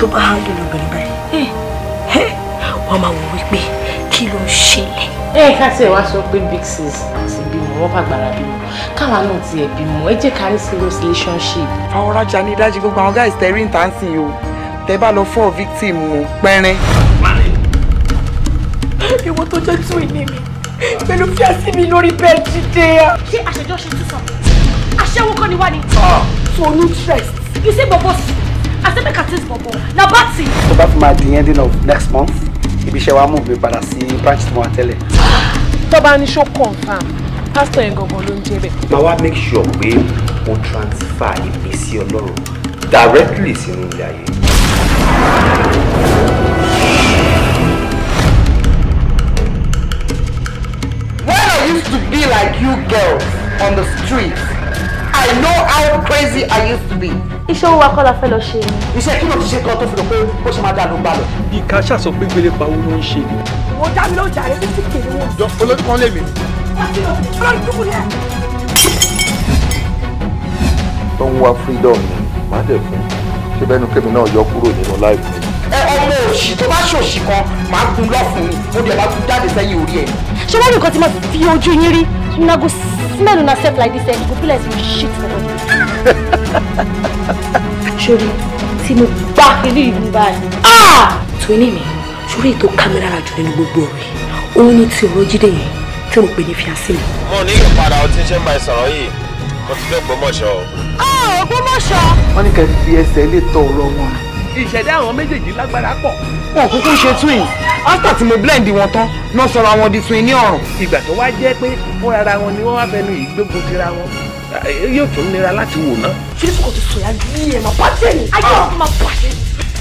tó bá hándù lóbìnrin báyìí wọ́n máa wò wípé kí ló ń ṣẹlẹ̀. ẹ ká tiẹ̀ wá sọ pé big sis àti bímọ wọ́n fàgbára bímọ káwa náà tiẹ̀ bímọ ẹ jẹ́ ká ní serious relationship. àwọn rájà ní ìdájí gbogbo àwọn guys tẹ̀rí ìta ń sìn o tẹ bá lọ fọ́ victim o pẹ́rín. ìwọ tó jẹ́ tún ìní mi pẹ̀lú fíàsì mi lórí bẹ́ẹ̀ jíde. ṣé àṣejọ́ ṣe tún sọ àṣẹwó kọ́ ni wá ni. tó ní stress. you say bobo I said make a taste bobo. Na bad So that might be ending of next month. Ibi iṣẹ́ wa move mi padà sí branch tí mo wà tẹ́lẹ̀. Tó bá ní ṣó confam, pastor yẹn go ló ń jẹ́ bẹ̀. make sure we will transfer ìgbésí Ọlọ́run directly sínú ilé ayé. When I used to be like you girls on the streets. I know how crazy I used to be. Iṣẹ́ wo wa kọ́ la fẹ́ lọ ṣe ni? Iṣẹ́ kí ló ti ṣe kan tó fi lọ pé bó ṣe máa dà ló ń bá lọ. Ìka ṣàṣọ pé gbélé pa owó ń ṣe ni. Mo dá mi lójà rẹ̀ títí kèrè wọn. Jọ olórí lè mi. Tó ń wá freedom ni, màá dẹ̀ fún. Ṣé bẹ́ẹ̀ ni Kẹ́mi náà yọ kúrò nínú láìpẹ́? Ẹ ọmọ òṣì tó bá ṣòṣì kan, màá gun lọ́fun ni, mo dẹ̀ bá gun jáde sẹ́yìn orí ẹ̀. Ṣé wọ́n ní nǹkan tí mo fi ojú yín rí? una go smell una self like this and eh? you go feel like you shit for body. sori tí mo gbá ilé ìlú báyìí. Ah! tòní mi sórí ètò kámẹ́rà àjò nínú gbogbo rẹ̀ òun ni ti ọ̀rọ̀ to yẹn tí mo pè ní fiancé mi. mo ní ìpadà ọtí ṣe ń bá ẹ sọ̀rọ̀ yìí mo ti fẹ́ gbọ́mọ̀ṣọ́. ó ah, gbọ́mọ̀ṣọ́. wọ́n ní kẹ́ fi ẹsẹ̀ ìṣẹ̀dá àwọn méjèèjì lágbára pọ̀. wọn kúkú ṣe twins after tí mo blend wọn tán náà sọra wọn di twin ní ọ̀run. ìgbà tó wá jẹ́ pé wọ́n wọn ni wọ́n wá fẹnu ìgbógun tira wọn yóò tún nira láti wò ná. fílípù kò ti sọ̀yà bí ẹ̀ máa pàṣẹ ni ayé wọn máa pàṣẹ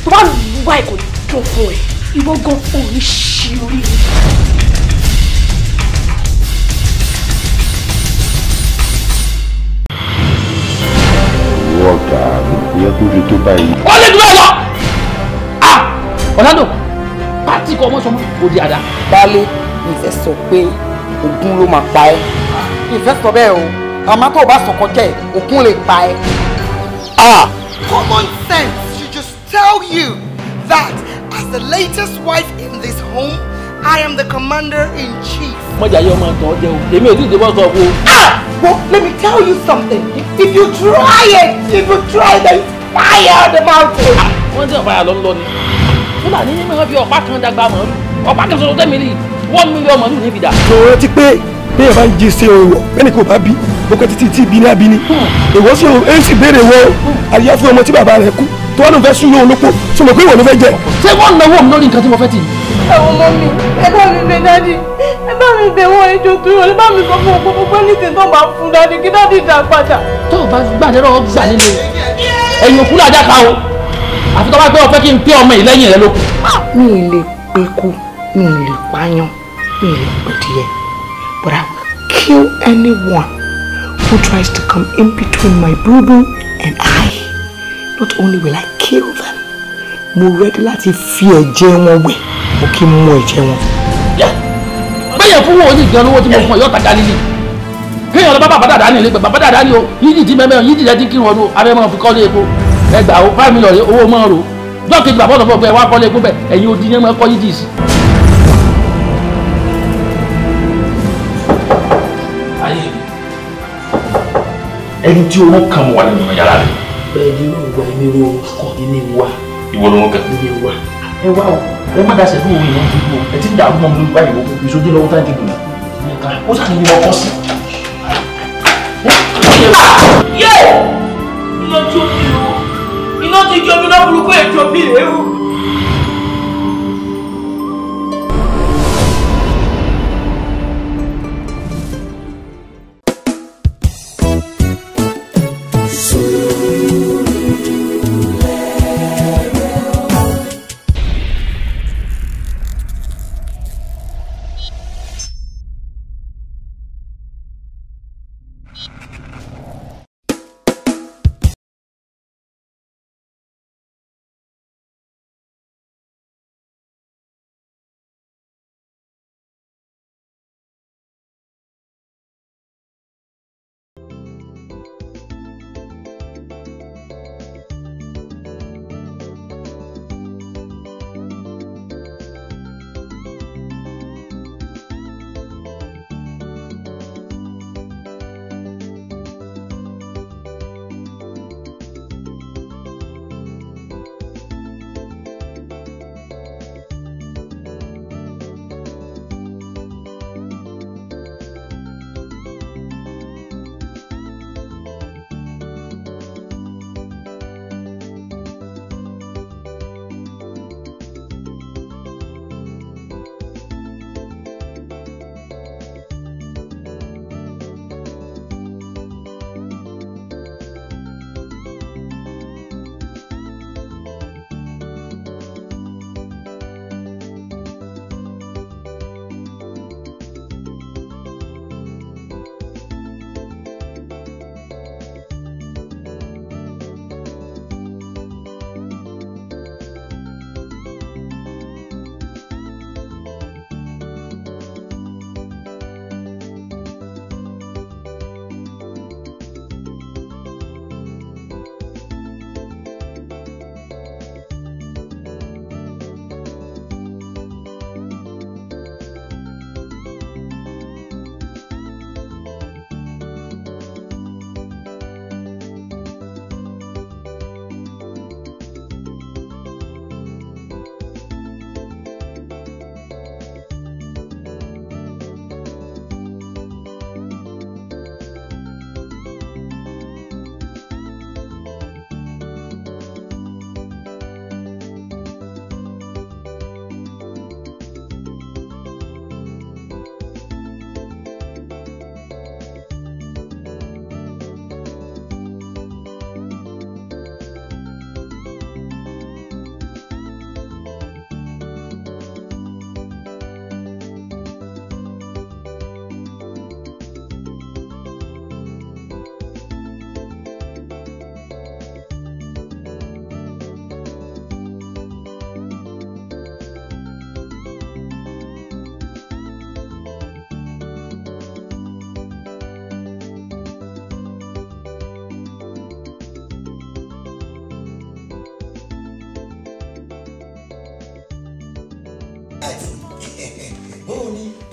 tó bá lù ú wáyé kò fún ẹ ìwọ gan òní ṣì orí mi. ìwọ ọ̀gá mi kò yẹ kó tó báyìí. wọ́n lè dúró lọ ah ọ̀làdò pátì kọ́ ọmọ sọmọ òdi àdá. baálé ìfẹ́ sọ pé ogun ló máa pa ẹ́. ìfẹ́ sọ bẹ́ẹ̀ o àmọ́ tó o bá sọ kọjá ẹ̀ ogun lè pa ẹ́. Ah! common sense should just tell you that as the latest wife in this home i am the commander in chief. mọ̀jà yóò máa tàn ọ́ jẹun èmi ò tí ì dé bọ́ sọ fún o. ah well let me tell you something if you try it if you try then fire the mountain wọ́n dé ọ̀fà àlọ́ ńlọ ni fúlàní ní mìíràn fi ọ̀pá kan dàgbà mọ̀ọ́lù ọ̀pá kan sọ̀rọ̀ tẹ́mi rí wọ́n mi yọ mọ̀ọ́lù níbi dà. sọ̀rọ̀ ti pé bí ẹ bá ń jí sí ọ̀rọ̀ ẹnì kò bá bí bókẹ́ títí tí ibi ní abiní èwo sí ọ̀rọ̀ èyí sì béèrè wọ àríyá fún ọmọ tí bàbá rẹ̀ kú tó wọn ló fẹ́ sún lóhun lóko tó mọ̀ pé ìwọ ló fẹ́ jẹ. ṣé wọ́n náwó mi lórí nǹkan tí mo fẹ́ tì í. ẹ̀wọ̀n mọ́ mi ẹ bá mi bẹ dádì ẹ bá mi bẹ wọ́n ẹjọ́ tó yọ ẹ bá mi sọ fún ọgbọ́n gbogbo ẹni tí tó bá fún dádì kí dádì dá padà. tó o bá gbàdúrà ọ àfi tó bá gbé ọ̀fẹ́ kí n pé ọmọ yìí lẹ́yìn rẹ ló kù. mi ì lè pe kú mi ì lè pààyàn mi ì lè pèdìyẹ but I will kill anyone who tries to come in between my boo boo and I not only will I kill them mo rẹ́dí láti fi ẹ̀jẹ̀ wọn wẹ̀ mo kí n mú ẹ̀jẹ̀ wọn. bẹ́ẹ̀ fún wọn ò ní ìgbẹ́ olówó tí mo fún ọ yọ̀ọ́ tàgá lílì kéèyàn lọ bá bàbá dàda ní ilé gbẹ bàbá dàda ní o yídì tí mẹ́mẹ́ yídì jẹ́ tí kírun ọdún abẹ́mọ́ fi kọ́ lé epo ẹgbà five million owó mọ́ ro lọ́ọ̀kejì bàbá ọ̀dọ̀ fọ́ọ̀kọ́ ẹ wá kọ́lé epo bẹ́ẹ̀ ẹ̀yin odi yẹn máa kọ́ yídì sí. ẹni tí owó kan wà nínú yàrá rẹ. bẹ́ẹ̀ ni yóò wá ẹni ro kọ ní wa. ìwọ ló ń kẹ. ní wa ẹ wá o ẹ má dasẹ̀ fún òun ìwọ̀n tó gbó ẹ ti ń dààmú ọmọ lórí báyìí o ìṣojú lọ́wọ́ táyà ti gbìyànjú. ó sàkíyàn ọkọ sí. yóò lọ tó nílò tó ti jomi lọ́kùnrin pé èjò mi rèé o.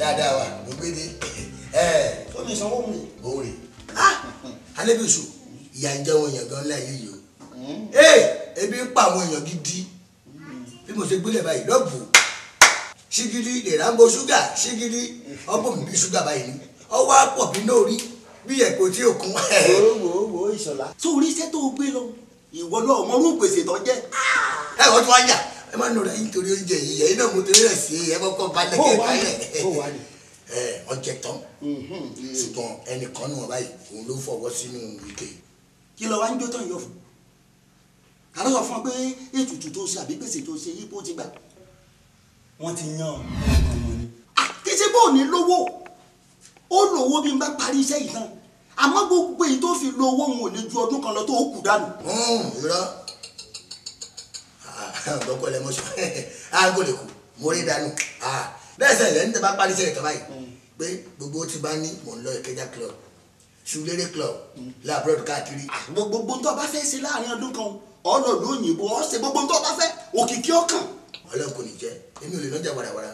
dáadáa wa ògbédè ẹ. Eh, ó ní ìsanwó mi. òun rè alébèsò ìyà ń jẹ àwọn èèyàn gan láàyè yìí o hmm. ee eh, ebi ń pa àwọn èèyàn gidi bí mo ṣe gbélé báyìí lọ́bù ṣígidi lè rámbó ṣúgà ṣígidi ọ̀pọ̀ mi bí ṣúgà báyìí ni ọwọ́ àpọ̀ bí náà rí bí ẹ̀kọ́ tí ò kún. wo wo wo ìṣọ̀lá. sórí iṣẹ́ tó o gbé lọ ìwọ náà mọ̀rún gbèsè tó jẹ́. Ah, ẹ̀ wọ́n tún wá yà ẹ má nùrà yín torí oúnjẹ yìí ẹ̀yin náà mo torí rẹ̀ sí ẹ kọ́kọ́ bá lẹ́kẹ̀ẹ́ báyẹ̀ ẹ ọjẹ tán mm-hmm, mm-hmm. ṣùgbọ́n ẹnìkan nù ọ̀bá yìí òun ló fọwọ́ sínú ike. kí ló wá ń jó tán yọ fún àlọ́ sọ fún ọ pé ètùtù tó ṣe àbí gbèsè tó ṣe yípo ti gbà. wọ́n ti yan ọmọ ni. àkíṣe bò ní lówó ó lówó bí n bá parí iṣẹ́ yìí tán àmọ́ gbogbo èyí tó fi lówó òun ò ní ju ọdún kan lọ tó kù dànù. irọ́ gbọ́kọ̀ lẹ mọ́ṣọ́ aago lè kù mo rí dànù lẹ́sẹ̀ ah, lẹ́yìn tó bá parí iṣẹ́ ìtọ́ báyìí mm. pé gbogbo tí bá ní mò ń lọ ìkẹjà club ṣùlérè club mm. labrador káàkiri. Ah, gbogbo ń tó bá fẹ́ ṣe láàrin ọdún kan ọ̀nà ìlú òyìnbó ọ̀sẹ̀ gbogbo ń tó bá fẹ́ òkìkí ọkàn. ọlọ́run kò ní jẹ́ èmi ò lè lọ́jà warawara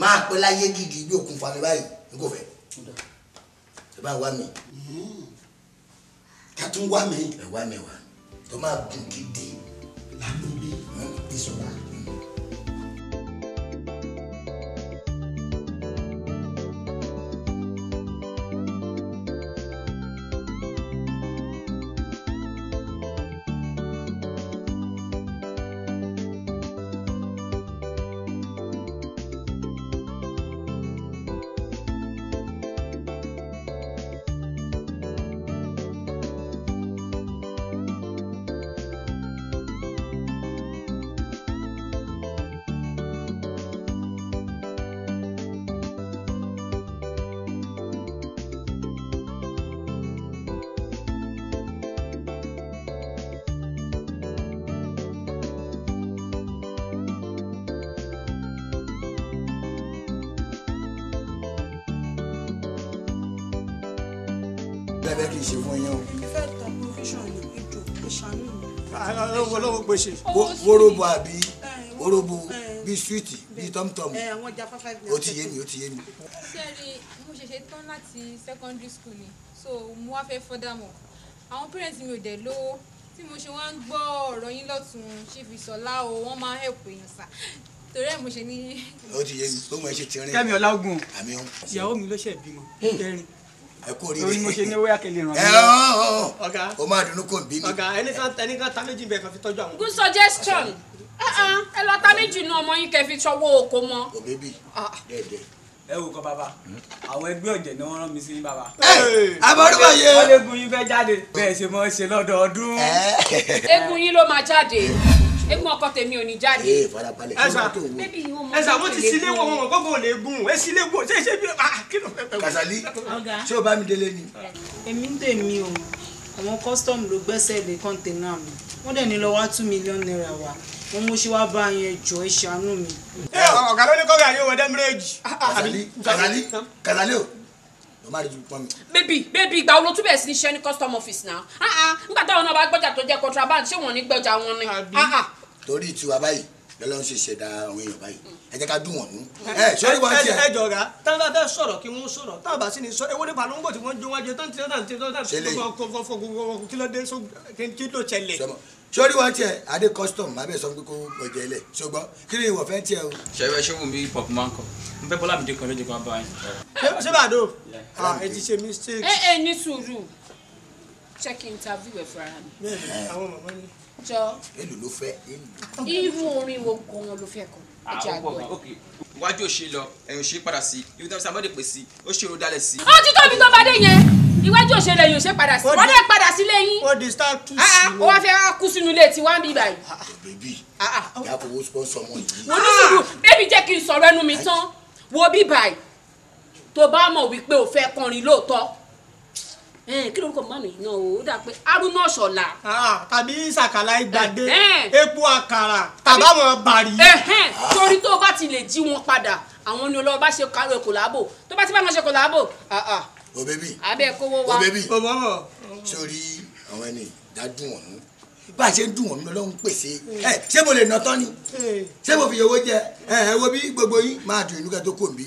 máa pẹ́ láyé gidi bí òkun fa mi báyìí n kò fẹ́ ẹ bá wá mi. ká mm. tún wá mi. ẹ wá mi wá tó máa gùn gidi. làmú impressionar. ṣe wóróbo àbí eh, wóróbo eh. bíi swíìtì bíi eh, tọ́mtọ́mù ó ti yé mi ó ti yé mi. sẹ́ẹ̀rì mo ṣẹ̀ṣẹ̀ tán láti secondary school ni so mo wá fẹ́ further mọ̀ àwọn parents mi ò dẹ̀ lówó tí mo ṣe wá ń gbọ́ ọ̀rọ̀ yín lọ́tún ṣe fi sọ̀lá o wọ́n máa ń help èèyàn sà torí ẹ̀ mo ṣe ní. ó ti yé mi gbogbo ẹ ṣe ti kẹ́mi ọlágùn ìyàwó mi ló ṣẹ̀ bímọ hmm. kẹrin ẹ kú oríire orí mo ṣe ọ o máa dunu kò ń bí mi. ẹnìkan ẹnìkan tá méjì bẹ́ẹ̀ kan fi àwọn. good suggestion uh-uh. ẹ lọ tá méjì nu ọmọ yín kẹ́ fi ṣọwọ́ oko mọ́. o oh, bébì ah. dẹ́ẹ̀dẹ́. ẹ wò kọ bàbá àwọn ẹgbẹ́ ọ̀jẹ̀ ni wọ́n rán mi sí yín bàbá. àbọ̀rúbọ̀ yẹ. wọ́n lé egun yín fẹ́ jáde bẹ́ẹ̀ ṣe mọ́ ṣe lọ́dọọdún. Eh. egun yín ló máa jáde egun ọkọ tèmi ò ní jáde. ee farabalẹ̀ ẹ̀sà ẹ̀sà wọ́n ti sílé wọ̀ wọ́n gbọ́ngàn ò lè gún ẹ sílé wọ̀ ṣé ṣé bí ah, ah, kí ló fẹ́ Kasali ṣé o bá mi délé ni. èmi ń tèmi o àwọn kọ́sítọ́ọ̀mù ló gbẹ́sẹ̀ lé kọ́ńténà mi wọ́n dẹ̀ ní lọ wá two million naira wa wọ́n mú ṣe wá bá yẹn jọ ẹ ṣàánú mi. ọ̀gá ló ní kọ́ńténà yóò wọ Kasali Kasali o bébì bébì ìgbà wo ló tún bẹ̀rẹ̀ sí ní ṣe ní custom office náà nígbà táwọn náà bá gbọ́jà tó jẹ́ contraband ṣé wọ́n ní gbọ́jà wọn ni. torí ìtura báyìí lọ́lọ́run ṣe ṣẹ̀dá àwọn èèyàn báyìí ẹ jẹ́ ká dùn wọ́n nú. ẹ sọ́rí wá tiẹ̀. ẹ jọ̀gá táwọn bá fẹ́ sọ̀rọ̀ kí wọ́n sọ̀rọ̀ táwọn bá sì ní sọ ewo nípa ló ń gbòdì wọ́n jó wájú tán tí wọ́n tàn tí wọ́n tàn tí wọ́n kọ́ kí ló dé kí ló ṣẹlẹ̀ sórí wa tiẹ̀ ade custom má bẹ́ẹ̀ sọ pé kó gbọ̀jẹ̀ ilẹ̀ kiri kí ni ìwọ fẹ́ tiẹ̀ o. ṣẹ̀fẹ̀ ṣé wùmí pop máa ń kọ n fẹ́ bọ́lá àbídé kan lójú kan bá yín. ṣé bàdó ah, ti ṣe mistake. ẹ ẹ ni suru. check interview ẹ fúnra mi. bẹ́ẹ̀ni àwọn màmá ni. jọ èlò ló fẹ́. irú orin wo gan-an ló fẹ́ kọ ẹ jẹ́ àgbọ̀ ẹ̀ wájú òṣì lọ ẹ̀yìn òṣì padà sí ibi tí wọn sábà dé pè sí ó ṣèrò dálẹ̀ sí. ó ti tóbi tó bá dé yẹn iwájú òṣèlè yìí ò ṣe padà sí wọ́n dẹ̀ padà sílé yín ó di ah, ah, fẹ́ kú sínú ilé tí wọ́n ń bí báyìí. Ah, bèbí ìyá kò ọmọ yìí. mo ní sùúrù bébí jẹ́ kí n sọ̀rọ̀ ẹnu mi tán wo bí báyìí tó bá mọ̀ wípé ò fẹ́ kọrin lóòótọ́ kí ló ń kọ mọ àmì náà o ó dà pé arúnà ṣọlá. tàbí sàkàlà ìgbàgbé epo àkàrà tàbáwọn bàrí. torí tó bá ti lè jí wọn padà àwọn ni olówó bá ṣe kàwé kòlábò tó bá ti bá wọn ṣe kòlábò o bẹbí o bẹbí sórí àwọn ẹni ìdádùn ọ̀hún bá a ṣe ń dùn wọ́n mi lọ́hún pèsè ẹ ṣé mo lè nà tán ni ṣé mo fi owó jẹ ẹ ẹ wo bí gbogbo yín máa dùn ìlú kẹtó kò mí.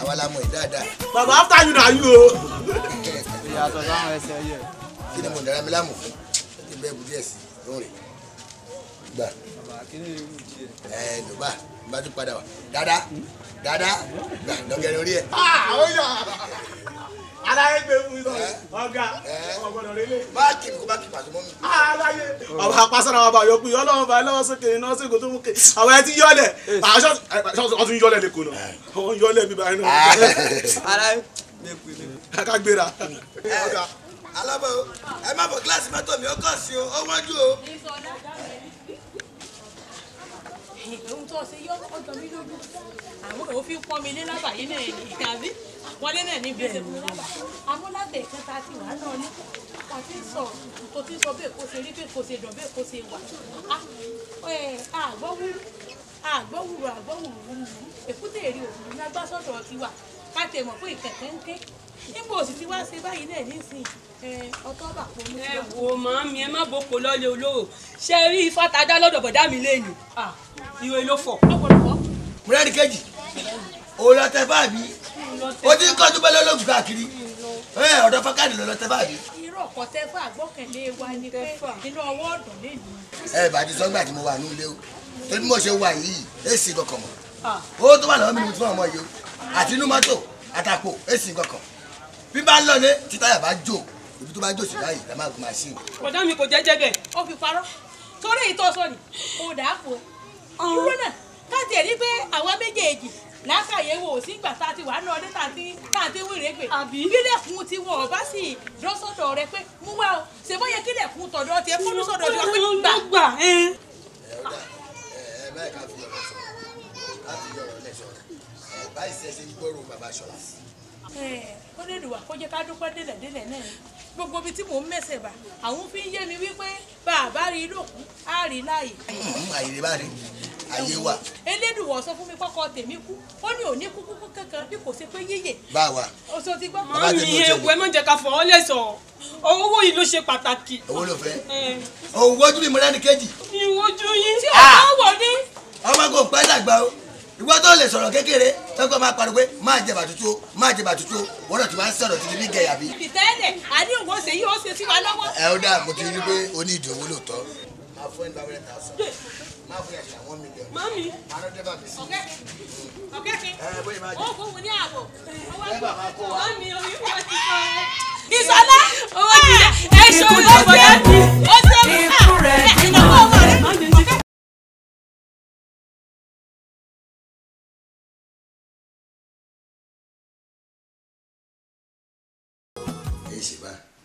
àwa la mọ̀ ẹ́ dáadáa. bàbá after you na you o. ìyàtọ̀ sáwọn ẹsẹ̀ yẹ. kí ni mo dára mi láàmú fún kí n bẹ́ẹ̀ bu díẹ̀ sí i lóhùn rẹ̀ gbà. bàbá kí ni ewu jí ẹ. ẹ dùbà bá tún padà wá dáadáa dáadáa gbà dọ́gẹ̀rẹ̀ orí ẹ̀. Ah, aláyé gbé fún ìtọ́ ọ̀gá ọ̀gbọ̀dọ̀ lélẹ̀. báàkì kó báàkì pàṣẹ mọ́ mi. Ah, aláyé. ọba apásánà ọba àyọkù yọ lọ́wọ́ báyìí lọ́wọ́ sókè iná sí ìgò tó mú ké àwọn ẹ ti yọlẹ̀ àwọn ah, tún yọlẹ̀ lẹ́kọ̀ọ́ náà àwọn yọlẹ̀ bíbá iná. Ah. aláyé lẹ́kọ̀ọ́ lẹ́kọ̀ọ́. akágbéra. alábọ̀ ẹ má bọ̀ kíláàsì mọ́tò mi ó kọ̀ sí o ohun tó ṣe yọ ọjọ́ mi lójú àwọn òfin pọ́n mi lé lábà yìí náà ní ìkàbí wọlé náà ní bíi ṣèkúrú lábà amúlàtẹ̀ ìkẹta ti wà náà ní àti sọ tó ti sọ bẹ́ẹ̀ kó ṣe rí bẹ́ẹ̀ kó ṣe dọ̀ bẹ́ẹ̀ kó ṣe wà àgbọ̀wúrú àgbọ̀wúrú àgbọ̀wúrú èkúté èrè òkùnrin lágbásọ̀tọ̀ tiwa ká tẹ̀ mọ̀ pé ìkẹ̀kẹ́ ń ké níbo òsì ti wá ṣe báyìí náà nísìn ọtọ́ bà pọ̀ mú. ẹ wò màá mi ẹ má boko lọ́lẹ̀ olóró ṣé rí ifá tajá lọ́dọ̀ bọ̀dá mi lẹ́yìn ìwé ló fọ̀. múrẹ́dì kejì òun lọ tẹ báàbí o ti ń kọ́ tó bá lọ́lọ́gùn káàkiri ọ̀dọ̀ fákàdé lọ lọ tẹ báàbí. irọ́ ọ̀kọ́ tẹ fà gbọ́kànlé wa ni pé inú ọwọ́ ọ̀dọ̀ lè ní. ẹ bàdí sọgbà tí mo wà nílé o torí mo ṣe wà yìí èsì kankan mọ owó tó wà lọ́wọ́ mi ni mo ti fún ọmọ yìí o àti inú bí bá lọlé tí táyà bá jò ibi tó bá jò sí báyìí la máa gun machine. ọ̀dọ́ mi kò jẹ́jẹ́ bẹ́ẹ̀ ó fi parọ́ torí ìtọ́sọ ni ó dà á fò dúró náà ká tiẹ̀ rí pé àwa méjèèjì lákàyè wo ò sí ìgbà tá a ti wà ní ọdún tá a ti wíre pé kílẹ̀kùn tí wọn ò bá sì dúró sọ́dọ̀ rẹ pé mú wá o ṣe bó yẹ kílẹ̀kùn tọ̀dọ̀ tiẹ̀ fọ́nú sọ́dọ̀ tiẹ̀ pé gbà. gbà ẹ ẹ báyìí ká fi ọ̀rọ̀ sọ̀rọ̀ ká fi ọ̀rọ̀ báyìí ṣe ṣe gbọ́rọ̀ ṣọlá sí i ó lè lù wá kó jẹ́ ká dúpẹ́ délẹ̀ délẹ̀ náà gbogbo ibi tí mò ń mẹ́sẹ̀ bá àwọn fi ń yé mi wípé bàbá rí lòkú á rí láàyè. Hmm, àyèrè bá rí ayé wa. elédùwọ̀ sọ fún mi kọ́kọ́ tèmi kú ó ní òní kúkú kankan bí kò ṣe pé yíyè. bá a wa oṣù tí gbọ́. mọ mi ewu ẹ má jẹ́ ká fọ ọ lè owó yìí ló ṣe pàtàkì. owó ló fẹ́ òwò ojú mi mọ lẹ́nu kejì. ìwòjú yín tí ọ̀gá wọ̀ ọmọ kò pẹ́ dàgbà o ìwọ tó lè sọ̀rọ̀ kékeré tọ́gbọ́ máa pariwo pé máa jẹ bàtútù o máa jẹ bàtútù o wọ́n náà ti máa ń sọ̀rọ̀ títí ní gẹ̀yà bí. ìtẹ́lẹ̀ àní òwò ṣe yí ó ṣe sí wa lọ́wọ́. ẹ ó dáa mo ti rí pé o ní ìdòwú lóòótọ́. máa fún ẹni bá wẹ́rẹ́ ta sọ máa fún ẹ̀ṣẹ̀ àwọn mílíọ̀nù. mami ọ̀kẹ́ ọ̀kẹ́ mi ó fún mi ní àwọ̀ mami omi wọ́n ti sọ ẹ̀. ìsọlá ẹ̀ ẹ̀ ṣòro ọ̀bọ̀yá mi ó ṣe é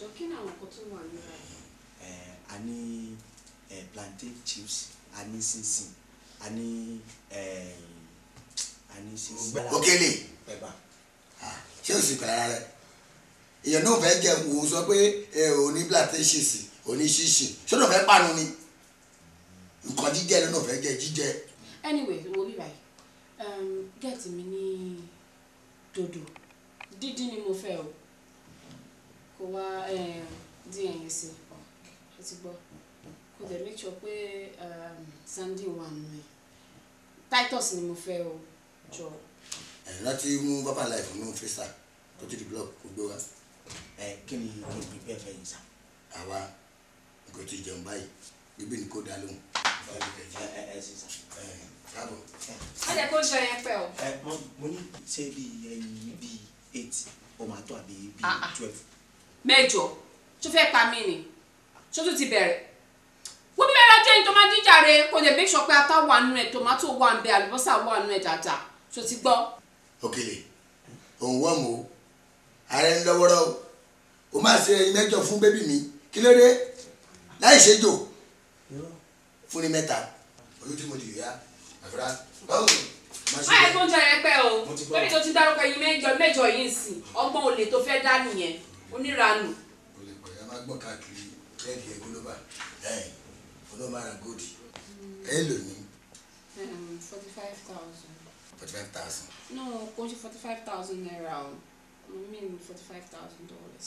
jọ kí ni àwọn nǹkan tó wà níra yìí. ẹ a ní ẹ eh, plantain chips a ní sísìn a ní ẹ eh, a ní sísìn. òkèlè ah, ṣé o sì gbà ara rẹ èèyàn náà fẹ́ jẹ wò ó sọ pé ẹ ò ní plantain chips ò ní ṣíṣì ṣọdọ fẹ́ pàánù ni nǹkan jíjẹ ló náà fẹ́ jẹ jíjẹ. anyway wo bí báyìí um, get mi ní dodo dídín ni mo fẹ́ o kó wá eh, dín ẹyin sí ẹ ti gbọ́ kó dẹ̀ make sure pé um, sanding wà nù ẹ̀ titus ni mo fẹ́ o jọ. láti mú bàbá life mú fisa tó ti di blog kó gbé wa. ẹ kí ni kò bí bẹ́ẹ̀ fẹ́ yín sá. àwa nǹkan ti jẹun báyìí gbígbé ni kò dá lóhùn. ẹ ẹ sísan. káàbọ̀. wọ́n jẹ́ kó jọ yẹn pẹ́ o. mo ní ṣé bíi ẹyin bíi eight o máa tó àbí bíi ah, ah. twelve mẹ́jọ tó fẹ́ pa mí ni tó tún ti bẹ̀rẹ̀ wọ́n bí mẹ́rin ajé ni tó máa jíjà rẹ kò lè make sure pé ata wà nù ẹ̀ tomato wà nù ẹ̀ àlùbọ́sà wà nù ẹ̀ dáadáa tó ti gbọ́. òkèlè òun wọ́n mú ààrẹ ń lọ́wọ́rọ́ o o máa ṣe ẹyin mẹ́jọ fún bébì mi kí ló dé láì ṣe jò fún ní mẹ́ta olójúmọ́ di ìyá àfẹ́rá báwo ni máa yẹ kó ń jẹ ẹrẹ o bébì tó ti dárúkọ ẹyin mẹ́jọ mẹ́jọ yìí ń sìn ọgbọ́n olè tó fẹ́ dá nìyẹn oníranù. o ya máa gbọ́ káàkiri bẹ́ẹ̀dì ẹ̀ gólóbà gòdì ẹ lò ní. forty five thousand. forty five thousand. no kò ń ṣe forty five thousand naira o mo mean forty five thousand dollars.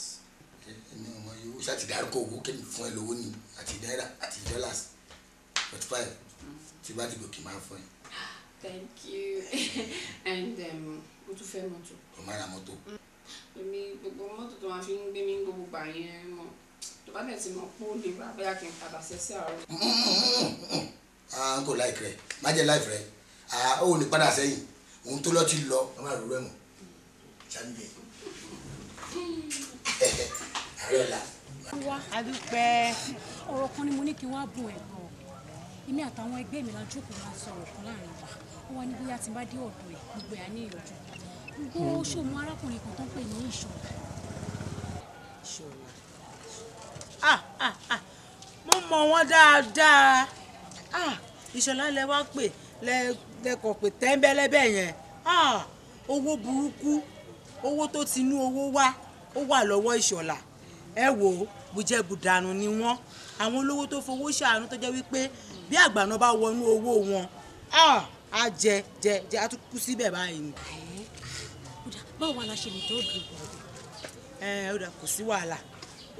ẹni ọmọ yòówó ṣáàtì dárúkọ owó kí n fún ẹ lówó ni àti náírà àti dollars forty five tí bá dìgbò kì í máa fún ẹ. thank you and um, mo tún fẹ́ mọ́tò. o máa mọ́tò èmi gbogbo mọ́tò tó máa fi ń gbé mi gbogbo gbà yẹn mọ̀ tó bá dẹ̀ ti mọ̀ pé ó lè rà bẹ́ẹ̀ kí n padà sẹ́sẹ́ àárọ̀. àǹkó ah, láì rẹ má jẹ láì rẹ ah, ó lè padà sẹ́yìn òun tó lọ ti lọ ọmọ àrùrọ̀ ẹ̀mọ̀ ṣàmìyẹ. àárẹ̀ la. wá àdúpẹ́ ọ̀rọ̀ kan ni mo ní kí wọ́n á bùn ẹ̀ gan èmi àtàwọn ẹgbẹ́ mi la jókòó máa sọ̀rọ̀ kan láàrin wa ó wá ní bóyá ti bá dé ọ̀dọ̀ ẹ̀ gbogbo ẹ̀ á ní ìyọ̀jú gbọ́ ṣòmù arákùnrin kan tó ń pè ní ìṣọ̀lá. ìṣọ̀lá ah, ah, ah. mo mọ̀ wọ́n dáadáa ìṣọ̀lá lẹ wá pè lẹ́kọ̀ọ́ pè tẹ́ńbẹ́lẹ́bẹ́ yẹn owó burúkú owó tó ti inú owó wá ó wà lọ́wọ́ ìṣọ̀lá ẹ wò ó bùjẹ́bùdànù ni wọ́n àwọn olówó tó fowó ṣàánú tó jẹ́ wípé bí àgbàna bá wọnú owó wọn á jẹ jẹ jẹ á tún kú síbẹ̀ báyìí báwo la ṣe lè tọ́jú. ẹ ẹ ó dà kò sí wàhálà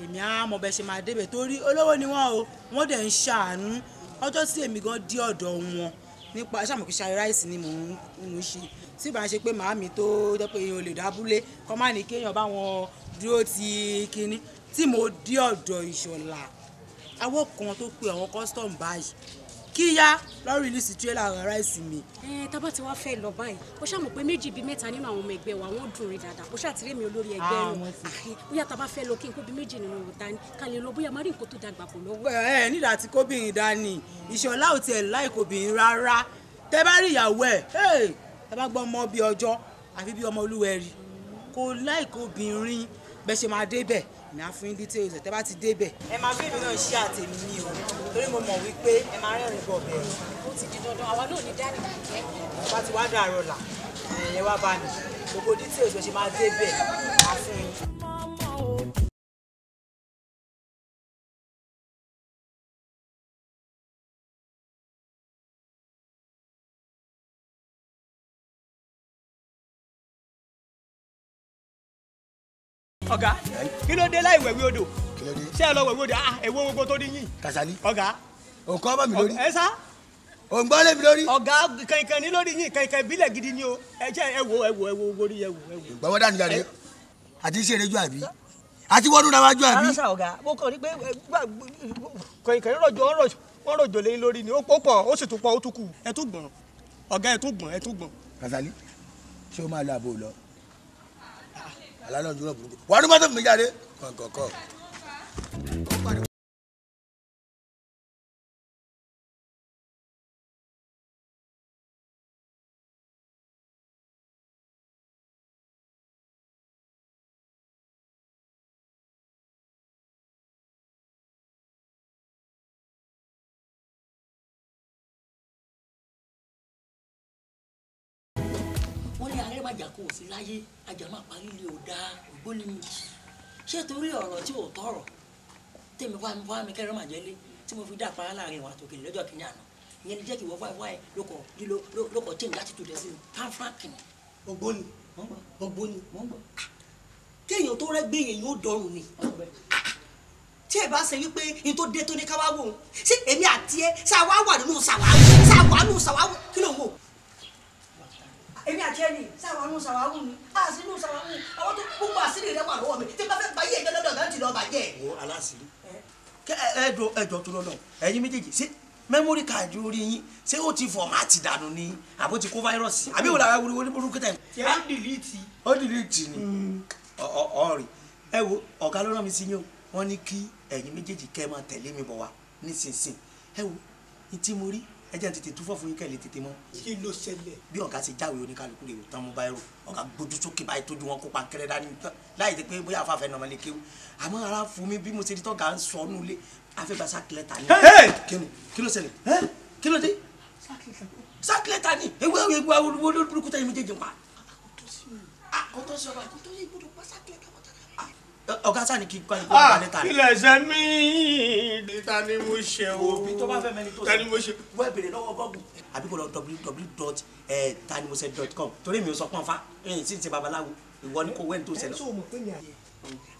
èmi á mọ bẹ ṣe máa débẹ̀ torí olówó ni wọ́n o wọ́n dẹ̀ ń ṣàánú ọjọ́ sí èmi gan dí ọ̀dọ̀ wọn nípa ṣàmùkí ṣayọ ráìsì ni mò ń ṣe tí ìbá ṣe pé màámi tó jẹ́ pé èèyàn ò lè dábúlé kọ́ má ní kéèyàn bá wọn dúró ti kinní tí mo dí ọ̀dọ̀ ìṣọ̀lá àwọn kan tó pe àwọn custom báyìí kíyá lọ́ọ́ rìlíìsì tírélà àwọn ráìsì mi. ẹ tábà tí wàá fẹ́ lọ báyìí ó ṣàmọ̀ pé méjì bíi mẹ́ta nínú àwọn ọmọ ẹgbẹ́ wa wọ́n dùn rí dáadáa ó ṣàtìrẹ́ mi olórí ẹgbẹ́ rẹ̀ ah, bóyá tábà fẹ́ lọ kí n kó bíi méjì nínú òun dání ká lè lọ bóyá má rí nǹkan tó dàgbà kò lọ́wọ́. ẹ ẹ nígbà tí kóbìnrin dání ìṣọlá ò tiẹ̀ láì kóbìnrin rárá tẹ bá rí ìyàwó ẹ ẹ mi á fún details ẹ̀ tẹ́ bá ti débẹ̀. ẹ máa gbé mi náà ṣí àtẹ̀mí ní o torí mo mọ̀ wípé ẹ máa rẹ́rìn bọ̀ bẹ́ẹ̀. ó ti di dandan àwa náà ní dání kàkẹ́. bá ti wá dàrọ̀ là ẹ̀yẹ wá bá mi gbogbo details ẹ̀ ṣe máa débẹ̀ á fún yín. ọ̀gá kí ló dé láì wẹ̀wé odò ṣé ẹ lọ wẹ̀wé odò ah èwo gbogbo tó ní yìí. Kasali ọ̀gá òǹkọ́ ọmọ mi lórí. ẹ sá òǹgbọ́ lé mi lórí. ọ̀gá kankan ní lórí yìí kankan ìbílẹ̀ gidi ni o ẹ jẹ́ ẹ wo ẹ wo ẹ wo orí ẹ wo ẹ wo. ìgbàwọ́ dànù yàrá àti ṣeré ju àbí àti wọ́n dúnra wájú àbí. aláṣà ọ̀gá mo kàn rí pé kankan rọ̀jò wọ́n rọ̀jò lé lórí ni ó pọ̀ ó sì tún pọ̀ ó tún kù ẹ tún gbọ̀n ọ̀gá ẹ tún gbọ̀n ẹ tún gbọ̀n. Kasali ṣé o máa lo àbò lọ alálẹ́ ọjọ́ burúkú wàá dúpẹ́ tó fi mi jáde kọ̀ọ̀kọ̀ọ̀. má jà kó o sí láyé ajá má parí ilé ò dáa ògbóni mi ṣé torí ọ̀rọ̀ tí ò tọrọ tèmi wá mi wá mi kẹrẹ màjẹlé tí mo fi dá para láàrin ìwà àtòkè lọ́jọ́ kìíní àná ìyẹn ni jẹ́ kí ìwọ fáìfá ẹ̀ lóko lílo lóko tí nǹkan ti tò dẹ̀ sí mi pan frankin. ògbóni ògbóni ah! kéèyàn tó rẹ́ gbé yẹn yóò dọrùn ni tí ẹ bá ṣe wípé n tó dé tó ní ká wò ó ṣé èmi àti ẹ ṣáà nínú ṣàwáwò ṣáà nínú ṣàwáwò kí ló ń wò èmi àti ẹni ṣàwárùn ṣàwárùn ni àṣìlú ṣàwárùn àwọn tó gbogbo àṣírí rẹ wà lọ́wọ́ mi tí bá fẹ́ báyé ẹjọ́ lọ́dọ̀ náà ti lọ bàjẹ́. wo aláṣìírí ẹjọ ẹjọ tó lọ́dọ̀ ẹ̀yin méjèèjì ṣé mẹ́mórì káàdì orí yín ṣé ó ti fọ̀mátì dànù ni àbó ti kó fáírọ́ọ̀sì àbí wò lára wúlúwúlú burúkú tẹ̀. ṣé ó dìlítì. ó dìlítì ni mm. ọ̀rì ẹ wo ọ̀gá ló rán mi sí yín o wọ́n ní kí ẹ̀yin méjèèjì kẹ́ máa tẹ̀lé mi bọ̀ wá nísinsìnyí ẹ wo ní tí mo rí ẹ jẹ́ tètè túfọ̀ fún yín kẹ́lẹ́ tètè mọ́. kí ló ṣẹlẹ̀. bí ọ̀gá ṣe jáwé oníkálukú rèé tán mú báyìí rò ọ̀gá gbójú sókè báyìí tójú wọn kó pankẹ́rẹ́ dání láì pé bóyá àfàfẹ́ nà ọmọlé kéwù àmọ́ ara fún mi bí mo ṣe rí tọ́gà ń sọ ọ́nù ilé afẹ́gbà sákìlẹ́tà ni. kí ló ṣẹlẹ̀ kí ló dé sákìlẹ́tà ni ewé ewu ewu olóòdúrúkú tẹ́yìn méjèèjì pa. àkótó sí pa ah, ah, ọ̀gá sáà kí n kọ́ àlẹ́ ah, ni ta ni mo ṣe o òbí tó bá fẹ́ mẹ́ni tó sọ ta ni mo ṣe wọ́n béèrè lọ́wọ́ gọ́ọ̀gù àbí kò lọ www.tanimose.com torí mi ò sọ pọ́nfà sí ti babaláwo ìwọ ni kò wẹ́ni tó ṣe ẹ tó mọ̀ pé ní àyè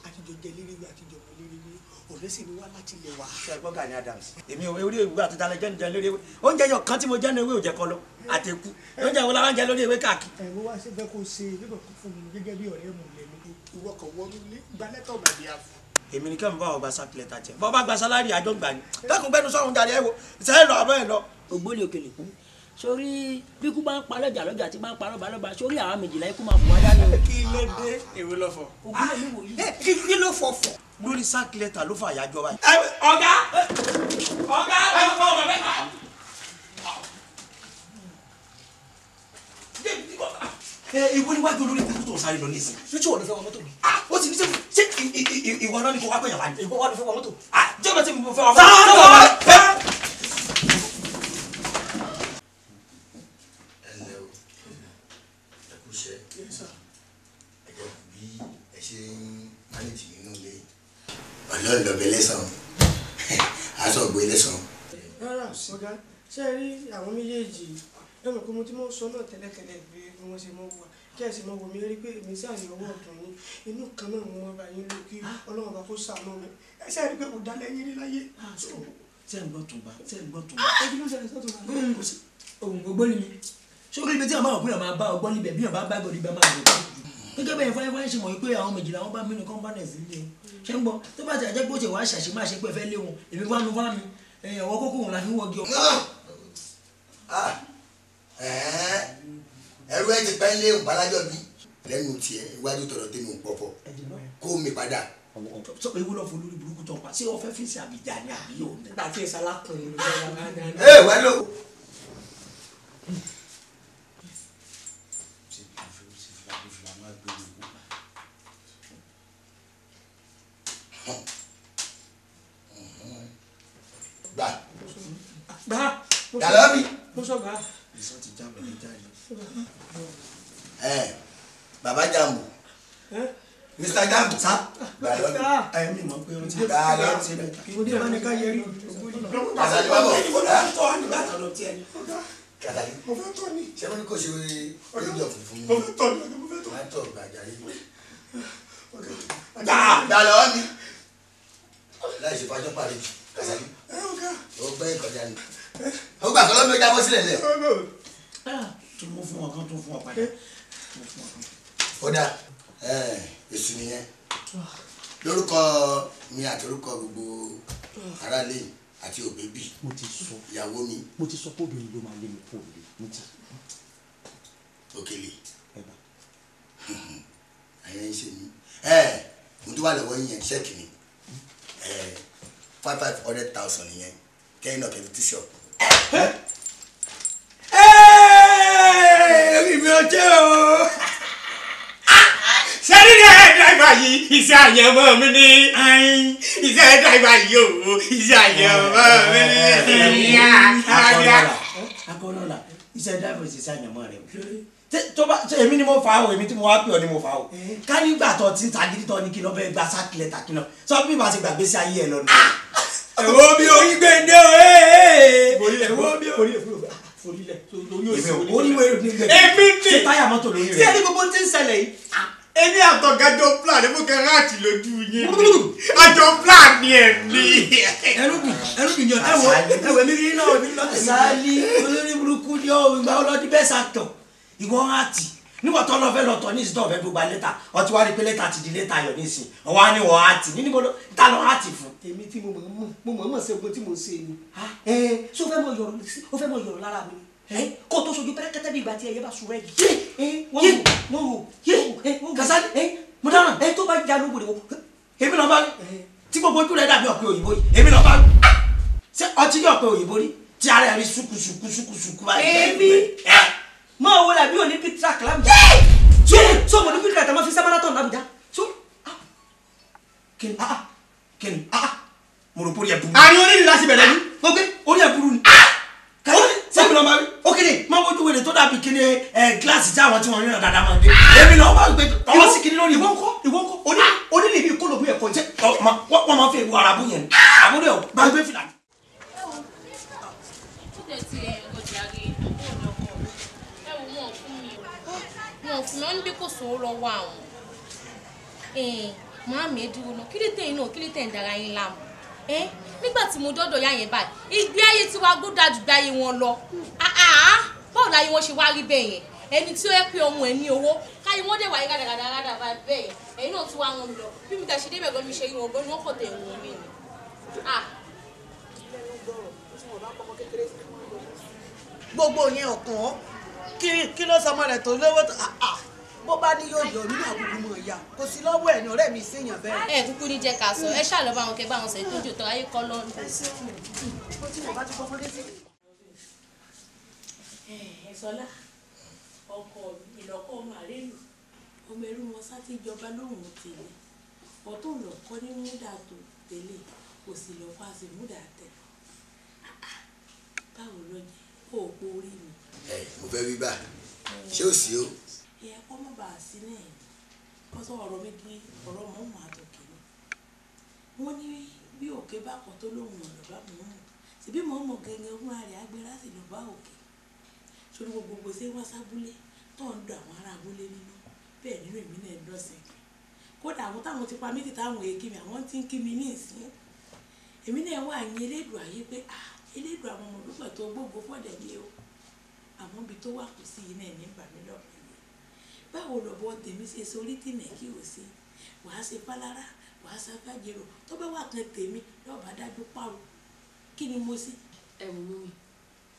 àtijọ́ jẹ lérí wí àtijọ́ mọ lérí wí òde sì ni wá láti lè wá. ṣe ẹgbọ́n Gani Adams èmi ò orí ìwé àti talẹ̀ jẹ́nu jẹ́ lórí ewé oúnjẹ yọ kan tí mo jẹ́ nu ewé ò jẹ́ kọ́ lọ àtẹ̀kù oúnjẹ wo la wá ń jẹ lórí ewé káàkiri. ẹ wọ́n wá ṣe fẹ́ kó ṣe nígbà fún mi gẹ́gẹ́ bí ọ̀rẹ́ mọ̀lẹ́mí. ìwọ kò wọ́n mi ní gbalẹ́tọ̀ bàbí àfọ èmi nìkan mi bá wọn gba sápìlẹ̀ tàjẹ bọ́ bá gba sálárì àjọgbà ni dákun bẹ́nu sọ̀rọ̀ jàre ẹ̀ wo sẹ́yìn lọ abẹ́ lọ. ògbóni òkèlè sórí bíkú bá ń pa lọ́jà lọ́jà tí bá ń pa lọ́ba sórí àwọn méjìlá ikú máa bù wá dání kí ló dé èwe lọ fọ. kí ló fọ fọ. lórí sákìlẹ̀ ta ló fà yájọ báyìí. Eh, eh, ọ̀gá ọ̀gá ọ̀gá eh, ọ̀gá mẹ́ta ìwé níwájú olórí ìtàkù tó ń sáré lọ nísìn. lójú ọ̀nà fẹ́ wa mọ́tò mi. Ah, ó ti ní sẹ́kù ṣé ìwọ náà ni kò wá pẹ̀yàn wá ní. ìwọ wá ní fẹ́ wa mọ́tò. Ah, jọ́nà tí mo fẹ́ wa mọ́tò. sáà lọ́wọ́ ẹ. ẹ lẹ o ẹ kú iṣẹ́ ẹ jẹ bí ẹ ṣe ń mánéjì nínú ilé. ọlọ́ọ̀lọ́bẹ lẹ́sàn-án aṣọ ògbó lẹ́sàn-án. rárá ọ̀gá ṣe é rí àwọn méjèèjì ẹ mọ̀ pé mo ti mọ̀ sọ náà tẹ́lẹ̀tẹ́lẹ̀ bí wọ́n ṣe mọ̀ wà kí ẹ sì mọ̀ wò mí rí pé èmi sáà ní ọwọ́ ọ̀tún yín inú kan náà mo wọ́n bá yín lò kí ọlọ́run bá kó sàánú mi ẹ ṣáà rí pé kò dálẹ́ yín rí láyé. tẹ́ ah, ń gbọ́ tùbà tẹ́ ń gbọ́ tùbà. ẹbí ló ṣẹlẹ̀ sọ́tùbà. ohun gbogbo ni sórí ibi tí àwọn ọ̀gbìn máa bá ọgbọ́n níbẹ̀ bí ọba bá gbọ́dọ̀ ibà máa gbọ́dọ̀ gẹ́gẹ́ bẹ́ẹ̀ fáyín fáyín ṣe mọ̀ pé àwọn méjìlá wọn bá mí ní kọ́ńpánẹ̀sì ilé o ṣé ń gbọ́ tó bá ti àjẹ́ pé ó ṣe wàá ṣàṣì máa ṣe pé ẹ fẹ́ lé wọn èmi wá nu wá mi ọwọ́ kókó òun la fi ń wọ́gi ọ. Ah! Ah! ẹrú ẹ ti pẹ́ lé òǹbálájọ́ mi lẹ́nu tiẹ̀ iwájú tọ̀dọ̀ tẹ́mi ò pọ̀pọ̀ kó mi padà. sọ ewu lọ fún olórí burúkú tọpa ṣé ọfẹ fèsì àbíjà ni àbí yóò ní. nígbà tí èsì alákùnrin ló ń bá dáná. ẹ wá ló. gbà. gbà. dàlọ́ mi. mo sọ gbà sọ ti já wèrè jáde. ẹ bàbá Jàmbù Mr. Jàmbù sá gbàdọ́ mi. ayé mi mọ̀ pé o ti gbà á lọ sí ibẹ̀. òde máa ní ká yẹrí. kàtàlí bá bọ̀ kàtàlí sẹ́wọ́n ní kò ṣe rédíò funfun mi. mo fẹ́ tọ́ ni mo fẹ́ tọ́. máa tọ̀ gbàjà yìí. dàlọ́ mi láì ṣe fàjọ́ parí Kàtàlí ó gbẹ́ ìkọjá ni ó gbà kọ́ lọ́mọ jábọ́ sílẹ̀ lẹ̀. Oh, ah, tó mú fún wọn kan tó fún wọn padà ó dá èsì nìyẹn lórúkọ mi àti orúkọ gbogbo aráalé àti òbébí ìyàwó mi. mo ti sọ pé obìnrin ló máa lé mi kó lè mo ti. òkèlè àyàn ń ṣe mí ẹ mo tún wà lọ́wọ́ yín yẹn ṣẹ́ẹ̀kì ni five five hundred thousand yẹn kẹ́yìn náà kẹ́yìn tíṣọ̀pù èmi ò jẹ́ ní ah! ẹ̀ dráìbà yìí iṣẹ́ àyẹ̀wò mi ni iṣẹ́ dráìbà iṣẹ́ àyẹ̀wò mi iṣẹ́ dráìbà ṣe ṣàyẹ̀wò tó bá èmi ni mo fà á o èmi tí mo wá pè ọ́ ni mo fà á o eh? ká nígbà tó ti ń tagídí tó ní kí lọ́ọ́ gba sákìlẹ̀ tàkìlọ̀ sọ bí ìbá ṣe gbàgbé sí ayé ẹ lọ́nà ẹ̀wọ́ bí oyin gbẹ̀ndé o eh, eh, ẹ̀wọ́ eh. bí oyin gbẹ̀ndé o forílẹ̀ torí òsì oníwèé rẹ̀ nígbẹ̀. èmi ni ṣe táyà mọ́tò lórí rẹ̀. tí ẹni gbogbo ti ń ṣẹlẹ̀ yìí. ẹni àtọ̀gájọ plan ní fún kẹráàtì lójú yín. àjọ plan ni ẹ̀ ní. ẹlùbì ẹlùbì yan ẹwọ ẹwọ mi rí náà mi lọ. sálí olórí burúkú ni ó ìgbà ọlọ́dún bẹ́ẹ̀ sàtọ̀ ìwọ́n àti níwọ̀ tó lọ fẹ́ lọ tọ̀ ní ìsìn tó fẹ́ gbogbo lẹ́tà ọtí wá rí pé lẹ́tà ti di lẹ́tà yọ nísìn ọwọ́ á ní wọ́n á tì ní níbo ló ta lọ́ á tì fún. èmi tí mo mọ̀ mo mọ̀ mọ̀ sí ogun tí mo ṣe ni ẹ ṣé o fẹ́ mọ yọ̀rọ̀ o fẹ́ mọ yọ̀rọ̀ lára mi ẹ kó o tó sojú pẹ́rẹ́kẹ́tẹ́ bí ìgbà tí ẹyẹ bá sun rẹ yé wọ́n wò wọ́n wò Kasali mo dáná ẹ tó bá jà lóògbé wo èmi lọ bá tí gbogbo ojú máa wo làbí òní pitra kìlámùjá so so mo ní pitra tàmá fi sábàlátọ̀ làmùjá so ah kìnnì ah, ah kìnnì ah, ah mo rò pé orí ẹ̀ burú. àárín orí ni láti bẹ̀rẹ̀ ni mo gbé orí ẹ̀ burú ni. Ah! kàwé sẹ́mi lọ́ọ́ máa rí ó kéde máa wojú wèrè tó dàbí kíni ẹ gíláàsì tí àwọn tí wọ́n ríran dáadáa máa ń dé. èmi náà wọ́n gbé ọwọ́ sí kíni lórí ìwọ ńkọ́ ìwọ ńkọ́ onílé mi kó lóbi ẹ̀kọ́ jẹ́ wọ́n máa fi ìwọ arabu yẹn àbúrò ẹ̀ bá gbé fìlà. ẹ wo ó tẹ̀ tí wọn fún mi wọn ní bí kò sówó lọ́wọ́ àwọn màámi ẹ dúró náà kí lè tẹ̀yìn náà kí lè tẹ̀yìn dára yín láàmú nígbà tí mo dọ́dọ̀ yá yẹn báyìí ìgbé ayé tiwa gbódà jù gbáyé wọn lọ báwo láyé wọn ṣe wá rí bẹ́ẹ̀ yẹn ẹni tí ó yẹ pé ọmọ ẹ ní owó káyé wọn dẹ̀ wáyé gàdàgàdà gàdàgà bẹ́ẹ̀ ẹ̀yin náà tún wá wọn lọ bí mi tàṣí débẹ̀ gan ṣe ìwọ̀n wọn kò tẹ̀ gbogbo yẹn ọ̀kan kí ló sọmọ rẹ̀ tó lówó tó ah, ah. bó bá ní yóò yọ mí ní àkókò mọ ìyá kò sí lọ́wọ́ ẹ̀ ní ọ̀rẹ́ mi séèyàn bẹ́ẹ̀. ẹ kúkú ní jẹ ká sọ ẹ ṣáà lọ bá wọn kẹ bá wọn sọ ìtọ́jú tó ayé kọ lọ. ẹ ṣe mo tí mo bá ti kọ́kọ́ dé sí. ẹ ẹ sọlá ọkọ ìlọkọ ọmọ àrélù ọmọ ẹrú wọn sá ti jọba lóhùn tèlé ọtún lọkọ ní múdà tó tẹlé kò sì lọkọ àti múdà tẹ ah, báwo ló jẹ kó o pọ orí mi ẹ mo fẹ́ wí báyìí ṣé ò sí o. ìyẹn kó mọ̀ bá a sí náà kó sọ ọ̀rọ̀ méjì ọ̀rọ̀ mọ̀ mọ̀ àtòkè ni wọ́n ní bí òkè bá kọ́ tó lóhùn ọ̀rọ̀ bá mọ̀ mọ̀ síbí mọ̀ mọ̀ gẹ́gẹ́ fún àrẹ agbára sì lọ bá òkè sórí gbogbo ṣé wọ́n sábúlé tó ń do àwọn ará abúlé nínú bẹ́ẹ̀ nínú èmi náà ń dọ̀sẹ̀ kódà àwọn táwọn ti pa mí ti táwọn èké mi àwọn ti ń kí mi ní ìsín èmi náà wà ní elédùn ayé pé ah elédùn àwọn ọmọ o àmọ́ ibi tó wà kù sí yìí náà ní bàmí lọ́kàn yìí báwo lọ́bọ tèmi ṣe sórí tìǹẹ̀ kí o sí wàá ṣe pálára wàá ṣàfàjẹrò tó bá wà kan tèmi lọ́ọ̀bá dájú pààrọ̀ kí ni mo sí. ẹ wù mí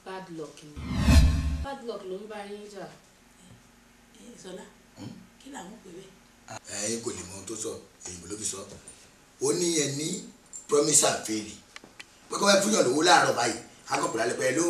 bad luck ni bad luck ló ń bá yín jà. ẹ sọlá hmm? kí làwọn pè bẹ́ẹ̀. ẹ kò lè mọ ohun tó sọ èyí ló fi sọ ó ní yẹn promise and fail pé kọ́ bá fúnyàn lówó láàárọ̀ báyìí akọ̀pọ̀ lálẹ́ pẹ́ lóò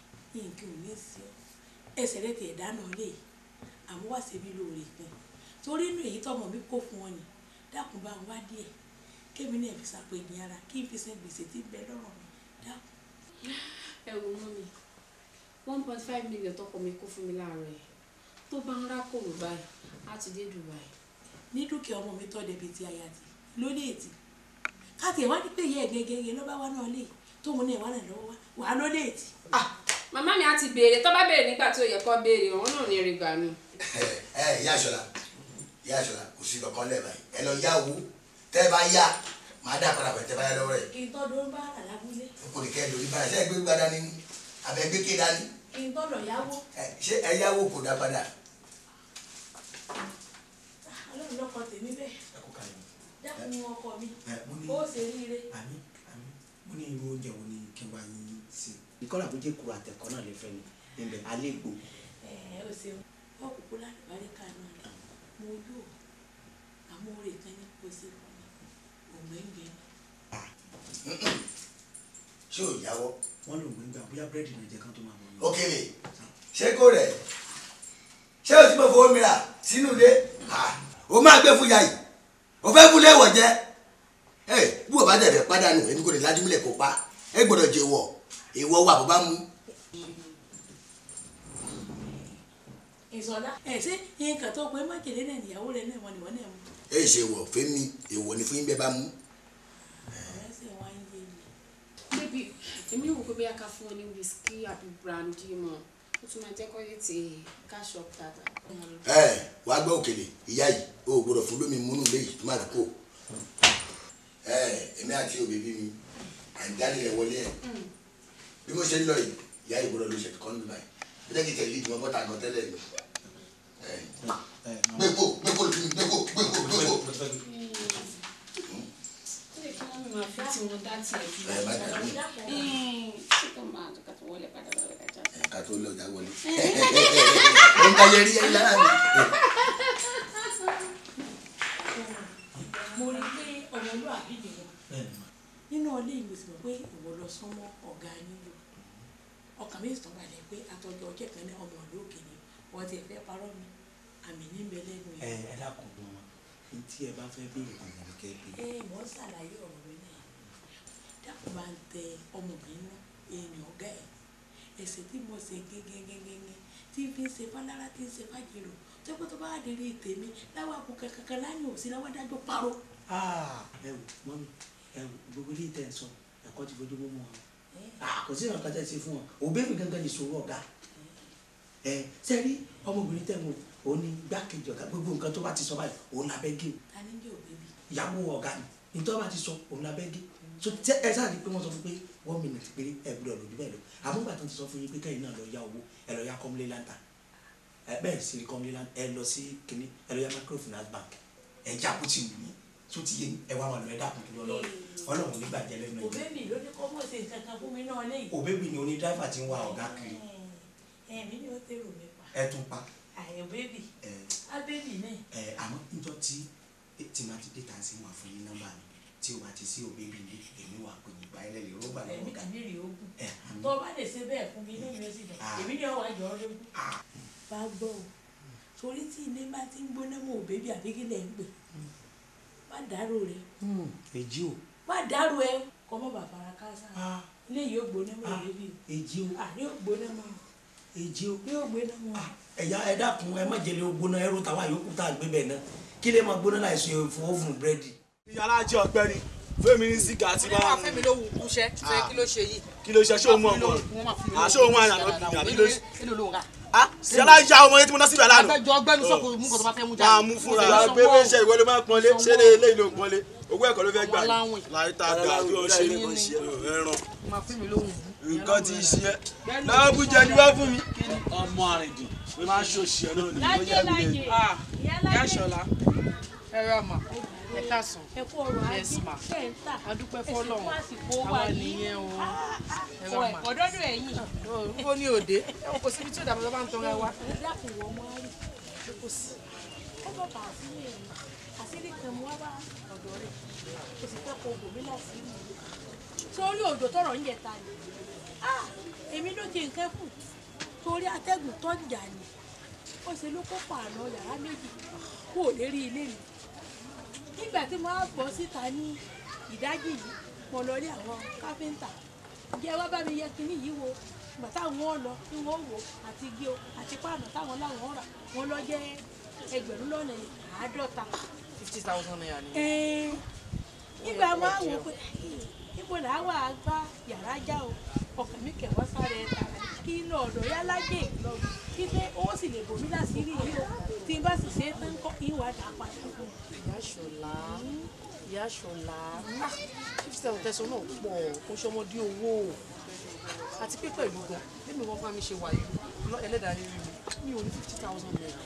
nǹkan ò ní sí ẹsẹ̀ rẹ tiẹ̀ dáná lé àmọ́ wá ṣe lóore pin torí inú èyí tọmọ mi kó fún ọ ni dákun bá ń wá díẹ̀ kémi náà fi sàpò ìyìn ara kí n fi san gbèsè tí ń bẹ lọ́rùn mi dákun. ẹ wo mọ mi one point five million tọkọ mi kó fún mi láàárọ̀ yìí tó bá ń rákòrò báyìí á ti dé Dubai. ní dúkìá ọmọ mi tọ́ débi ti aya ti lórí ètì káàtì ẹ̀ wá ní pé ìyá ẹ̀ gẹ́gẹ́ ló bá wá náà lè tóun náà wá náà lọ́wọ́ wá wà á lórí ètì màmá mi á ti béèrè tó bá béèrè nígbà tó yẹ kó béèrè òun náà ní rí gbà mí. ẹ ẹ ìyá àṣọlá ìyá àṣọlá kò sí kankan lẹ́ẹ̀bà ẹ lọ yá owó tẹ́ bá yá màá dà padà pẹ̀tẹ́ bá yá lọ́wọ́ rẹ̀. kì í tọ́ dún bá rà lábúlé. kò ní kẹ́ ẹ lórí bára ṣé gbé gbada ni àbẹ gbé ké dání. kì í tọ́lọ̀ yáwó. ṣé ẹ yáwó kò dá padà. Ah, ọlọ́run lọ́kọ tèmi bẹ́ẹ̀ dákun ọkọ mi ó ṣe ríire. àmín àmín mo ní irú oúnjẹ wo ni kí ìkọ́lá kò jẹ́ kúrò àtẹ̀kọ́ náà lè fẹ́ mi níbẹ̀ àlégbò. ẹ ẹ o o ọkùnkùn láti parí kanu rẹ mo yóò àmọ́ orí kan ní kó sí fún mi ògbẹ́ngbẹ́. ṣé o yàwọ. wọn lò wí gbà bóyá búrẹ́dì náà jẹ kán tó máa mọ. Òkèlè ṣé kò rẹ̀ ṣé o ti bọ̀ fowó mìíràn sínú ilé o máa gbé fún yàyí o fẹ́ fún lẹ́wọ̀ jẹ́ bí o bá dẹ̀ fẹ́ pàdánù ẹni kò lè lájú mílẹ̀ kó pa ẹ gbọ́dọ̀ jẹ́ wọ̀ ìwọ wà bó bá mú. ìsọlá ẹ ṣe nǹkan tó pé mákèlé náà nìyàwó rẹ náà wọn ni wọn náà mú. ẹ ṣe wọ fẹmi èèwọ̀ ni fún yín bẹ bá mú. bíbí èmi ò kó bóyá ká fún ọ ní wíṣkì àbí brandy mọ ó tún máa jẹ́ kó lè cash up dáadáa. ẹ wàá gbọ́ òkèlè ìyá yìí o ò gbọ́dọ̀ fún lómi múnú léyìí tó má dùn kó èmi àti òbí bí mi àǹdálẹ̀ wọlé ẹ̀. Hmm bí mo ṣe ń lọ yìí ìyá ìgboro ló ṣe kọ́ níbi báyìí bí dẹ́kì tẹ̀lé ìdìbò bọ́ta gan tẹ́lẹ̀ mi gbẹ́kọ̀ gbẹ́kọ̀ lójú mi gbẹ́kọ̀ gbẹ́kọ̀ gbẹ́kọ̀. ká lọ ọjà wọlé ó ń tayé rí ẹ̀yìn lára mi. nínú ọlé ìgbésí pé ìwọ lọ sọmọ ọgá yín lọ ọkàn mi sì tán balẹ̀ pé àtọ́jọ ọjọ́ kan ní ọmọ ìlú òkè ni wọ́n ti fẹ́ parọ́ mi àmì ní mẹ́lẹ́ mi. ẹ ẹ dákun gan wọn ní tí ẹ bá fẹ́ béèrè kan ní kẹ́ bí. ẹ mọ̀ ń ṣàlàyé ọ̀rọ̀ mi náà dákun bá ń tẹ ọmọ mi ná èèyàn ọ̀gá ẹ̀ ẹ̀sẹ̀ tí mo ṣe gẹ́gẹ́gẹ́gẹ́ tí fi ń ṣe fálára tí ń ṣe fájìrò tó pé tó bá dèrè tèmi láwọn àpò kankan láyìn òsì láwọn adájọ́ parọ́. Ah, ẹ wò mọ́mi ẹ wò gbogbo ilé ìtẹ̀ ẹ̀kọ́ ti fojú mọ́ wọn. Ah, kò sí ìrànkan tẹ́ ṣe fún wọn òbẹ́mi gangan ìṣòro ọ̀gá ẹ sẹ́rí ọmọbìnrin tẹ̀ mo, ò ní gbákejì ọ̀gá gbogbo nǹkan tó bá ti sọ báyìí òun labẹ́ gé o ìyàwó ọ̀gá ni nítorí bá ti sọ òun labẹ́ gé so tẹ ẹ sáà di pé wọ́n sọ fún pé one minute péré ẹ gbúdọ̀ lòdì bẹ́ẹ̀ lọ àmọ́ ìgbà tó ti sọ fún yín pé kẹ́yìn náà lọ ya owó ẹ lọ ya kọ́mílé láńtà ẹ bẹ́ẹ̀ sì rí kọ́mílé láńtà ẹ lọ sí kínní ẹ lọ ya microfinance bank ẹ jákùtì nìyí tó ti yé ẹ wá máa lọ ẹ dákun tó lọ mm. Ọlọ́run nígbà jẹ lẹ́nu ẹ. òbẹ́bì ló ní kọ́ mọ̀ sí nǹkan kan fún mi náà lẹ́yìn. òbẹ́bì ni oní dráìfà ti ń wa ọ̀gá kiri. Mm. ẹ̀mí ni ó tèrò mi pa. ẹ tún pa. àyè bébì. ẹ á bébì náà. ẹ àmọ́ níjọ́ tí tí màá ti dé tà sí wà fún yín nọ́mbà mi tí o bá ti sí òbẹ́bì ní èmi wà pé ìgbà ẹlẹ́lẹ́ ló gbà lọ́wọ́ ká. tó o bá lè ṣe bẹ́ẹ̀ fún mi nínú mm. ẹ̀sìn náà ah. èmi má dárò rẹ. Hmm, èjì o. má dárò ẹ kọ́ mọ́ bàbá ara káásá. Ah. ilé yìí ó gbóná mọ́ ah, ìrẹ́bí. èjì o. àní ah, ó gbóná mọ́. èjì o. ní ó gbóná mọ́. ẹ̀yà ẹ dákun ẹ má jẹ́lẹ̀ ògbóná ẹrú tàwa yòókù tá à ń gbé bẹ̀ náà kí lè máa gbóná láìsí ìfowófún búrẹ́dì. ìyá alájẹ ọ̀gbẹ́ni fẹ́mi ní sìgá tí máa. ọmọ fẹ́mi ló wù kú ṣẹ́ ṣe ah. kí ló ṣe yìí. kí ló ṣe ṣé òun ọmọ àṣé òun àyàn àbí àbí ló ṣe. ah yàrá ya ọmọ yẹn tí mo ná síbi àlànà. àgbẹjọ ọgbẹni sọkò mú kò tó bá fẹ́ mú jáde. máa mú fúnra rẹ pé bẹ́ẹ̀ ṣe ìwọ ló máa pọ́nlé ṣé lè lè ló pọ́nlé owó ẹ̀kọ́ ló fẹ́ gbà láì ta ga bí ó ṣe ẹran nǹkan ti ṣe ẹ lábújá ni wá fún mi. ọmọ àrìndì máa ṣòṣì ẹ náà nìyẹn yá ṣọlá ẹ rà mà ẹ káàsán ẹ kú ọrọ̀ ajé ẹ ń tà adúpẹ́ fọ́lọ́run àwa nìyẹn o ah, ah, ah. ẹ bá mà ọdọọdún ẹ̀yìn. ó ní òde kò síbi tí ó dàbọ̀ tó bá ń tọrọ wa. ẹ dákun wọ ọmọ àárín pé kò sí ó bọ̀ bá àṣírí ẹ̀yìn àṣírí kan mú wá bá ọ̀dọ̀ rẹ̀ sórí òjò tọrọ ń yẹta ni èmi ló ti nǹkan kù torí atẹ́gùn tó ni ó ṣe ló kó pààlọ́ yàrá méjì kó o lè ilé mi nígbà tí mo á bọ́ síta ní ìdájí yìí mo lọ rí àwọn káfíńtà ǹjẹ́ wá bá mi yẹ kinní yìí wo ìgbà táwọn ò lọ tí wọ́n wò àti igi o àti páànù táwọn láwọn rà wọ́n lọ jẹ́ ẹgbẹ̀rún lọ́nà àádọ́ta. fifty thousand naira ni. nígbà mo á wò pé níbo là á wà á gbá yàrá já o ọkàn mi kẹwàá sáré ẹta kí inú ọ̀dọ̀ yálà jẹ́ ìlọ kí pé ó sì lè bòmí láti rí yìí o tí n bá sì ṣe é tán kọ́ ìwà dà padà fún un. Ṣọlá ìyá Ṣọlá fifty thousand tẹ̀sán náà pọ̀ kó ṣọmọdé owó àti pé pẹ̀lú gan lẹ́mi wọ́n fún mi ṣe wàyí ẹlẹ́dàá rírí mi mi ò ní fifty thousand naira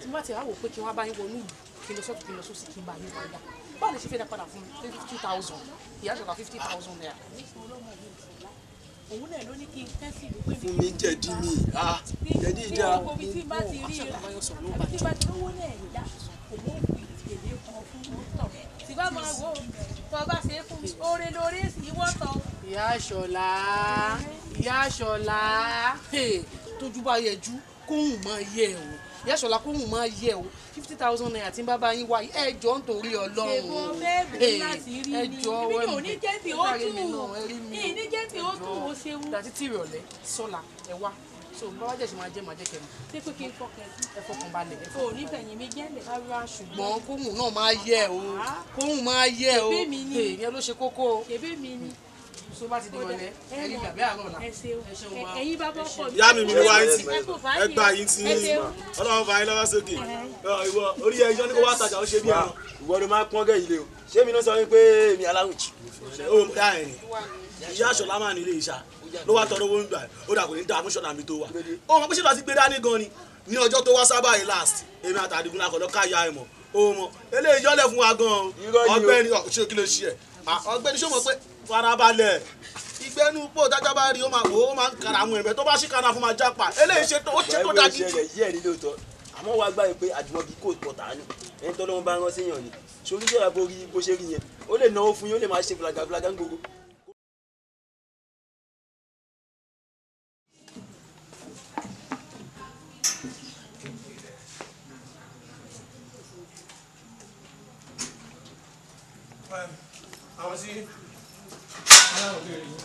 tí wọ́n ti ráwọ̀ pé kí wọ́n bá yín wọnú ìlú kí lọ sọ́tún kí lọ sósì kí n bá yín padà báwo lè ṣe fẹ́ padà fún mi fifty thousand ìyá Ṣọlá fifty thousand naira òun náà ló ní kí n tẹ́sí ìlú pé fún mi jẹ̀dí mi jẹ̀dí ìjà mi ṣùgbọ́n mo wò ó tó bá ṣe é fún mi oore lórí ìwọ tọ. ìyá àṣọlá ìyá àṣọlá tójú bá yẹjú kóhùn máa yẹ ẹ o ìyá àṣọlá kóhùn máa yẹ o fifty thousand naira tí n bá bá yín wá ẹ jọ ń torí Ọlọ́run ẹjọ ẹ jọ ẹ mi ní jẹ́ǹtì ó tù ú ní jẹ́ǹtì ó tù ú ṣeun. dàtí tí ìrọ̀lẹ́ sọ́la ẹ wá so báwa jẹ́ ṣe máa jẹ́ máa jẹ́ kẹ́mi. ṣé pé kí n fọkàn ẹ fọkàn balẹ̀. o ò ní fẹ̀yìn o kóhùn máa yẹ o kèbé mi ni ìyẹn ló ṣe kókó o. kèbé mi ni so bá ti di wọlé ẹyin bàbá àná ọ̀la ẹyin yín ti yín ti ọlọ́run fa yín lọ́wọ́ sókè ìwọ orí ẹjọ́ ní kó wá tajà ó ṣe bí ẹran ìwọ ló máa pọ́n gẹ̀yìn lé o ṣé mi ló sọ wípé èmi aláwùjì ó ń dá ẹ̀rìn ìyá aṣọ lámà nílé ìṣá ló wá tọrọ owó ń gbà ó dà kò ní dààmú ṣọ̀nà mi tó wà ó mọ̀ pé ṣèlú àti gbé dání gan ni ní ọjọ́ tó wá sábà yìí last èmi àtàdégún lakọ̀ lọ́ka ya ẹ̀mọ́ ó mọ eléyìí yọ́lẹ̀ fún wa gan ọgbẹ́ni ṣé kí ló ṣe ẹ̀ ọgbẹ́ni ṣó mọ̀ pé farabalẹ̀ ìgbẹ́nu pò dájá bá rí ó máa wò ó máa ń kara àwọn ẹ̀mẹ́ tó bá ṣì kara fún máa jápa eléyìí ṣe tó ṣe tó dájú. àmọ́ wàá gbàgbé pé àjùmọ̀bí kò pọ̀ tánú ẹni tọ́lọ́wọ́n bá rán sí yàn ni ṣoríṣẹ́ àbórí bó ṣe rí yẹn ó lè náwó fún yín ó lè máa ṣe fìlàgàfìlàgà ń gbogbo sí aláwọ̀ bèrè yìí.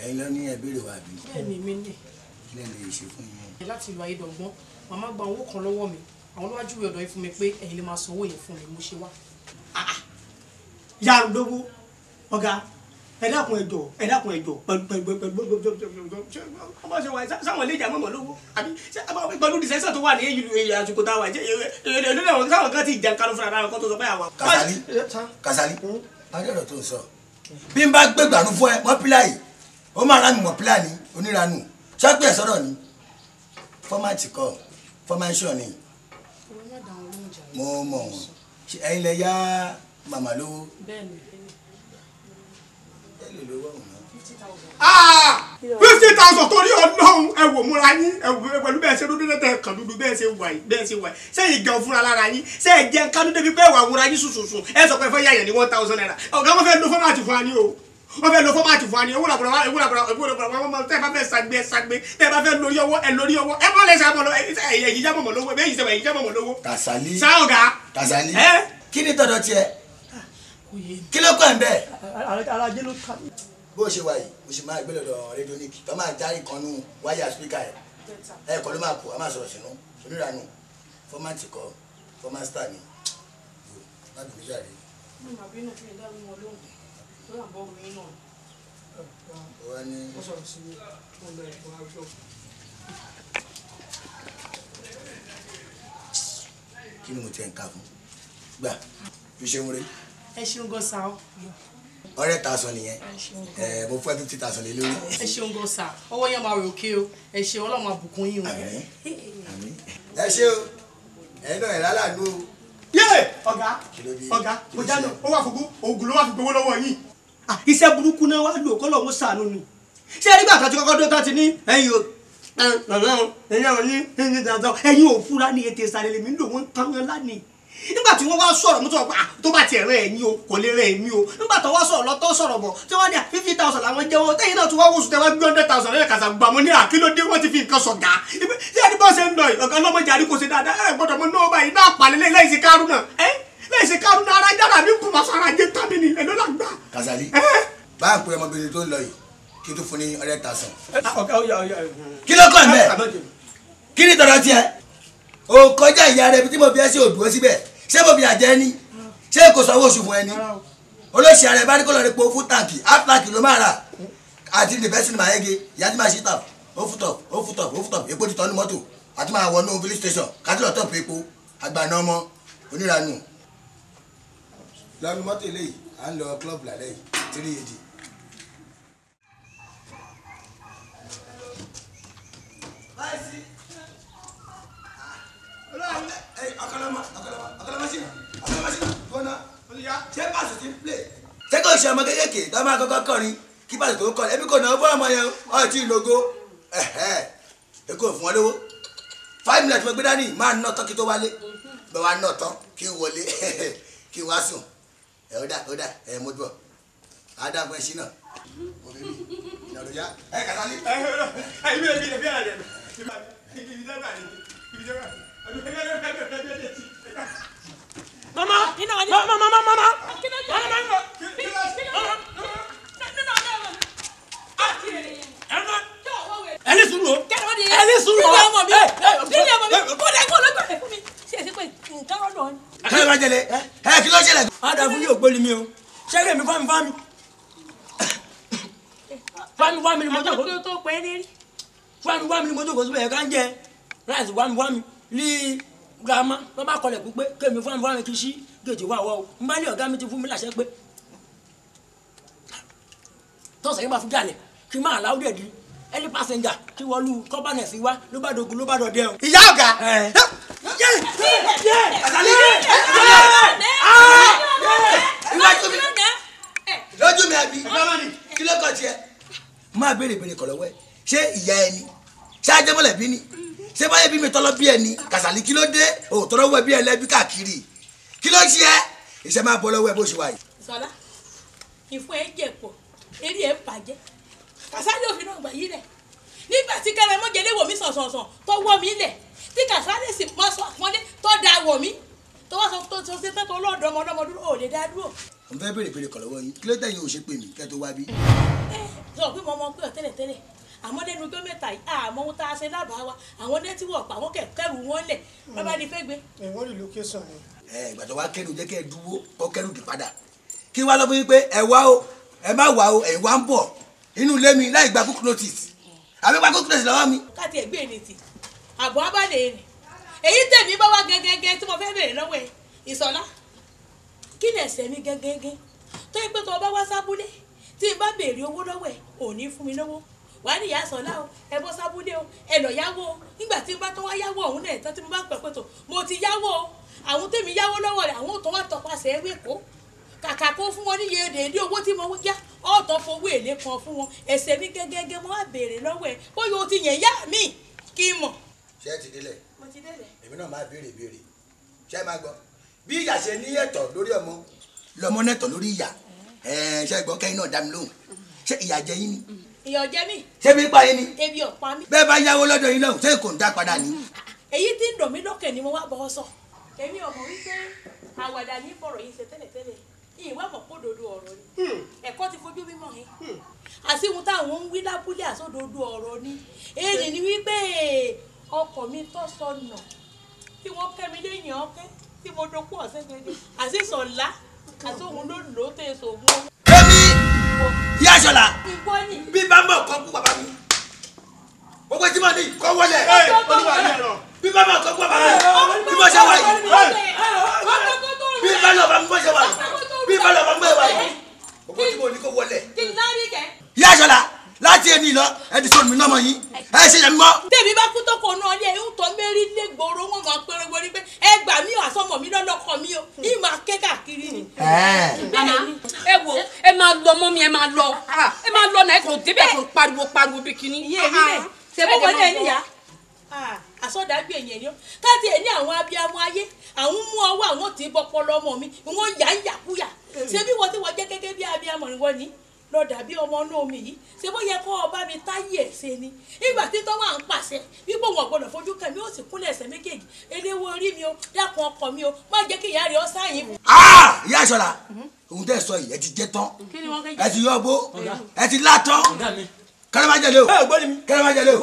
ẹ̀yin lọ ní ẹbẹ̀rẹ̀ wa bí. bẹ́ẹ̀ni mi ni. kí lẹ lè ṣe fún yín. láti ìlú ayédọ̀gbọ́n màmá gba owó kan lọ́wọ́ mi àwọn ló wá júwe ọ̀dọ̀ yìí fún mi pé ẹ̀yin lè máa sanwó yẹn fún mi mo ṣe wá. Ah, ah. yàrá lówó ọ̀gá ẹ dákun ẹ jọ̀ọ́ ẹ dákun ẹ jọ̀ọ́ pẹ̀lú ọmọ ṣe wà sáwọn ilé ìjà mọ̀mọ́ lówó àbí pẹ̀lú dìsẹ́sẹ̀ tó wà ní ìlú èyí àsìkò táwa jẹ́ èlò náà sáwọn kan ti jà kanu fúnra ara kan tó sọ pé àwa. Kasali Kasali tani ọ̀rọ̀ tó ń sọ bí n bá gbé gbànú fún ẹ mọ́ píláì ó máa ránu mọ́ píláì oníranù ṣáàpì ẹ̀ sọ̀rọ̀ ni fọ́mátì kọ fọ́mátìṣọ̀ ni mo mọ̀ ẹ̀yin lẹ yá màmá lówó. bẹ́ẹ̀ ni Ah! fifty thousand torí ọlọ́run ẹ wò múra yín ẹ wò pẹ̀lú bẹ́ẹ̀ ṣe dúdú lẹ́tẹ̀ kàn dúdú bẹ́ẹ̀ ṣe wà yìí bẹ́ẹ̀ ṣe wà yìí ṣé ìgàn fúnra lára yín ṣé ẹ jẹ́ kánú débi pé ẹ̀wà múra yín sùsùsùn ẹ sọ pé ẹ fẹ́ yàyàn ní one thousand naira ọ̀gá wọn fẹ́ lo fọ́màtì fún wa ní o wọ́n fẹ́ lo fọ́màtì fún wa ní ewúrọ̀ àbúrò ewúrọ̀ àbúrò ewúrọ̀ àbúrò wọn máa tẹ́ ẹ bá fẹ́ sagbe ẹ sagbe tẹ́ ẹ bá fẹ́ lórí ọwọ́ ẹ lórí ọwọ́ ẹ bọ́ lẹ́sẹ̀ àmọ́ lọ ẹ̀yìn jábọ̀ mọ̀ lówó ẹ̀yìn jábọ̀ mọ̀ lówó. Kasali. sáà ọ̀gá. Kasali. kí ni tọ̀dọ̀ tiẹ̀ kí ló kàn bẹ́ẹ̀. alajẹ ló ta. bó o ṣe wà yìí o ṣì máa gbé lọ́dọ̀ rédíóníkì tó máa já ìkànnù wáyà spíkà ẹ̀ ẹ̀ kọ́ ló máa kú a máa sọ̀rọ̀ sínú oníranù fọ́mátì kọ́ fọ́másítà ni má dùn mí jáde. mo máa bínú kí ni mo tẹ̀ ń ká fún gbà fi ṣe ń rí ẹ ṣeun gan sa ọ. ọ̀rẹ́ ta sọ nìyẹn ẹ mo fẹ́ fifty thousand lé lórí. ẹ ṣeun gan sa ọwọ́ yẹn máa rè òkè o ẹ ṣe ọlọ́run àbùkún yín o. ẹ ṣe o ẹ náà ẹ lálàánú o. yé ọ̀gá ọ̀gá mo jáde ó wà fún ogun ló wà fún gbowó lọ́wọ́ yìí. iṣẹ́ burúkú náà wá lò kọ́lọ̀ mo sànù ni ṣé nígbà tó ti kọ́kọ́ dé tó ti ní ẹ̀yìn o ẹ̀yìn ò fura ni ètè ìsàlẹ̀ lèmi lò kàn án lánìí nígbà tí wọ́n wá sọ̀rọ̀ mọ́tò ọ̀pá tó bá tiẹ̀ rẹ̀ ẹ̀mí o kò lè rẹ̀ ẹ̀mí o nígbà tó wá sọ̀rọ̀ lọ́tọ́ sọ̀rọ̀ bọ̀ tí wọ́n ní à fifty thousand làwọn jẹ́ wọn tẹ́yìn náà tí wọ́n wò sùn tẹ́ wọ́n gbé hundred thousand lẹ́yìn kàṣà gbà mọ́ ní àkílódé wọ́n ti fi nǹkan sọ̀gá ṣé ẹni bá ṣe ń lọ ọ̀gá ọlọ́mọdé àdínkù ṣe dáadáa kí ni tọ̀rọ̀ tiẹ̀ o kọjá ìyá rẹ bí tí mo fi ẹ́ sí òdùwọ́ síbẹ̀ ṣé bòbí àjẹ́ ni ṣé kò sanwó oṣù fún ẹni olóṣì ààrẹ bá ní kó lọ rí po fún tàǹkì aflac ló máa rà àti university máa yege ìyá tí máa ṣe tàp ó fútọ̀ ó fútọ̀ ó fútọ̀ epo ti tọ́nu mọ́tò àti máa wọnú village station kájú lọ́tọ̀ pé epo àgbàna ọmọ oníranù. lọ́nu mọ́tò eléyìí à ń lọ club lálẹ́ yìí tírí èdè. báyìí sí ṣé kò ṣe ọmọ kékèké tó máa kọ́kọ́ kọrin kí pàṣẹ tó ń kọrin ẹbí kò náà fún ọmọ yẹn ọtí ìlógó èkó fún ọ lówó five minutes mo gbé dání máa ná tán kí tó wálé bẹ́ẹ̀ wá ná tán kí n wọlé kí n wá sùn ẹ ó dà ó dà ẹ mo dùn ọ adágún ẹ sí náà mo bẹ bí ìnáwó yá ẹ kàtà ní. ẹ ẹ ẹ ibi ẹ bí ẹ bí ẹ rẹ ibi dẹ́gbà ni ibi dẹ́gbà ni mama mama mama mama. ẹni mama? lò ẹni sùn lò ẹ ẹ lọ jẹlẹ ẹ kí ló jẹlẹ. a dà fún yóò gbóli mi o ṣẹ́gẹ̀ mi fámi fámi fámi fámi ni mo jókòó fámi fámi ni mo jókòó síbẹ̀ ẹ̀ ká ń jẹ ráìsì fámi fámi li grama wọn bá kọlẹ̀ pé kémi fún àwọn fún kí sí gèjì wà wọ́ o n bá ní ọ̀gá mi ti fún mi láṣẹ pé tọ́sán yín bá fún gàlẹ̀ kí máa láwùjọ ẹ̀dí ẹni pàṣẹjà kí wọ́n lu kọ́bánẹ̀ sí wa ló bá dogun ló bá dọ̀dẹ̀ o. ìyá ọ̀gá lójú mi àbí kí ló kọ tiẹ̀. máa béèrè béèrè kọ̀lọ́wẹ́ ṣé ìyá ẹni ṣáájú mọ́lẹ̀ bí ni ṣé báyé bí mi tọ́lọ́ bí ẹ ni Kàsálí kí ló dé o tọ́lọ́ wọ bí ẹ lẹ́bí káàkiri kí ló ṣe ẹ́ iṣẹ́ máa bọ́ lọ́wọ́ ẹ bó ṣe wà yìí. Ṣọlá ìfún ẹ jẹ pọ eré ẹ bàjẹ́ Kàsálí òfin náà gbà yí rẹ nígbà tí kẹrẹmọjẹlé wò mí sànsànsàn tó wọ mí lẹ tí Kàsálí sì mọ sọ àpọnlé tó da wọ mí tó wá sọ tó tó ṣe tẹ́tọ̀ ọlọ́ọ̀dọ́ ọmọ ọlọ́mọ dúró ò lè dá dúró. mo fẹ́ bèrè bèrè àmọ́ lẹ́nu ọjọ́ mẹ́ta yìí àmọ́ ohun tá a ṣe lábàá wa àwọn nẹ́tíwọ̀pù àwọn kẹ̀kẹ́rù wọn lẹ̀ hmm. bàbá ni fẹ́ gbé. ẹ wọ́n lè lókèsàn ni. ẹ ìgbà tó wá kẹrù jẹ́ kẹ́ ẹ dúró kọ́ kẹrù dì padà kí wá lọ fún yín pé ẹ wá o ẹ má wá o ẹ wá ń bọ̀ inú ilé mi láì gba cook notice àbí gba cook notice lọ́wọ́ mi. káti ẹ̀ gbé ẹni tì àbọ̀ abálẹ̀ ẹni èyí tèmi bá wá gẹ́gẹ́gẹ́ tí mo fẹ́ bèrè lọ́wọ́ ẹ ìsọ̀lá kí ni ẹ̀ṣẹ̀ mi gẹ́gẹ́gẹ́ tó yẹ pé tó o bá wá sábúlé tí n bá béèrè owó lọ́wọ́ ẹ ò ní fún mi lọ́wọ́ wàá ní ìyá sọlá o ẹ bọ́ sábúdé o ẹ lọ yáwó o nígbà tí n bá tọ́wọ́ yáwó ọ̀hún náà tán tí mo bá pẹ̀ pẹ̀tọ̀ mo ti yáwó o àwọn tèmi yáwó lọ́wọ́ rẹ̀ àwọn òtọ́ wà tọpasẹ̀ ewé kó kàkà kó fún wọn níye dèédé owó tí mo yá ọ̀tọ̀ fowó èlé kan fún wọn ẹsẹ̀ mi gẹ́gẹ́gẹ́ mo wá béèrè lọ́wọ́ ẹ bóyá o ti yẹn yá mi kí n mọ̀. ṣé ẹ ti délẹ̀ èmi náà máa béèrè béèrè ṣé ẹ máa gbọ́ bí ìyá ṣe ní ẹ̀tọ́ lórí ọmọ lọmọ nẹ́tọ̀ lórí ìyá ẹ ṣe gbọ́ kẹ́yìn náà dá mi lóhùn ṣé ìyá jẹ yín ni ìyọ̀ jẹ́ mi. ṣé mi pa yín ni. ebi ò pa mí. bẹ́ẹ̀ bá yáwó lọ́dọ̀ yín lọ́hùn ṣé kò ń dá padà ni. èyí tí ń dùn mí lọ́kẹ̀ ni mo wá bọ́ sọ. èmi ò mọ̀ wípé àwàdà ní bọ̀rọ̀ yìí ṣe tẹ́lẹ̀tẹ́lẹ̀ ìwé mọ̀ kó ọ̀rọ̀ ni hmm. ẹ̀kọ́ ti fojú mímọ̀ yín hmm. àti ohun táwọn ń wí lábúlé àsódodo ọ̀rọ̀ ni èyí ni wípé ọkọ̀ mi tọ́ sọnà tí wọ́n kẹ́mi léyìn ọ̀kẹ́ tí mo dokú ọ̀sẹ̀ gbẹ̀gbẹ̀ àti sọ̀lá àti òun ló lò ó tẹ̀ sọ̀gbọ́n yíyá sọlá bí bámbọ̀ kọ́ kú bàbá mi gbogbo tí mo ní kọ́ wọlé bí bámbọ̀ kọ́ kú bàbá mi bí mo ṣe wà yìí bí bámbọ̀ bá mo ṣe wà yìí bí bámbọ̀ bá mo ṣe wà yìí gbogbo tí mo ní kọ́ wọlé yíyá sọlá láti ẹni lọ ẹni sọ mi lọmọ yìí ẹ ṣe yẹn mọ. tèmi bá kú tó kọ náà ní ẹyún tó mẹ́rin lé gbòòrò wọn máa péré wọlé pé ẹ gbà mí àsọmọ mi lọ́lọ́kọ mi o ní máa ké káàkiri ni. ẹ wo ẹ máa lọ mọ́ mi ẹ máa lọ ah. ẹ máa lọ náà ẹ kò débẹ̀ kò pariwo pariwo bikini. iye mi rẹ ṣebí wọlé ẹ níyà àsọdàgbé yẹn ni ó káàtì ẹ ní àwọn abiyamọ ayé àwọn mú ọwọ́ àwọn tí bọpọlọ ọmọ mi wọn yà ń yàkúyà ṣebí wọ́n ti wọ́n jẹ́ gẹ́gẹ́ bí abiyamọ ni wọ́n ní lọ dàbí ọmọ inú omi yìí ṣé bó yẹ kó ọba mi táyé ẹ̀ ṣe ni ìgbà tí tọ́wọ́ à ń pàṣẹ wípé òun ọ̀gbọ́dọ̀ fojú kàn mí ó sì kúnlẹ̀ ẹsẹ̀ méjèèjì eléwo orí mi o dákun ọkọ mi o má jẹ́ kí ìyá rẹ̀ ọ sáyìn. ìyá àṣọra òun tẹ́ sọ yìí ẹ ti jẹ tán ẹ ti yọ bó ẹ ti látán kẹrẹ́májẹ o kẹrẹ́májẹ o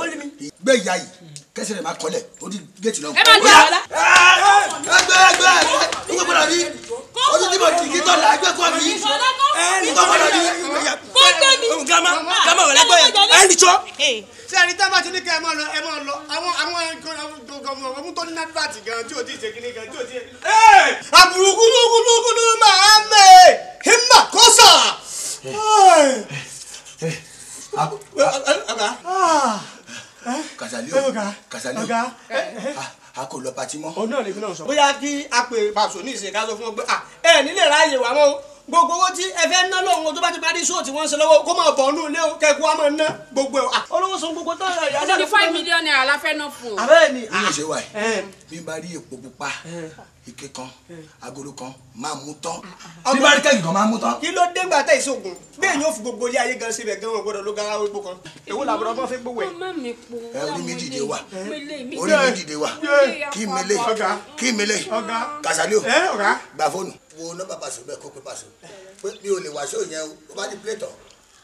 gbé ìyá yìí kẹsì rẹ máa kọlẹ ó di géètì lọ. ẹ máa gbé ọ̀la. ẹgbẹ́ ẹgbẹ́ ẹgbẹ́ gbọ́dọ̀ rí ojú tí mo dìgí tó là ẹgbẹ́ kọ́ mi kọ́ gbọ́dọ̀ rí. gama gama wẹ̀rẹ̀ gbọ́ yẹn ẹ̀ ń dìjọ́. ṣé ẹni tá a bá ti ní kẹ́ ẹ máa lọ ẹ máa lọ àwọn àwọn ọmọ tó ní nàdúràtì gan tí o ti ṣe kíní gan tí o ti. àbùrùkú lúkúlúkúlú máa mẹ́ himma kọ́sà. Kàsálíò Kàsálíò a kò lọ pati mọ́. òun náà lè fi náà sọ. bóyá kí a pè pàṣọ ní ìsìn ká sọ fún ọ pé ẹ nílẹ̀ ráàyè wà mọ́ o gbogbo owó tí ẹ fẹ́ ná lóhun tó bá ti parí sóò tí wọ́n ń ṣe lọ́wọ́ kó máa bọ̀ ọ́nú ilé kẹ́kọ̀ọ́ wa máa ná gbogbo ẹ̀ olówó san gbogbo tán ẹ̀ yá sáré fún mi. five million naira la fẹ́ ná fún o. abẹ́rẹ́ ni a ṣe wà yìí ah, eh. bá rí epo pupa eh. ike kan eh. agolo kan máa mú tán. Ah, ah, bí bá rí kẹ́kì kan máa mú tán. kí ló dé gbà tẹ ìṣògùn bí èyí ò fi gbogbo ilé ayé gan síbẹ̀ gan wọn gbọdọ̀ ló gara gbogbo kan èwo làbúrò ọgbọ́n fi gbowó ẹ orí mi dìde wa orí mi dìde wa kí mi lè kí mi lè Kàsálíò gbà fóònù wo nọ́mbà pàṣẹ bẹ́ẹ̀ kó pé pàṣẹ pé mi ò lè wá ṣó yẹn o bá ti plétọ̀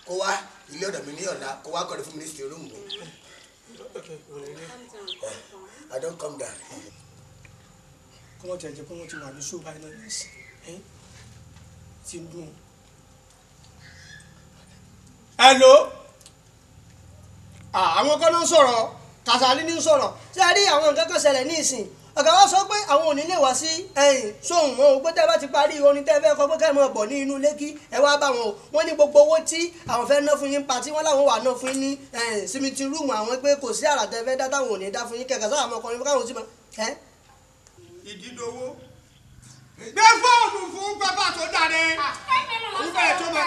kó wá ilé ọ̀dọ̀ mi ní ọ̀la kó wá kọ́ni fún ministry room mi. I don come down. kọ́mọ tí a jẹ́ kọ́mọ tí wà ní ṣùgbọ́n àìlọ́ ní ẹ̀sìn ti ń dùn. hello àwọn kan ló ń sọ̀rọ̀ Kàsálí ní ń sọ̀rọ̀ ṣé a rí àwọn nǹkan kan ṣẹlẹ̀ ní ìsìn ọ̀gá sọ pé àwọn ò lè wá sí ẹ̀yìn sóhun wọn ò pé tẹ́ bá ti parí orin tẹ́ fẹ́ kọ pé kẹ́mọ̀ bọ̀ ní inú lẹ́kí ẹ wá bá wọn o wọ́n ní gbogbo owó tí àwọn fẹ́ ná fún yín pa tí wọ́n láwọn wà ná fún yín ní simiti rúùmù àwọn pé kò sí àrà fẹ́ dá táwọn ò dá fún yín kẹ̀kẹ́ sáwọn ọmọkùnrin fún káwọn ò sí mọ́. ìdídowó gbé fóònù fún bàbá tó dáre nígbà tó máa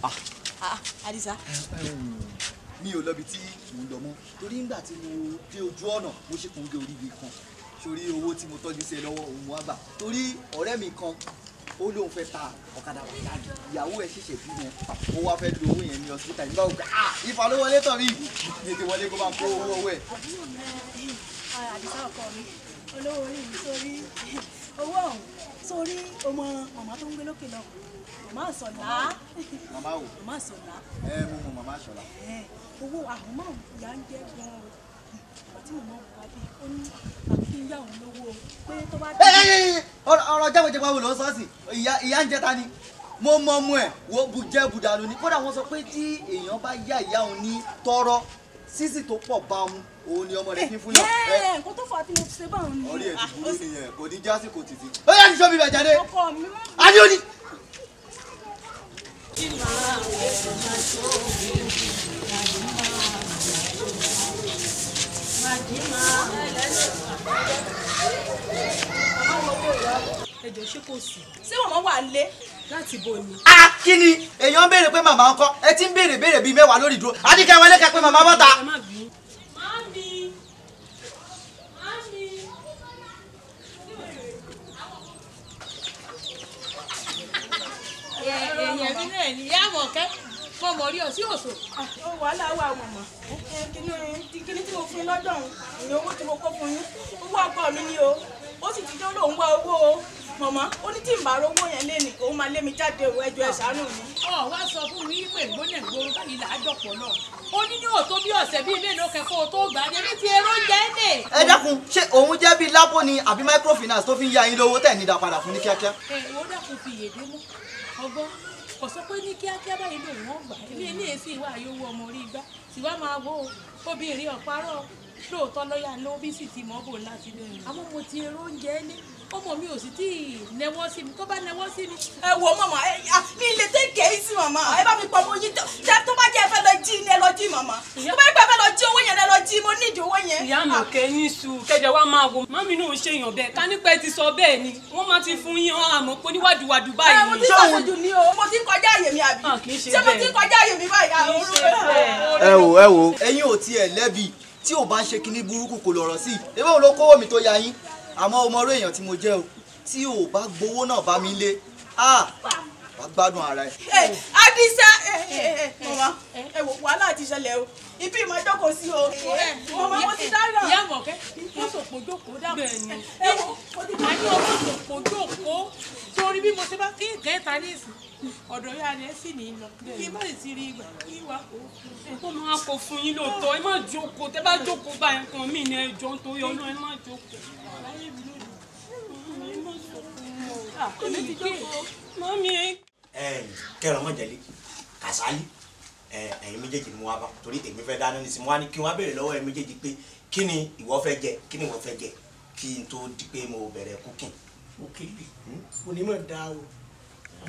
ká Ah, Adisa. mi ò lọ́bi tí mò ń lọ mọ́ torí ńgbà tí mo dé ojú ọ̀nà mo ṣe kàn ń gé oríire kan sórí owó tí mo tọ́jú sí ẹ lọ́wọ́ òun wá gbà torí ọ̀rẹ́ mi kan ó lóun fẹ́ ta ọ̀kadà wà láàyè ìyàwó ẹ̀ ṣẹ̀ṣẹ̀ bí wọn ó wá fẹ́ lo owó yẹn ní hospital nígbà wò pé ah ìfà ló wọlé tọ̀ mí tètè wọlé kó máa kó owó ọwọ́ ẹ̀. Adisa ọkọ mi olówó orí mi sórí owó ọ̀hún sórí ọmọ màmá tó ń gbé lókè lọ́kùnrin màmá sọlá. màmá wo. màmá sọlá. ẹ mo mọ màmá sọlá. ẹ owó àmọ́ ìyá ń jẹ́ gan-an o àti màmá wò wá bí ó ní àfi ń yá òun lówó pé tó bá. ọ̀rọ̀ jáwéjẹwé wo ló ń sọ sí ìyá ń jẹ ta ni mo mọ ọmọ ẹ wo bùjẹ bùdàlù ni kódà wọn sọ pé tí èèyàn bá yá ìyá òun ní tọrọ sísì tó pọ̀ bá mu òun ni ọmọ rẹ̀ fi fún náà. Eh, eh, nǹkan tó fà á tí mo ṣe báwọn ni. ọ̀rẹ́ ẹ̀ ti burú nìyẹn kò ní jásìkò títí. Ah, ó yà ní sọ́bí bẹ̀ ọkọ mi máa ń. òní ẹjọ ṣé kò sí. ṣé màmá wà lé. láti bo ni. a kí ni èèyàn ń béèrè pé màmá ń kọ́ ẹ ti ń béèrè béèrè bíi mẹ́wàá lórí dúró àdìkẹ́ wọlé kẹ pé mami mami. ẹ yẹn nínú ẹ̀ ní ìyá àmọ̀kẹ́ mo mọ̀ rí ọ sí òṣò. Ah, ó wàhálà wà mọ̀mọ́ kíní tí mo fún yín lọ́dọ̀ ọ̀hún ni owó tí mo kó fún yín owó ọkọ mi ni o ó sì ti dán lòun wá owó o mọ̀mọ́ ó ní tí n bá rówó yẹn lénìí òun máa lé mi jáde o ẹjọ́ ẹ ṣàánú mi. ọ wá sọ fún mi pé gbóná ìgboro báyìí là á dọ̀pọ̀ náà ó ní ní òótọ́ bí ọ̀sẹ̀ bíi mélòó kẹ́kọ̀ọ́ tó gbà ní bí ti èrò jẹ́ lè. ẹ dákun ṣé òun jẹ́ bíi lápò ni àbí microfinance tó fi ń yá yín lówó tẹ̀ ní ìdápadà fún ní kíákíá. ẹ ò dákun fi yèdè mú ọgbọ́n kò sọ pé ní kíákíá báyìí lòun ó gbà ilé ní èsì ìwà àyòwò ọmọ orí igbá sì wá máa wo obìnrin ọ̀parọ̀ lóòótọ́ lọ́yà lóbi sì ti mọ́ bò ńlá sílẹ̀ àmọ́ mo ti èrò oúnjẹ lé ọmọ mi ò sì tí ì nẹwọ́ sí mi tó bá nẹwọ́ sí mi. ẹ wo màmá ẹ mi lè tẹ kẹ́hìsì màmá ẹ bá mi pọ̀ mo yín tó bá jẹ́ ẹ fẹ́ lọ jí ni ẹ lọ jí màmá tó bá yẹ pé ẹ fẹ́ lọ jí owó yẹn ẹ lọ jí mo ní ìdí owó yẹn. ìyá mi ò kẹ́yìn su kẹjọ wa máa wo mami náà ṣe yàn bẹ́ẹ̀ ká nípa ẹ ti sọ bẹ́ẹ̀ ni wọ́n máa ti fún yín àmọ́ pé níwájúwájú báyìí. mo ti sàṣojú ni o mo ti ń kọjá àyè mi àbí ah, ṣé mo ti ń kọjá àyè mi báyìí ah, ẹ wò ẹ wò ẹ̀yin ò tiẹ̀ lẹ́bi tí ò bá ń ṣe kinní burúkú kò lọ̀rọ̀ sí i ewé wo ló kówó mi tó ya yín àmọ́ o mọ̀rọ̀ èèyàn tí mo jẹ́ o tí o bá gbowó náà bá mi lé bá gbádùn ara ẹ. Adisa ẹ ẹ mọ̀mọ́ ẹ wò wàhálà ti ṣẹlẹ̀ o ibi ìmọ̀ jókòó sí o mo mọ mo ti dáná. ìyá mọ̀kẹ́ mo sòpò jókòó dáná. bẹ́ẹ̀ni àní ọmọ sòpò jókòó torí bí mo ṣe bá kí gẹ́ta ní ìsìn ọ̀dọ̀ yá ni ẹ sì ní í lọ kí má sì ti rí o kí wà kó. ó máa kó fún yín lóòótọ́ ẹ má jókòó tẹ bá jókòó bá nǹkan mí ni ẹ jọ nítorí ọlọ́ ẹ má jókòó. Ah, mọ́mí. ẹ kẹrànmọ́jẹ̀lé kàsálí ẹ̀yin méjèèjì mú wa bá torí èmi fẹ́ dáná nísìnyí mo wá ní kí wọ́n á béèrè lọ́wọ́ ẹ̀yin méjèèjì pé kí ni ìwọ fẹ́ jẹ kí ni ìwọ fẹ́ jẹ kí n tó di pé mo bẹ̀rẹ̀ cooking. òkèlè hmm? onímọ̀ dá o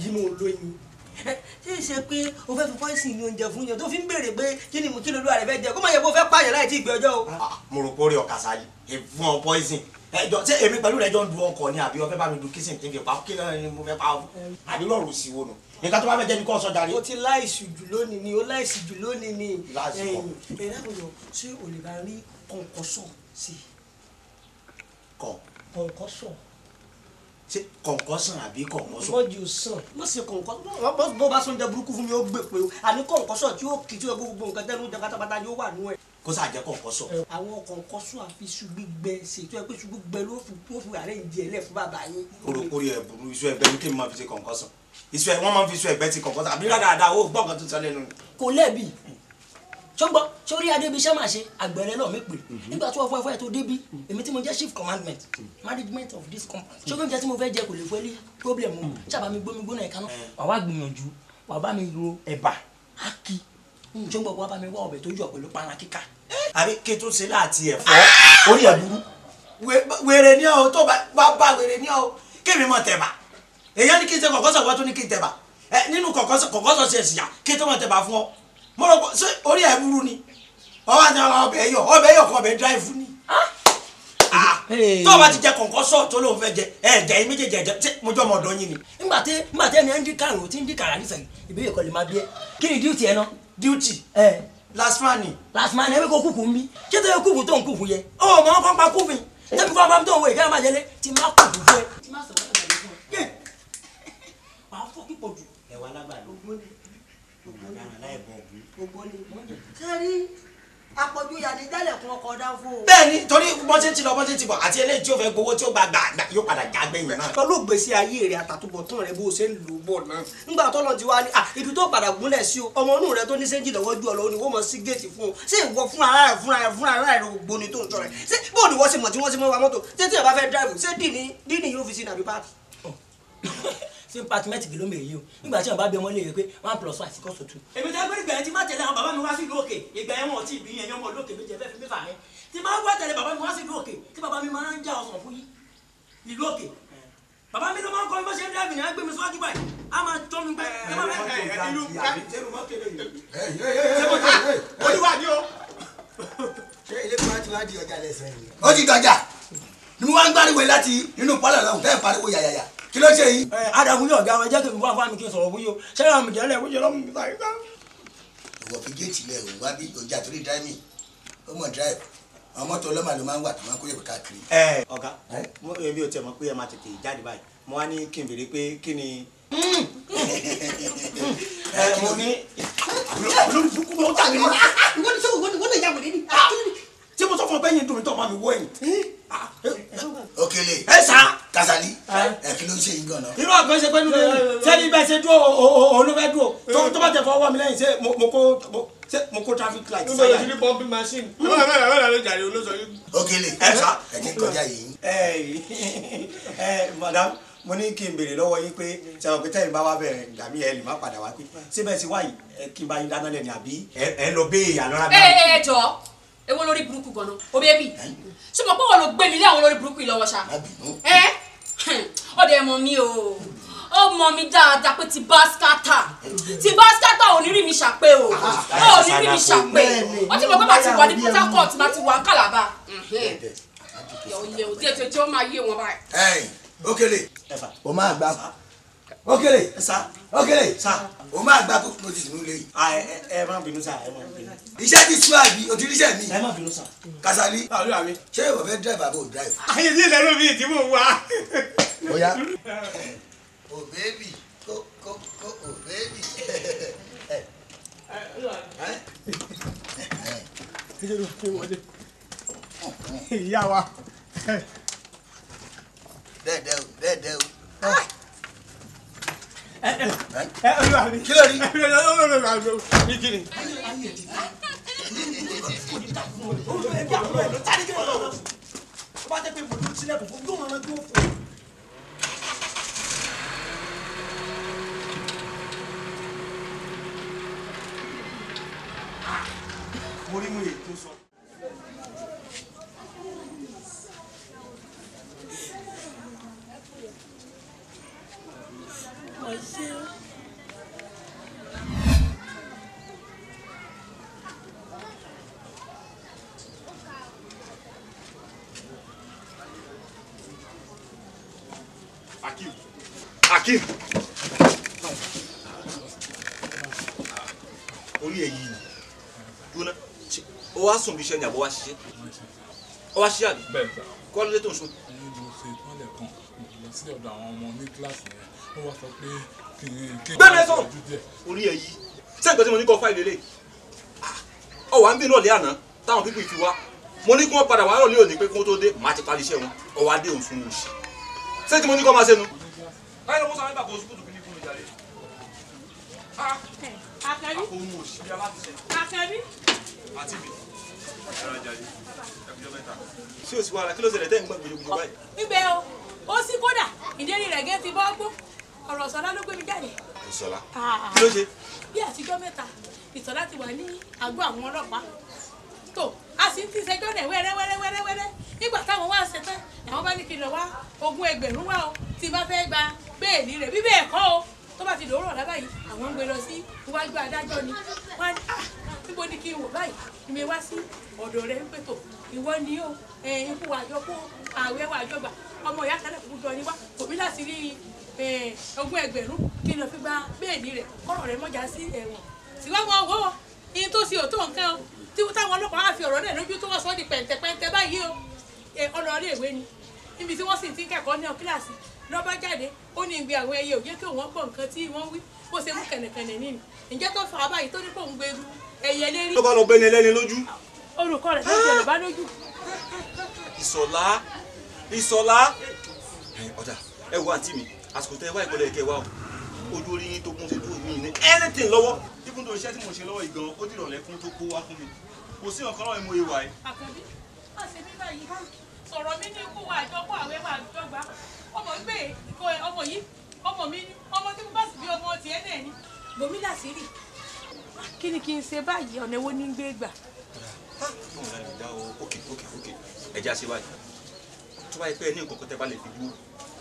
yí mo lóyún ṣé ṣe pé o fẹ́ fi pọ́ìsìn ní oúnjẹ fún yẹn tó fi ń béèrè pé kí ni mo kí lolúwa rẹ fẹ́ jẹ kó má yẹ kó fẹ́ pààyàn láì tí ì gbé ọjọ́ o. Ah, mo rò pé ó rí ọ̀kasà yìí fún ọ pọ́ìsìn ẹjọ ṣé èmi pẹ̀lú rẹ̀ jọ ń du ọkọ̀ ni àbí ọfẹ́ bá mi du kí sì ń kí n fi pa kí ni mo fẹ́ pa ọ àbí lọ́rùn sí wo nù nǹkan tó bá fẹ́ jẹ́ ní kó sọ darí. o ti láìsí jù lónìí ni o láìsí jù lónìí ni ẹ̀yìn ẹ̀yìn láwùjọ ṣé o lè bá rí kọ̀ǹkọ̀ sọ̀ sí. kọ̀ kọ̀ǹkọ̀ sọ̀. ṣé kọ̀ǹkọ̀ sàn àbí kọ̀ǹkọ̀ sọ̀. wọ́n ju sàn wọ́n sì kọ̀ǹkọ̀ bó bá sọ oúnjẹ burúkú fún mi ó gbè pé o àní kọ̀ǹkọ̀ sọ̀ tí ó kì í kó sàjẹ́ kọ̀ọ̀kọ́ sọ. àwọn kọ̀ọ̀kan sọ àfi ṣùgbẹ́gbẹ́ ṣètò ẹgbẹ́ ṣùgbẹ́gbẹ́ ló fi tó fi àárẹ̀ ìdí ẹlẹ́ fún bàbá yín. kórokórì ẹ burú iṣu ẹgbẹ́ ní kéèmí máa fi ṣe kọ̀ọ̀kan sọ iṣu ẹ wọ́n máa fi iṣu ẹgbẹ́ ti kọ̀ọ̀kan sọ àbí rádàdà owó gbọ́ nǹkan tó sọ lẹ́nu. kò lẹ́bi ṣọgbọ́n sórí adébíṣẹ́ máa ṣe àgbẹ̀rẹ̀ lọ́ọ̀ mi pè mhm. nígbà tó ọfọ ẹfọ ẹ tó débi èmi tí mo jẹ́ chief commandment mhm. management of this company ṣọgbọ́n jẹ́ tí mo fẹ́ jẹ kò lè fẹ́ lé problem o mhm. ṣàbámi gbómi gbóná ẹ̀ka náà. wàá eh. wá gbìyànjú wàá bá mi ro ẹ̀bà ákì ṣé gbogbo abami wá tó yọ pẹ̀lú para kíkà. àbí kí n tún ṣe láti ẹ̀fọ́ orí ẹ̀ burú wèrè ní ọ tó bá bá wèrè ní ọ kémi mọ̀ tẹ̀bà èyàn ní kí n ṣe kọ̀kọ́sọ̀ wọ́n tún ní kí n tẹ̀bà nínú kọ̀kọ́sọ̀ ṣe ṣìyà kí n tó mọ̀ tẹ̀bà fún ọ mo rò pé orí ẹ̀ burú ni ọwọ́ àti ọbẹ̀ yọ ọbẹ̀ ah, tó o bá ti jẹ kọ̀ǹkọ́sọ̀ tó lóun fẹ́ jẹ ẹ jẹ ẹ méjèèjì ẹ jẹ tí mo jọ ọmọ ọ̀dọ́ yín ni. ńgbà tí ńgbà tí ẹni ẹ ń dín kàrún ó ń dín kàrà nífẹ̀ẹ́ ìbéèrè kọ́ lè máa bí ẹ kí ni díùtì ẹ náà duty. Eh. Last man. ẹ lasmani. lasmani ẹ bí ko kúkú mi kí tó yẹ kúkú tó ń kúkú yẹ. ó mọ ọkọ pa kúfin tẹbi kọ́ abámi tó ń wọ ìkẹ́rẹ́ máa jẹlé tí má kúkú fún ẹ. tí má sọ̀rọ̀ ẹ̀ bẹ̀rẹ̀ fún ẹ. wàá fọ́ kíkọ jù. ẹ̀wà alágbàdo ògbóni ògbóni ògbóni àpọ̀jù yàní jálẹ̀kùn ọkọ̀ dáfó. bẹ́ẹ̀ni torí bọ́n ṣe ń ti lọ bọ́n ṣe ń ti bọ̀ àti eléyìí tí ó fẹ́ gbowó tí ó gba gbà yóò padà já gbẹ̀yìn náà. pẹ̀lú ìgbésí ayé rẹ̀ àtàtúbọ̀tán rẹ̀ bó ṣe ń lò bọ̀ náà. nígbà tó lọ ti wá ní ibi tó padà gúnlẹ̀ sí o ọmọ inú rẹ̀ tó ní sẹ́ńjì lọ́wọ́ ju ọ̀lọ́ ni wọ́n mọ sí géètì fún un ṣé ìwọ fún ara rẹ̀ fún ara rẹ̀ fún ara rẹ̀ gbogbo ni tó ń sọ̀rọ̀ ṣé bó ni wọ́n ṣe mọ̀ sí pàtímẹ́tì kìló mi èyí o nígbà tí wọn bá bí ọmọ lè yẹ pé one plus one equals to two. èmi tẹ́ pé ìgbà yẹn ti má tẹ̀lé àwọn bàbá mi wá sí ìlú òkè ìgbà yẹn wọn ò tí ì bí yẹn ọmọ olókè méje fẹ́ fi mí fà yẹn tí má wá tẹ̀lé bàbá mi wá sí ìlú òkè tí bàbá mi máa ń já ọsàn fún yí ìlú òkè bàbá mi ló máa ń kọ́ mi bó ṣe ń dábì ní agbé mi síwájú báyìí a máa tọ́ mi gbẹ ẹ má bẹ́ẹ̀ ṣe mo wá ń gbáriwo láti inú pálọ̀ lọ́hùn bẹ́ẹ̀ pariwo yàyàyà kí ló ṣe yìí. ẹ adagun yóò ga wa jẹ́ kí n wá fún mi kí n sọ̀rọ̀ wúyọ ṣé àwọn àmì jẹ́lẹ̀ wúyọ lọ́mú mi báyìí ká. ìwọ fi géètì lẹ òun wá bí ọjà torí dráìmì ó mọ dráìfù àwọn mọ́tò ọlọ́mà ló máa ń wà tó máa ń kó yẹ̀wò káàkiri. ẹ ọ̀gá ebi ò tiẹ̀ mọ̀ pé ẹ máa tètè jáde báyìí mo wá ní kí n béèrè pé kí ni. mo ní. olùdókòwò tàbí. wọ́n tí mo sọ fún ọ pé yín dùn mí tó ọmọ mi wọ eh? ah, eh, eh, ẹ̀yìn. Okele Kasali ẹ ah. kí ló ń ṣe yín gan-an. irú àgbọn ṣe pé nínú ẹ̀yìn ṣé ibẹ̀ ṣe dúró olúfẹ́ dúró tó bá tẹ̀ fọwọ́ mi lẹ́yìn ṣé mo kó ṣé mo kó traffic light sáyà. nígbà tí ní pumping machine. wọ́n yà wọ́n yà ló jàre olóṣọ yìí. Okele ẹ sá ẹ ti kọjá yìí. ẹ madam mo ní kí n béèrè lọ́wọ́ yín pé sẹ́wọ̀n pé tẹ́yìn bá wá bẹ̀rẹ̀ gàmí ẹ lè má padà wá pé síbẹ̀ sí wáyé kí n bá yín dáná lẹ́nu àbí ẹ lọ béèyàn lọ́ra bá mi. ẹ ẹ jọ ewo lórí burúkú gan-an o bẹ́ẹ̀bì ṣé mo pé wọn ló gbé mi lé àwọn lórí burúkú yìí lọ́wọ́ ṣá ẹ ọ dẹ mọ mi o ó mọ mi dáadáa pé ti bá skátà ti bá skátà ò ní rí mi ṣàpè o ah, ah, ò ní rí mi ṣàpè ó ti mọ pé màá ti wà ní Port Harcourt ti wà ní Calabar ìyẹ̀wò díẹ̀ tó jẹ́ ó máa yé wọn báyìí. Òkèlè o máa gbà Òkèlè. Ọ̀gẹ̀dẹ̀ sa o máa gba kókò notice nínú ilé yìí. Ah, ẹ ẹ má bínú sa ẹ má bínú. iṣẹ́ ti sún àbí o ti ríṣẹ́ mi. ẹ má bínú sa. Kasali ah, ṣé ìwọ fẹ́ drive àbò drive. ayé ah, sí ìlẹ́nu mi ìdí mò ń wá. ó yá. o bèbí kó kó kó o bèbí. Eh. Eh? ìyá wa. kí ló rí ní kí ni. olùdókòwò ẹ̀ ló tẹ́lẹ̀ kí ló lọ́wọ́ bá jẹ́ pé ibùdó sílẹ̀ kò fún yóò máa gbé òfò. wá sùn bí iṣẹ́ ni àbọ̀ wá ṣiṣẹ́ ọ wá ṣiṣẹ́ àbí kọ́ lóde tó ń sùn. ẹni mo ṣe ìpínlẹ̀ kan lọ sí ọ̀dọ̀ àwọn ọmọ ní kíláàsì yẹn ó wá sọ pé kí n kí n. bẹ́ẹ̀ mẹ́sàn orí ẹ̀ yìí ṣé tí mo ní kọ́ fáìlì lè ọ wà ń bí náà àná táwọn pípì fi wá mo ní kí wọ́n padà wá rọ̀ lé òní pé kí wọ́n àti mi sí oṣù wàrà kí ló ṣẹlẹ̀ tẹ́yìn gbọ́ gbòjògbòjò báyìí. gbígbẹ́ o ó sí kódà ìdérí rẹ̀ gé ti bọ́ gbó ọ̀rọ̀ sọlá ló gbé mi jáde. ìsọlá ah. kí ló ṣe. bí àtijọ́ mẹ́ta ìsọlá ti wà ní àgọ́ àwọn ọlọ́pàá tó a sì ń ti ṣẹjọ́ rẹ̀ wẹ́rẹ́ wẹ́rẹ́ wẹ́rẹ́ wẹ́rẹ́ nígbà táwọn wá ṣe tán àwọn bá ní kí n lọ wá ogún ẹgbẹ̀rún wá o tí bá fẹ́ gba béèlì rẹ̀ bí bẹ́ẹ̀ kọ́ o tó bá ti dòórọ̀ lábàyí àwọn ń gbé lọ sí iwájú adájọ́ ni wọ́n á ní ah, níbo ni kí n wò báyìí kí mi wá sí ọ̀dọ̀ rẹ̀ ń pètò ìwọ ni ó ikú àjọ kó ààwẹ̀ wà àjọ gbà ọmọ ìyá kálẹ̀ kúkú jọ ni wá kò mí láti rí ogún ẹgbẹ̀rún kí n lọ fi gba bẹ́ẹ̀ni rẹ̀ kọ́rọ̀ rẹ̀ mọ́jà sí ẹ̀wọ̀n ṣùgbọ́n wọn wò ó iye tó ṣe òtó nǹkan o táwọn ọlọ́pàá á fi ọ̀rọ̀ náà lójú tó wọ́n sọ di pẹ̀ǹtẹ̀pẹ̀ǹtẹ̀ báyìí o ọlọ́ọ̀lẹ́ ìwé ni níbi tí wọ́n sì ti ń kẹ́kọ̀ọ́ ní kíláàsì lọ́ba jáde ó ní ìgbé àwọn ẹyẹ òjé kí òun gbọ́ nǹkan tí ẹ̀yẹ lérí. ló bá lọ bẹ́ni ẹlẹ́ni lójú. olùkọ́ rẹ̀ fẹ́ẹ́ tẹ̀lé bá lójú. ìsọ̀lá ìsọ̀lá ọ̀dà ẹ wo àǹtí mi àsìkò tẹ wá ìkọlẹ̀ kẹ wá o ojú orí yín tó kún ṣe tó mí ní anything lọ́wọ́ even though iṣẹ́ tí mo ṣe lọ́wọ́ ìgan ó dìrọ̀ lẹ́kún tó kó wá fún mi kò sí ọ̀kan lọ́wọ́ ìmọ̀ ìwà yìí. àkàbí àṣẹ mi báyìí sọ̀rọ̀ mi ní kó wà àjọpọ̀ àwẹ̀ máa dọ́gba ọmọ gbé ọmọ yìí ọmọ mi ọmọ tí mo bá sì bí ọmọ tiẹ̀ náà ni. bòmí làṣírí kí ni kí n ṣe báyìí ọ̀nà èwo ní gbé gbà. òkè òkè òkè ẹja ṣe báyìí tó bá yẹ pé ẹ ní nǹkan kan tẹ́ bá lè fi dúró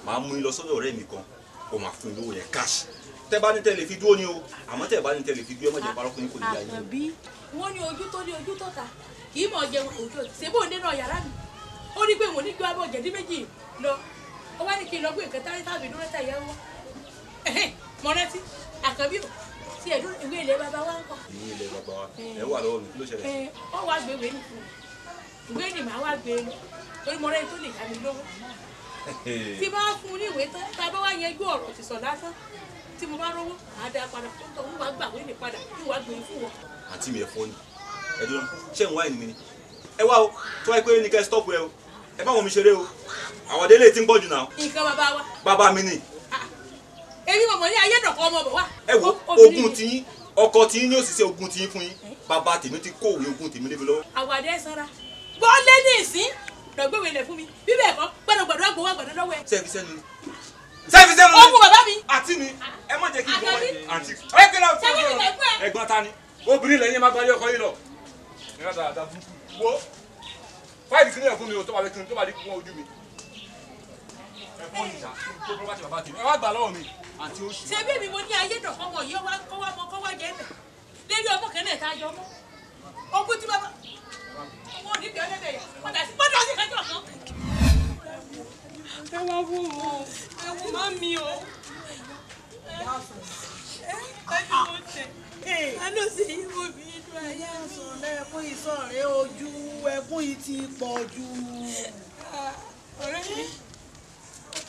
màá mú yín lọ sọ́dọ̀ ọ̀rẹ́ mi kan kò máa fún lówó yẹn káàṣì tẹ́ bá ní tẹ́ lè fi dúró ni o àmọ́ tẹ́ bá ní tẹ́ lè fi dúró ẹ má jẹ́ parọ́ fún yín kò ní yá yín. àkànbí wọn ní ojú tó ní ojú tó ta kì í mọ̀ jẹun òjò ṣèbó nínú yàrá mi ó ní pé mo ní ju abọ́ jẹ̀dí méjì lọ ó wá ní kí n lọ gbé nǹkan tárí tí ẹ̀dùn ìwé ilẹ̀ bàbá wa ń kọ. ìwé ilẹ̀ bàbá wa ẹ wà lọ́wọ́ mi kí ló ṣẹlẹ̀. ọ wá gbé ìwé nìkan ìwé ni màá wá gbé ni e torí mo rẹ́ni tó lè yá mi lówó. tí bá fún un ní ìwé tán tá a bá wá yẹjú ọ̀rọ̀ ti sọ lásán tí mo bá rówó màá dá padà tó ń tọ́ wọ́n wá gbà wé mi padà kí wàá gbé e fún wọn. àǹtí mi ẹ fọ́ ni ẹ dúró ṣé ń wá ẹ̀mí ni ẹ wá o tó wáyé pé ní kẹ́ stop ẹ o ẹ bá wọn mi ṣeré o àwọn délé ti ń pọ̀ jù náà. nǹkan bàbá wa. bàbá mi ni èmi mọ̀mọ́ ní ayé dọ̀kọ́ ọmọ bọ̀ wá. ẹ wo ogun ti yín ọkọ ti yín ní òṣìṣẹ́ ogun ti yín fún yín eh? bàbá tèmi ti kó òwe ogun tèmi lébi lọ́wọ́. àwàdẹ sọra bọ́ọ̀lẹ́ ní ìsín dọ̀gbẹ́wé lẹ̀ fún mi bíbẹ̀ ẹ̀kọ́ gbọ́dọ̀gbọ́dọ̀ àgbọ̀wọ́ àgbọ̀dọ̀ lọ́wọ́ ẹ. sẹ́ẹ̀fì sẹ́nu ni sẹ́ẹ̀fì sẹ́nu ni. ogun bàbá mi. àti mi ẹ má jẹ́ kí n bọ̀ wá yìí àti ẹ kí lóò fún mi ẹ̀gbọ́n ta ni obìnrin lẹ́yìn máa gbalẹ̀ ọkọ yìí lọ. ìrìn àdàlà dàbú wo fáìlì sílẹ̀ fún mi o tó bá fẹ́ kí n tó bá dé kún ojú mi. ẹ̀fọ́ ìjà tó bá ti bàbá tèmi ẹ wá gbà lọ́wọ́ mi àti oṣù. ṣé bí mi mo ní ayé dọ̀kọ́ wọ̀ yìí wá kọ́ wá mọ kọ́ wá jẹ́ ẹ̀bẹ̀ lérí ọmọ kẹ́lẹ́ ta yọ ọmọ ogún tí bàbá ọmọ onídìí ọlẹ́dẹ̀ yà padà sí padà sí kájọ kan. ẹ wá wò ó ẹ wò má mi o ẹnu sì yí mo fi inú ayé sùn lẹ́kún ìsọ̀rẹ́ ojú ẹkún yìí ti pọ̀ ọ̀rẹ́ mi.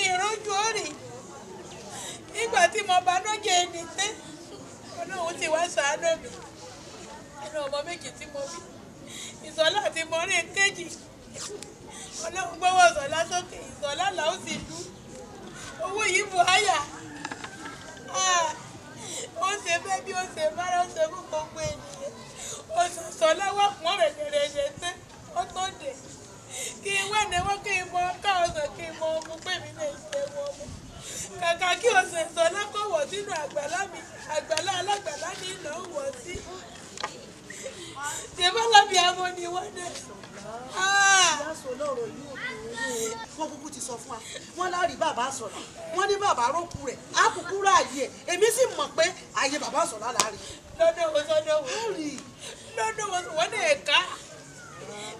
ìrojú òrì nígbà tí mo bá lóye ẹni pé ọlọ́run ti wá sàánú mi ẹnu ọmọ méjì tí mo bí ìsọlá tí mo rí kejì ọlọ́run gbọ́wọ́ ìsọlá sókè ìsọlá là sì dú owó yìí bù háyà ó ṣe fẹ́ bí ó ṣe bára ṣe fún gbogbo ènìyàn wà fún ṣe tó dé kí n wá náwó kí n mọ nínú àgbàlá mi àgbàlá alágbàlá ní ìnà wọ̀ sí tèmi amọ ni wọ́n dẹ̀. Ah! wọ́n kúkú ti sọ fún wa wọ́n lárí bàbá sọ̀rọ̀ wọ́n ní bàbá rókù rẹ̀ á kúkú rà ààyè èmi sì mọ̀ pé ààyè bàbá sọ̀rọ̀ láàárín. lọ́dọ̀ wo sọ́dọ̀ wo lọ́dọ̀ wo wọ́n náà ẹ̀ka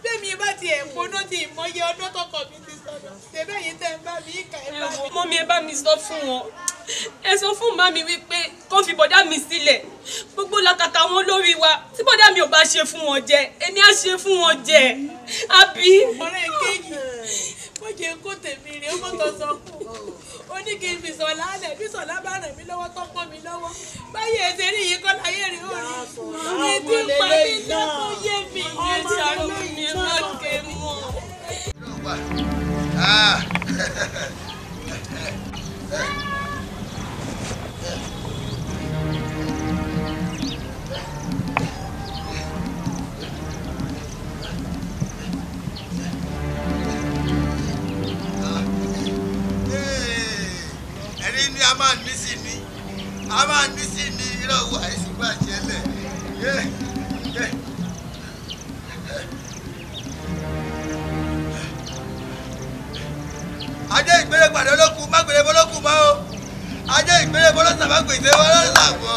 tèmi bá tiẹ̀ gbóná ti ìmọye ọdún tọkọ mi ti sọ̀rọ̀ tẹ̀bẹ́ yìí tẹ̀ ń bá mi kà ẹ bá mi. mọ́mí ẹ bá mi sọ fún wọn ẹ sọ fún màmí wípé kó fi bọ̀dá mi sílẹ̀ gbogbo làkàkà wọn lórí wa tí bọ̀dá mi ò bá ṣe fún wọn jẹ èmi á ṣe fún wọn jẹ àbí. ọ̀rẹ́ kéyì ó jẹ kó tèmi rè ọmọ tó sọ kù ó ní kí n fi sọ̀lá alẹ̀ bí sọ̀lá bá ràn mí lọ́wọ́ tó pọ́n mi lọ́wọ́ báyìí ẹsẹ̀ rí yìí kọ́ láyé rí ó rí mi tí ń pa mí lọ́kùn yé mi ní sàrò mi lọ́kẹ́ mọ́. Ah! ah. a máa ní sí ni a máa ní sí ni irọ́ wà ẹ̀sìn gbà jẹ́lẹ̀ yé yé. ajé ìgbéré pàdé olókùn má gbèrè bọ́lọ́kùn mọ́ o ajé ìgbéré bọ́lọ́sà má gbèsè bọ́lọ́sà mọ́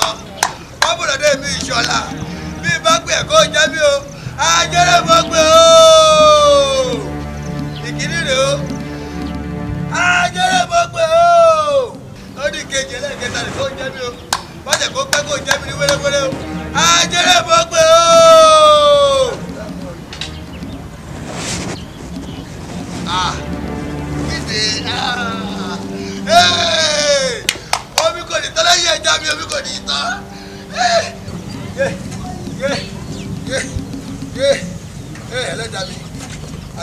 wọ́n bọ̀dọ̀ dé mi ìṣọ̀lá bí bá pè kó jẹ́ mi o ajé rẹ̀ mọ́ pé o ìkíní rèé o ajé rẹ̀ mọ́ pé o ó ní kejì ẹlẹ́ẹ̀kẹta rẹ̀ tó ń jẹ́ mi o bọ́jà kó pẹ́ kó jẹ́ mi ní wéréwéré o ajẹ́rẹ́ mọ́ pé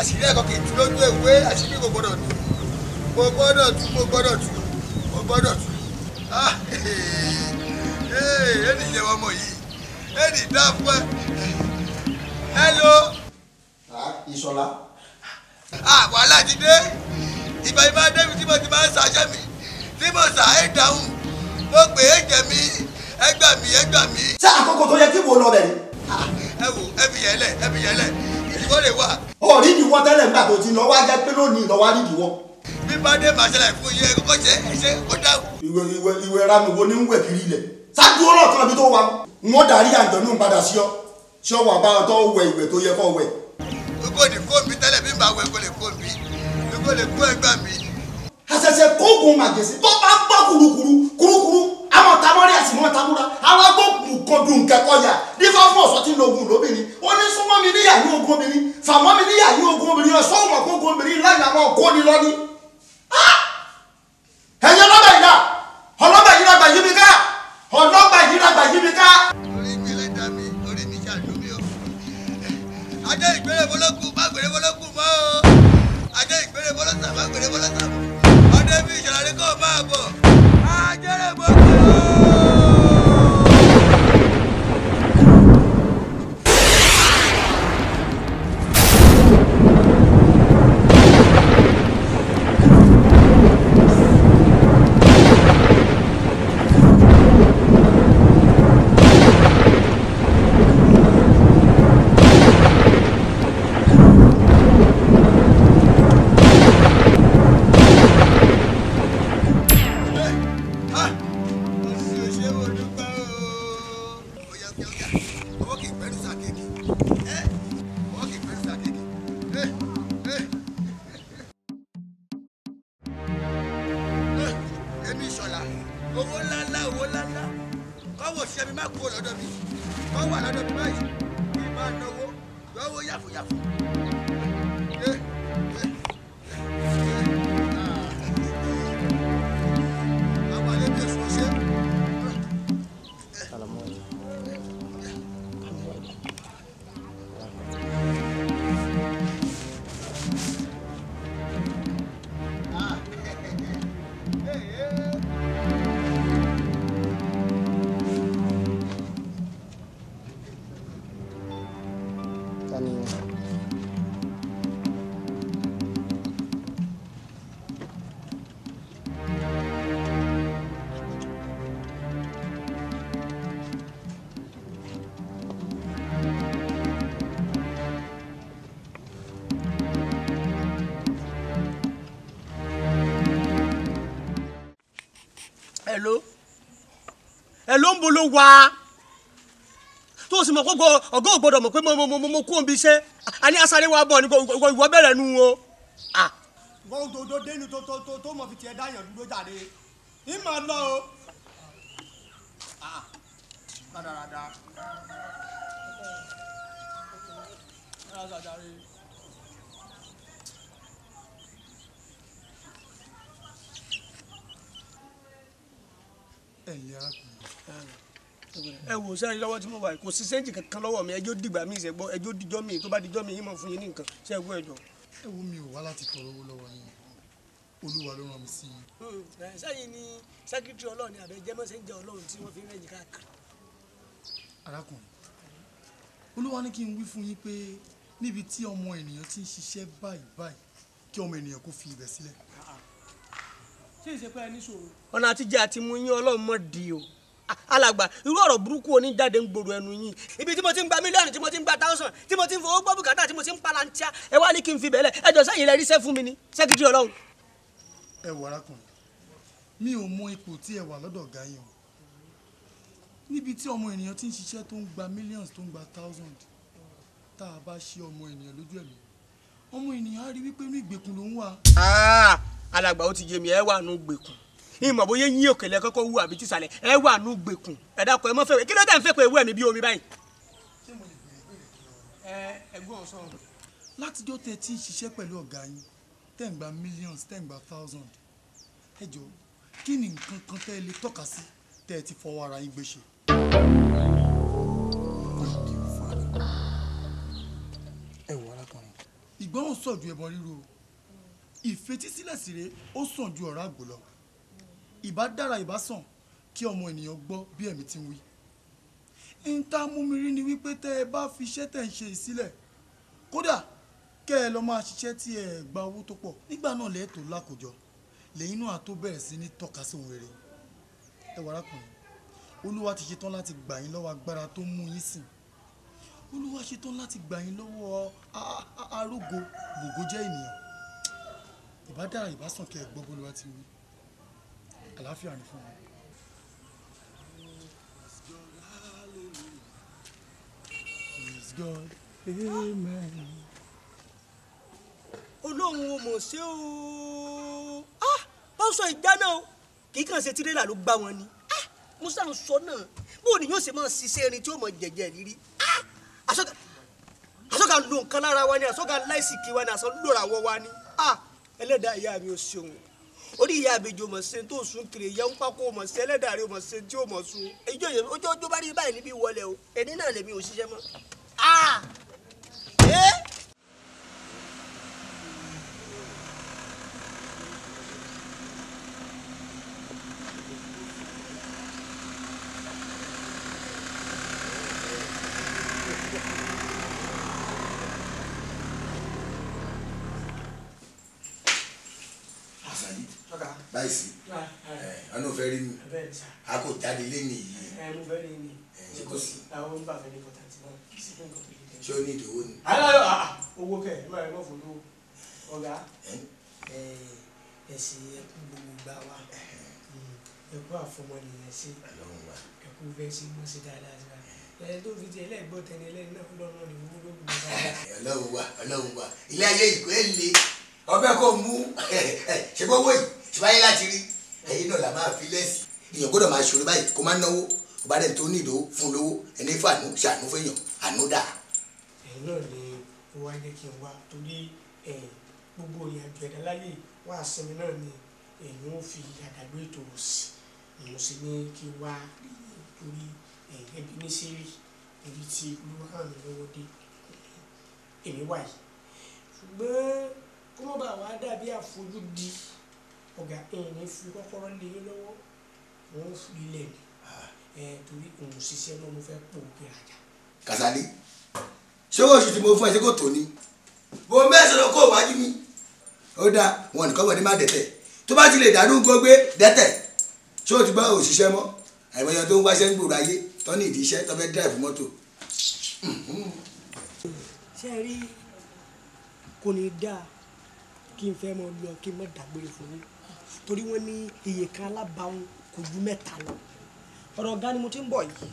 àṣírí ẹ̀kọ́ kì í lójú ewé àṣírí kò gbọ́dọ̀ tú kò gbọ́dọ̀ tú kò gbọ́dọ̀ tú mo gbọ́dọ̀ tù ẹnì ah, yẹn eh, eh, eh, ọmọ yìí ẹnì dá fún ẹ hello. Ah, ìṣọlá. Ah, àwọn aládìdé ìgbà yìí máa débi tí mo ti máa ń ṣàṣẹ mi tí mo ṣà é dáhùn mo pè é jẹ mí ẹ gbà mí ẹ gbà mí. ṣé àkókò tó yẹ kí wo lọ bẹ̀ ni. ẹ wò ẹ fi yẹn lẹ ẹ fi yẹn lẹ ìdíwọ́ lè wà. ọ̀rí ìdíwọ́ tẹ́lẹ̀ nígbà tó ti lọ wá jẹ́ pé lónìí lọ wá nídìíwọ́ bí bàdé màṣẹlẹ̀ fún iye kókó ṣe ẹṣẹ kó dáhùn. ìwé ìwé ìwé ra mi wo ni ń wẹ̀ kiri ilẹ̀ ṣáájú ọlọ́ọ̀tàn àbí tó wà wọ́n darí àjọ̀nú padà sí ọ ṣé ọwọ́ àbá tó wẹ ìwẹ̀ tó yẹ kó wẹ. gbogbo ní fóònù mi tẹ́lẹ̀ bí màá wẹ kó lè fóònù mi gbogbo lè kó ẹgbà mi. àṣẹṣẹ kóògùn màjèṣe tó bá gbọ́ kùrukùru kùrukùru àwọn tamọ́rí àsìmọ́ tamúra àwọn agbókùn kọdùn kẹkọọyà nífà fún ọ̀sọ́ tí ń lo ogun lóbìnrin ó ní súnmọ́ mi níyàwó ogun obìnrin fàmọ́ mi níyàwó ogun obìnrin ọ̀sọ́ òmùkún ogun obìnrin láyàwó ọkọ́ ni lọ́ní ẹ̀yin ọlọ́gbà yìí rà ọlọ́gbà yìí rà gbà yí mi ká ọlọ́gbà yìí rà gbà yí mi ká. orí mi lè dà mí orí mi ṣàdúmí o adé ìgbéré bolókù bá gbèrè gbèrè bolókù mọ́ ọdẹ bí ìṣòro máa bọ̀. ń bolo wá tó o sì mọ̀ kókó ọ̀gá ò mọ̀ pé mo kó omi iṣẹ́ àní asáré wa bọ̀ ní ìwọ bẹ̀rẹ̀ nu o. wọ́n tó tó dénú tó tó tó tó mọ̀ fi tiẹ̀ dáyàn dúró jáde ní mà ń lọ o. rádaràda. rádaràda. ẹ̀yin ẹ wò sẹ́yìn lọ́wọ́ tí mo wà kò sí sẹ́ǹtì kankan lọ́wọ́ mi ẹjọ́ dìgbà mi ìṣẹ́gbọ́ ẹjọ́ dìjọ́ mi tó bá dìjọ́ mi yín mọ̀ fún yín ní nǹkan ṣe é gbọ́ ẹjọ́. ẹ wo mi ò wá láti tọrọ owó lọ́wọ́ yín olúwa ló ràn mí sí i. Hmm, sẹ́yìn ni sẹ́kítírì ọlọ́run ni àbẹ̀jẹ́ mẹ́sẹ̀njẹ́ ọlọ́run tí wọ́n fi rẹ̀ yín káàkiri. arákùnrin olúwa ní kí n wí fún yín pé níbi tí ọmọ ènìyàn ti ń ṣiṣẹ́ báyìí báyìí kí ọmọ ènìyàn kó fi ibẹ̀ sílẹ̀. ṣé ìṣẹ́pẹ́ ẹ ní ṣòro. ọ̀nà àtijọ́ àti mú yín ọlọ́run mọ̀ di o alàgbà irú ọ̀rọ̀ burúkú oníjáde ń gbòòrò ẹnu yín ibi tí mo ti ń gba mílíọ̀nù tí mo ti ń gba táwùsàn tí mo ti ń fowó gbọ́ bùkátà tí mo ti ń palantia ẹ wá ní kí n fi bẹ̀lẹ̀ ẹ jọ sẹ́yìn rẹ̀ ríṣẹ́ fún mi ni sẹ́kítì ọlọ́run. ẹ wọ arákùnrin mi ò mọ ipò tí ẹ wà lọ́dọ̀ ọ̀gá yẹn o níbi tí ọmọ ènìyàn ti ń ṣiṣẹ́ tó ń gba millions tó ń gba thousand tá a bá ṣe ọmọ ènìyàn lójú ẹ̀mí ọmọ ènìyàn á rí wípé inú ìgbèkùn ló ń wà. Ah, alàgbà ó ti yé mi ẹ wà nù gbèkùn ìmọ̀ bóyá yín òkèlè kọ́kọ́ wú àbí tìsàlẹ̀ ẹ wà nù gbèkùn ẹ dákọ̀ ẹ mọ́ fẹ́wẹ́ kí ló dé ń fẹ́ pé ewu ẹ̀mí bí omi báyìí. látijọ́ tẹ tí ń pẹ̀lú ọ̀gá yín tẹ̀ gba millions ten ń gba thousand ẹ jọ kí ni nǹkan kan tẹ́ ẹ lè tọ́ka sí tẹ́ ẹ ti fọwọ́ ara yín gbé ṣe. ẹ wọ alákùnrin. ìgbọ́n ò ju ẹbọ ríro ìfetísílẹ̀ sí ìbá dára ìbá sàn kí ọmọ ènìyàn gbọ́ bí ẹ̀mí ti ń wí. ń tá múmirí ni wípé tẹ́ ẹ bá fi iṣẹ́ tẹ̀ ń ṣe ìsílẹ̀ kódà kẹ́ ẹ lọ máa ṣiṣẹ́ tí ẹ gba owó tó pọ̀ nígbà náà lẹ́ẹ̀tọ́ lákòjọ lẹ́yìn náà tó bẹ̀rẹ̀ sí ní tọ́ka sí òun rere ẹ wàrà kan olúwa ti ṣetán láti gbà yín lọ́wọ́ agbára tó mú yín sìn olúwa ṣetán láti gbà yín lọ́wọ́ arógo gbogbo jẹ́ ènìyàn ìbá dára kẹ́ ẹ gbọ́ bólúwa ti wí àlàáfíà ni fún mi. Praise God amen. olóhùn o mọ̀ ṣé o wọ́n ah, sọ ìdáná o kì í kàn ṣe tirẹ́là ló gbá wọn ni ah, musa ń sọ náà bó ni yóò ṣe máa ṣiṣẹ́ irin tí ó mọ jẹ̀jẹ̀ rírí ah, àsọ̀gà lo nǹkan lára wa ni àsọ̀gà láìsí kí wa ni àsọ̀lóra wọ wa ni ẹlẹ́dàá ìyá mi ò ṣeun orí ìyá àbèjì ò mọ̀ ṣe tó sùn kiri ìyá ń pákó ò mọ̀ ṣe ẹlẹ́dàrí ò mọ̀ ṣe tí ò mọ̀ sùn ojú ọjọ́ bá rí báyìí níbi wọlé o ẹni náà lèmi ò ṣiṣẹ́ mọ́. Ah! jáde lẹ́nu yìí. ẹ mo fẹ́ lè ní. ṣé kò sí. àwọn ń bà fẹ́ ní bọ́tà tí wọ́n sì fún nǹkan tó lè dẹ́. ṣé o ní ìdòwò ni. aláyọ̀ owó kẹ̀ ẹ máa rẹ̀ mọ́ fòlú ọ̀gá ẹ̀sìn ẹ̀kú gbogbo gbà wá ẹ̀kú àfọmọ́nìyàn sí ẹ̀kú bẹ́ẹ̀ sí mọ́ sí dáadáa sí wa ẹ tó fi ti ẹlẹgbọn tẹni ẹlẹni náà lọ́rùn ni wọn ló gbọ́dọ̀ bá yà. Ọlọ́run wa Ọlọ́run wa ilé ayé ìgbé le ọbẹ kò mú ṣe gbọwọ yìí ṣe báyìí láti rí ẹ̀yin náà là máa fi lẹsìn èèyàn gbọ́dọ̀ máa ṣòro báyìí kó má náwó ọba dẹ̀ tó ní ìdòwò fún lówó ẹni fún àánú ṣàánú fẹ́yàn àánú dà. ẹ̀yin náà ni ó wá jẹ́ kí n wá torí gbogbo ìyàjọ ẹ̀dá láyé wá sinmi náà ni èèyàn ó fi àdàgbò ètò òsì èèyàn sì ní kí n wá torí ẹbí ní sẹ́rí ibi tí olúwa mi lọ́wọ́ dé èmi wà yìí ṣùgbọ́n kó má bàa wá dàbí àfojúdi ọ̀gá ẹ̀yìn fi kọ́kọ́rọ́ lé lọ́wọ́ wọn fi lẹ̀ ah, ní torí òun ṣiṣẹ́ náà mo fẹ́ pò ó kiri àjà. Kasali ṣé oṣù tí mo fún ẹ ṣe kò tó ni mo mẹ́sàn-án kó wájú mi ó dáa wọn nìkan wọ̀ ní má dẹ̀tẹ̀ tó bá ti lè dàdún gbogbo dẹ́tẹ̀ ṣé o ti bá òṣìṣẹ́ mọ́ àìmọye tó ń wáṣẹ́ ń gbòòrò ayé tó ní ìdí iṣẹ́ tó fẹ́ dẹ́ẹ̀fù mọ́tò. ṣé ẹ rí kò ní dáa kí n fẹ́ mọ lọ kí n mọ dàgbére fún yín torí wọ́n ní iye kan alábàáwọn kò ju mẹ́ta lọ ọ̀rọ̀ ọ̀gá ni mo ti ń bọ̀ yìí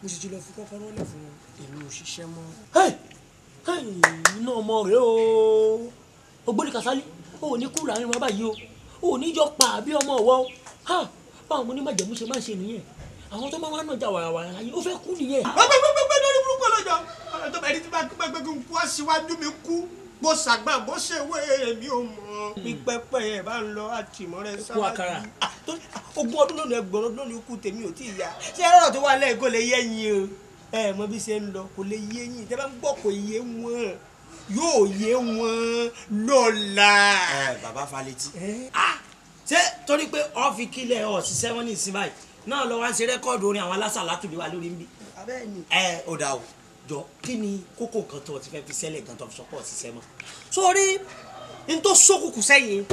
mo sì ti lọ fi kọ́kọ́rọ́ lẹ̀ fún èmi ò ṣiṣẹ́ mọ́. iná ọmọ rẹ o ògbóni Kàsálí o ò ní kúrò láàrin wọn báyìí o o ò ní jọ pa àbí ọmọ ọwọ́ o báwọn mo ní májẹ̀mú ṣe máa ń ṣe nìyẹn àwọn tó máa wá náà jà wàràwàrà láyé ó fẹ́ kú nìyẹn. mi kú bó ṣàgbà bó ṣe wé èmi ò mọ̀ pípẹ́pẹ́ hmm. ẹ̀ bá ń lọ àtìmọ́rẹ́ sáwájú ah, ogún ọdún lónìí ẹgbọ̀n ọdún lónìí ikú tèmi ò tí ì yá ṣé ẹ̀rọ tó wà lẹ́yìn kò lè yé yín o ẹ mọ bí ṣe ń lọ kò lè yé yín tẹ́ bá ń gbọ́ kò yé wọn yóò yé wọn lọ́la. ẹ bàbá falẹtí. Ah, ṣé torí pé ọ kílẹ̀ ọ wọn ní ìsinmi báyìí náà lọ ṣe rẹ́kọ́ọ̀dù orin àwọn alásàlátù lé wa lórí ń bí. abẹ́ẹ̀ ẹ ò dà o jọ kí ni kókó nǹkan tó ti fẹ́ fi sẹ́lẹ̀ gan tó fi sọ́pọ̀ ṣiṣẹ́ mọ́ sórí n tó sókùnkùn sẹ́yìn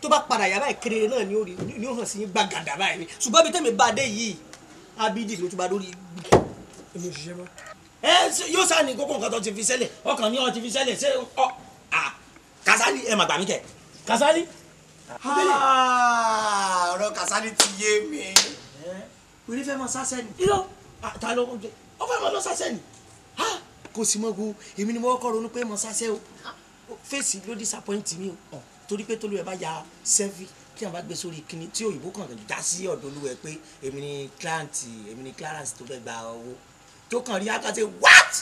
tó bá padà yàrá ìkéré náà ni ó rí ni ó hàn sí gbàgàdà báyìí ni ṣùgbọ́n bí tẹ̀mí bá dé yìí abidi ló ti bá lórí èmi òṣìṣẹ́ mọ́. ẹ yóò sá ní kókó nǹkan tó ti fi sẹ́lẹ̀ ọkàn ni ọ ti fi sẹ́lẹ̀ ṣé ọ Kasali ẹ mà gbà mí kẹ Kasali. Ah, ọ̀rọ̀ Kasali ti yé mi. wèrè fẹ́ mọ sásẹ́ ni. irọ́ ah, ta ló ń jẹ ọ fẹ́ mọ lọ sásẹ́ Ah, kò sí mọ́gun èmi ni mo kọ́ ronú pé mo sáṣẹ́ o fèsì ló disappoint mi o torí pé tolú bá ya sẹ́fì kí n bá gbé sórí kíní tí òyìnbó kan já sí ọ̀dọ̀ olú pé èmi ni client èmi ni Clarence tó fẹ́ gba owó tó kàn rí akáṣe what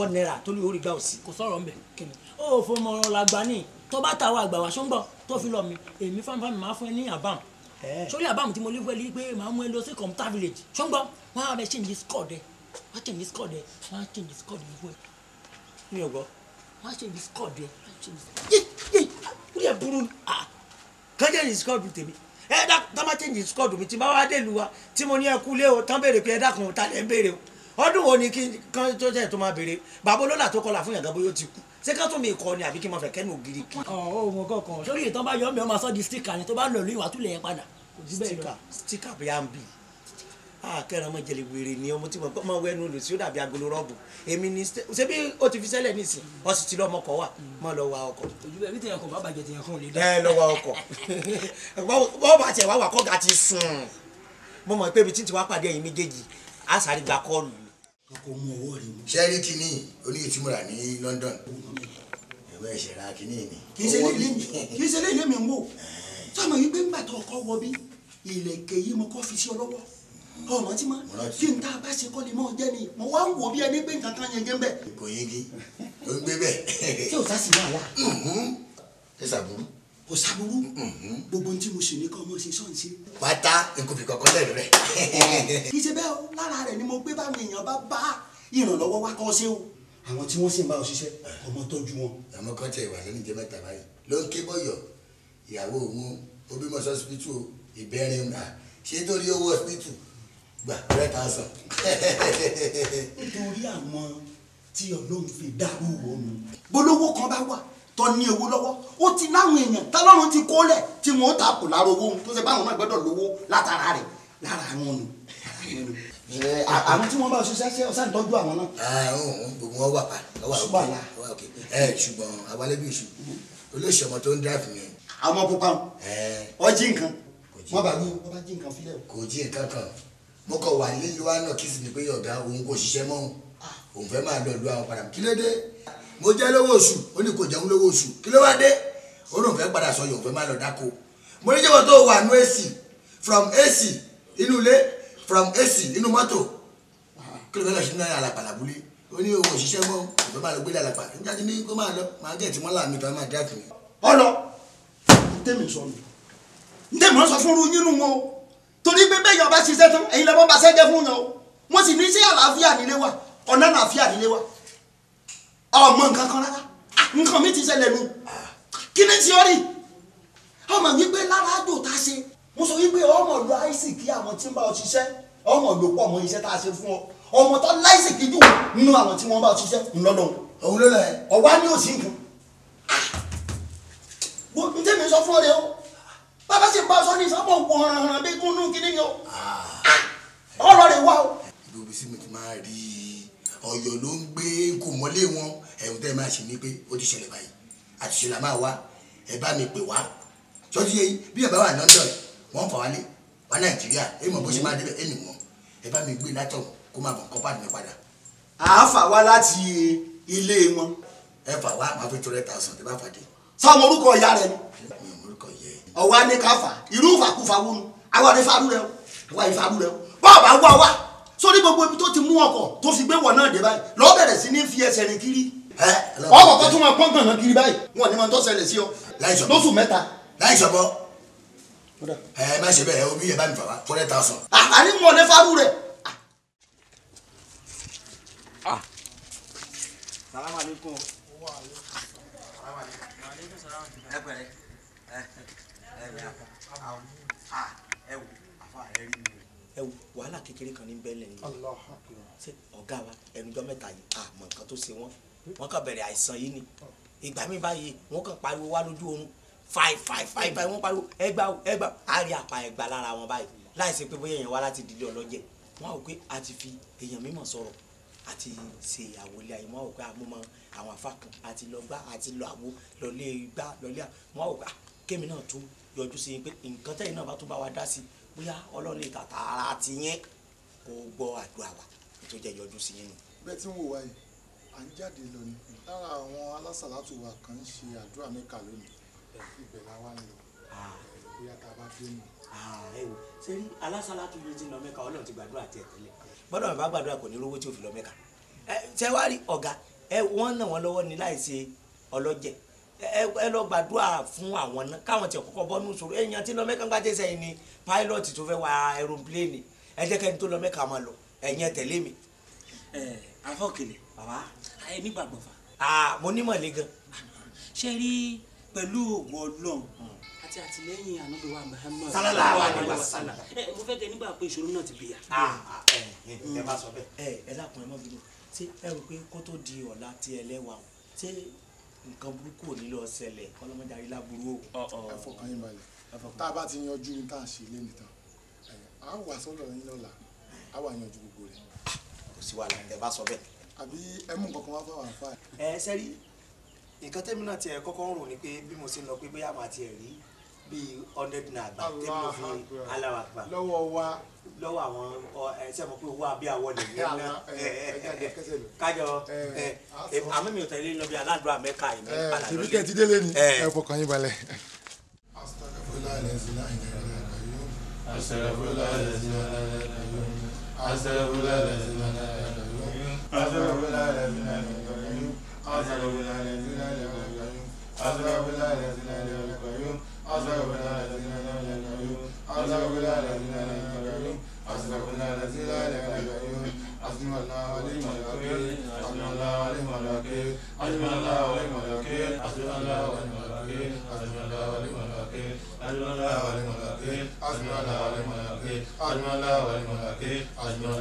one naira tolú orí gbà òsì. kò sọ̀rọ̀ mbẹ̀ kíni ó fò mọ̀ràn làgbà ní tó bá tàwọn àgbà wá ṣóńgbọ̀ tó fi lọ mi èmi fáńfáńmi máa fún ẹ ní àbámu sórí àbámu tí mo lé fún ẹ lé pé màá mú ẹ lọ sí computer village ṣóńgbọ̀ wọn á bẹ ṣe ìyí score wọ́n change discord ẹ̀ wọ́n change discord ẹ̀ wọ́n mi you go? wọ́n change discord ẹ̀ wọ́n change discord ẹ̀ yé yé ó yẹ burú kàn change discord tèmi ẹ dá tá má change discord mi tí bá wá dé wa tí mo ní ẹ kú o tán béèrè pé ẹ o ọdún wo ni kí kan tó jẹ́ tó máa béèrè bàbá olólà tó kọlà fún yàgá bóyá ó ti kú ṣé ká tún mi kọ ni àbí kí n máa fẹ́ kẹ́nu ògiri kí. ọ̀ ọ́ kan sórí ìtàn bá yọ ọ́ mi sọ di stika ni tó bá lọ lóyún wàá tún lè yẹn padà. stika stika bí i à ń Ah, kẹrin ọmọ jẹlẹ wèrè ni ọmọ tí mo máa wẹ ẹnu lò sí ó dàbí agolo rọọbù èmi ni ṣé bí o ti fi ṣẹlẹ̀ nísìn ọsì tí lọmọ kọ wà mọ lọ wa ọkọ. ojú bẹẹ bí tèèyàn kan bá bàjẹ́ tèèyàn kan ò lè dá. ẹ lọ wa ọkọ bọ́ọ̀ bá tiẹ̀ wá wà kọ́ga ti sùn mo mọ̀ pé ibi tí n ti wá pàdé ẹ̀yin méjèèjì á sáré gba kọ́ọ̀lù. ọkọ mú ọwọ́ rẹ mú. sẹ́ẹ̀rì kìíní oníyè tí mo rà ní London ẹ̀wọ́ ẹ̀ṣẹ̀ ra kìíní ni. kì í ṣe lé ilé mi ń wò sọ́mọ yìí pé ọ̀nà tí ma kí n tá a bá ṣe kọ́ lè mọ́ jẹ́ ni mo wá ń wò bí ẹni pé nǹkan kan yẹn jẹ́ ń bẹ̀. kò yege ó ń gbé bẹ́ẹ̀. tí o sá sí máa wà. ṣé sàbúrú. kò sàbúrú gbogbo ohun tí mo ṣe ní kọ́ ọmọ ṣe sọ́ọ̀n ṣe. pátá nkùbì kọ̀ọ̀kan lẹ́nu rẹ̀. kì í ṣe bẹ́ẹ̀ o lára rẹ̀ ni mo gbé báwọn èèyàn bá bá ìrànlọ́wọ́ wá kọ́ ṣe o àwọn tí wọ́n sì ń bá ọ ṣiṣẹ́ ọmọ tọ́jú wọn. àmọ́ kan tẹ ìwà lónìí jẹ́ mẹ́ta báyìí ló ń ké bọ́yọ̀ ìyàwó òun ó bímọ sọ́sibítù ìbẹ́rin ṣé torí owó ọsibítù gba three thousand. nítorí àwọn tí ọlọ́run fi dárú òun. gbólóhó kan bá wà tó ní owó lọ́wọ́ ó ti láwọn èèyàn tọ́lọ́run ti kó lẹ̀ tí wọ́n ta kò lára owó tó ṣe báwọn náà gbọ́dọ̀ lówó látara rẹ̀ lára àwọn nù. Eh, àwọn tí wọ́n bá ṣiṣẹ́ ṣe ọ̀sán ìtọ́jú àwọn náà. Ah, gbogbo wọn wà pa ṣùgbọ́n eh, ṣùgbọ́n awalẹ́bí ìṣù olóṣù ọmọ tó ń dáàbò mi. àwọn pupa eh. ọjí nǹkan wọn bá jí nǹkan fílẹ̀. kò jí nǹkan kan mo kọ wà nílé yìí náà kí sì ni pé ọ̀gá òun kò ṣiṣẹ́ mọ́ òun ah. òun fẹ́ máa lọ lu àwọn padà kí ló dé mo jẹ́ lówó oṣù ó ní kò jẹun lówó oṣù kí ló wá dé ó lóun fẹ́ padà sọ yòó fẹ́ máa lọ dáko mo ní jẹ́wọ́ tó wà nú AC from AC inú ilé from AC inú mọ́tò kí ló fẹ́ lọ ṣe ní àlàpà làbúlé ó ní òun òṣìṣẹ́ mọ́ òun fẹ́ máa lọ gbélé àlàpà nígbà ní kó máa lọ máa jẹ́ ìtìmọ́ làmì tó torí pé bẹ́ẹ̀ yọba ṣiṣẹ́ tán èyí lọ́mọ́ bá ṣẹ́jẹ́ fún yàn o mo sì ní sí àlàáfíà nílé wa ọ̀nà àlàáfíà nílé wa ọmọ nǹkan kan rárá nǹkan mi ti ṣẹlẹ̀ nu kí ni ti ọrí ọmọ wípé lára àjò tá a ṣe mo sọ wípé ọmọ lo àìsìkí àwọn tí ń bá ọ ṣiṣẹ́ ọmọ ló pọ̀ mọ́ iṣẹ́ tá a ṣe fún ọ ọmọ tó láìsìkí jù nínú àwọn tí wọ́n bá ọ ṣiṣẹ́ ńlọ́dọ̀ bàbá sì bá sọ ní ìsọ́mọ̀ wọ̀ ọ̀ràn bí gúnnú kínní ni o ọ̀rọ̀ rẹ̀ wá o. ibi sí mi ti máa rí ọ̀yọ́ ló ń gbé kò mọ́lé wọn ẹ̀hún tẹ́ máa ṣe ní pé ó ti ṣẹlẹ̀ báyìí àtúnṣe la máa wá ẹ bá mi pè wá sọ́jú yẹn bí ẹ bá wà London wọ́n fà wálé wà Nàìjíríà ẹ mọ̀ bó ṣe máa débẹ̀ ẹ nì wọ́n ẹ bá mi gbé látọ̀ kó máa bọ̀ nǹkan bá mi padà. àáfà wá láti ilé wọn. ẹ fà wá máa fi tó rẹ ta sàn tí bá fà dé. sọ ọmọ orúkọ ìyá rẹ ọwọ́ ní káfà irú fàkúfà wọnú àwọn àdé fàánú rẹ àwọn àdé fàánú rẹ bọ́ọ̀bà wá wá sórí gbogbo ibi tó ti mú ọkọ̀ tó fi gbé wọ̀ náà dé báyìí lọ́ọ́ bẹ̀rẹ̀ sí ní fi ẹsẹ̀ rìn kiri ọkọ̀ tó tún máa pọ́n gànà kiri báyìí wọn ni wọn tó ṣẹlẹ̀ sí ọ lóṣù mẹ́ta. láìsọ̀bọ ẹ má ṣe bẹ́ẹ̀ omi yẹn bá mi fà wá fọ́lẹ́ ta sàn. àní wọn ní fárú rẹ. salamaleykum. ẹ pẹ̀lẹ́. Ah, ẹ wò wàhálà kékeré kan ní bẹ́lẹ̀ ni ṣé ọ̀gá wa ẹnujọ́ mẹ́ta yìí àmọ́ nǹkan tó ṣe wọ́n wọ́n kàn bẹ̀rẹ̀ àìsàn yìí ni ìgbà mi báyìí wọ́n kàn pariwo wá lójú oorun five five five five wọ́n pariwo ẹgbà ẹgbà á rí àpá ẹgbà lára wọn báyìí láì ṣe pé bóyá èèyàn wá láti dìde ọlọ́jẹ̀ wọ́n á wò pé a ti fi èèyàn mímọ̀ sọ̀rọ̀ àti ṣe àwòlé ayé wọn ò pé àmúmọ àwọn afá kan àti lọ gbá àti lọ àwo lọlé gbá lọlé àwọn ò pé ah, kémi náà yọjú sí pé nǹkan tẹ́yìn náà bá tún bá wa dá sí bóyá ọlọ́run lè tàtà ara ti yẹn kó gbọ́ àdúrà wa tó jẹ́ yọjú sí yẹn nù. bẹ́ẹ̀ tí ń wò wáyé à ń jáde lọ ni lára àwọn alásàlátù wa kan ń ṣe àdúrà mẹ́ka lónìí ibẹ̀ la wá ń lọ bóyá tá a bá dé nù. ẹ wò ṣé rí alásàlátù yìí ti lọ mẹ́ka ọlọ́run ti gbàdúrà tiẹ̀ tẹ́lẹ̀ gbọ́dọ̀ bàbá gbàdúrà kò ní rówó tí ò fi lọ mẹ́ka ṣé wàá rí ọ̀gá ẹ wọ́n náà wọ́n lọ́wọ́ ní láì ṣe ọlọ́jẹ̀ ẹ lọ gbàdúrà fún àwọn náà káwọn tiẹ̀ kọ́kọ́ bọ́ nùsòrò èèyàn tí lọ mẹ́kàn bá tẹ̀sẹ̀ yìí ni pilot tó fẹ́ wa aeroplane ẹ jẹ́ kẹ́ni tó lọ mẹ́kà máa lọ ẹ̀yìn ẹ̀ tẹ̀lé mi. ẹ afọkele baba ayé nígbàgbọ́ fa. aa mo ní mọ̀lẹ́ gan. ṣe rí pẹ̀lú ògùn ọlọ́run àti àtìlẹ́yìn ànábìwá Muhammad. sálálà wà ní wàsálà. ẹ mo fẹ́ kẹ́ nígbà pé ìṣòro náà ti gbìyà. ẹ ẹ dákun ẹ mọ́ bí mo ṣe ẹ rò pé kó tó di ọ̀la tí ẹ lẹ́wà ṣé nǹkan burúkú ò ní lọ ṣẹlẹ̀ kọ́lọ́mọdé ayé láburú o. ẹ fọkàn yín balẹ̀ tá a bá ti yanjú ní tá à ń ṣe lé nìkan à ń wà sọ́dọ̀ yín lọ́la á wà yanjú gbogbo rẹ̀. kò sí wàhálà ẹ bá sọ bẹ́ẹ̀. àbí ẹ mú wá fáwọn àǹfààní. ẹ ṣẹ́rí nǹkan tẹ́mi náà tiẹ̀ kọ́kọ́ rò ní pé bí mo ṣe lọ pé bóyá màá tiẹ̀ rí bíi hundred naira gba tẹ́lẹ̀ fi aláwa gba lọ́wọ́ wa lọ́wọ́ àwọn ẹsẹ̀ mọ̀ pé owó abẹ́ àwọ̀ nìyẹn náà kájọ àmì mi ò tẹ̀lé lọ bí aládùn amẹ́ka yìí mẹ́rin padà lórí. tèmi kẹ́ ti délé ni ẹ fọkàn yín balẹ̀. أستغفر الله الذي لا إله أصدق بالله الذي لا إله إلا العلي أصدق بالله الذي لا إله إلا العلي أصدق بالله الذي لا إله إلا العلي حسبي الله ونعم الوكيل حسبي الله ونعم الوكيل حسبي الله ونعم الوكيل حسبي الله ونعم الأكيد حسبنا الله ونعم الوكيل حسبنا الله ونعم الوكيل حسبنا الله ونعم الوكيل حسبنا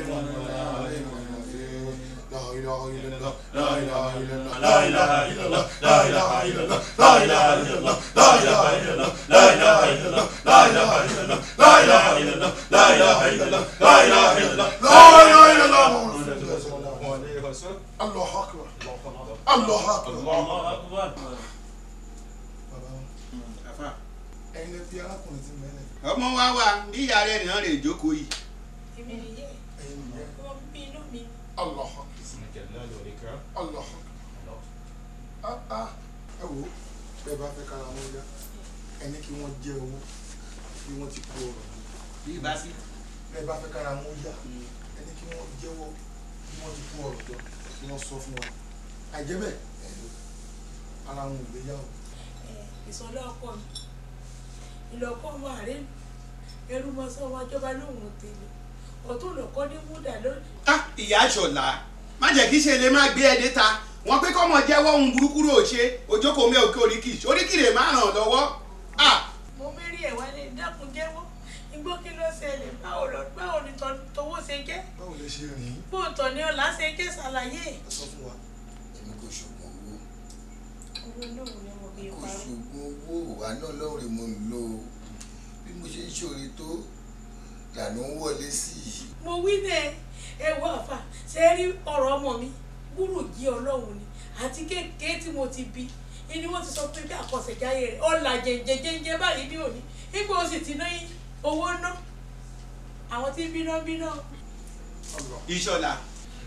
الله ونعم الوكيل حسبنا إله إلا الله لا إله إلا الله لا إله إلا الله لا إله إلا الله لا إله إلا الله لا إله إلا الله لا إله إلا الله لا إله إلا الله لا إله إلا الله لا إله إلا الله لا إله إلا الله لا إله إلا الله الله أكبر الله أكبر الله أكبر ẹni bí arákùnrin ti mẹ́lẹ̀. ọmọ wa wa bí ìyá rẹ̀ náà lè jókòó yìí. èmi nìyẹn wọ́n bí inú mi. Allah. Ah, ah, ẹ wò bẹ́ẹ̀ bá fẹ́ kára wọn yá ẹni kí wọ́n jẹ owó bí wọ́n ti kú ọ̀rọ̀ bí ibà sí bẹ́ẹ̀ bá fẹ́ kára wọn yá ẹni kí wọ́n jẹ́wọ́ bí wọ́n ti kú ọ̀rọ̀ jọ kí wọ́n sọ fún wa àìjẹ́ bẹ́ẹ̀ ara wọn ò lè yá o. Eh, ìsọlá ọkọ mi ìlọkọ wa rẹ ẹrú mọ sọ wọn jọba lóhùn tèmi ọtún lọkọ ní múdà lónìí. Ah, ìyá àṣọlá má jẹ́ kí ṣe lè má gbé ẹ déta wọ́n pé kọ́mọ jẹ́wọ́ ohun burúkú rò ṣe ojókòó mi ò kí oríkì oríkì rè má ràn lọ́wọ́. mo mérí ẹ̀ wá ní dákun jẹ́wọ́ igbó kí ló ṣẹlẹ̀ báwo lọ báwo ni tọwọ́ ṣe jẹ́. báwo lè ṣe rìn. bóòtọ̀ ni ọ̀la ṣe jẹ́ ṣàlàyé. ẹ sọ fún wa èmi kò ṣògùn owó. owó náà ni mo bí ipa. kò ṣògùn owó wa náà lọ́rẹ̀ mo ń lò bí mo ṣe ń ṣòre tó lànà wọlé sí i. mo wí bẹ́ẹ̀ ẹ wọ àfà ṣe rí ọ̀rọ̀ ọmọ mi gbúrò jí ọlọ́run ni àti kékeré tí mo ti bí ni wọ́n ti sọ pé bí àkọsẹ̀jáyé rẹ̀ ọ̀là jẹ̀jẹ̀jẹ̀jẹ̀ báyìí ní òní nígbà ó sì ti ná owó ná àwọn tí ń bíná bíná. ìṣọ̀lá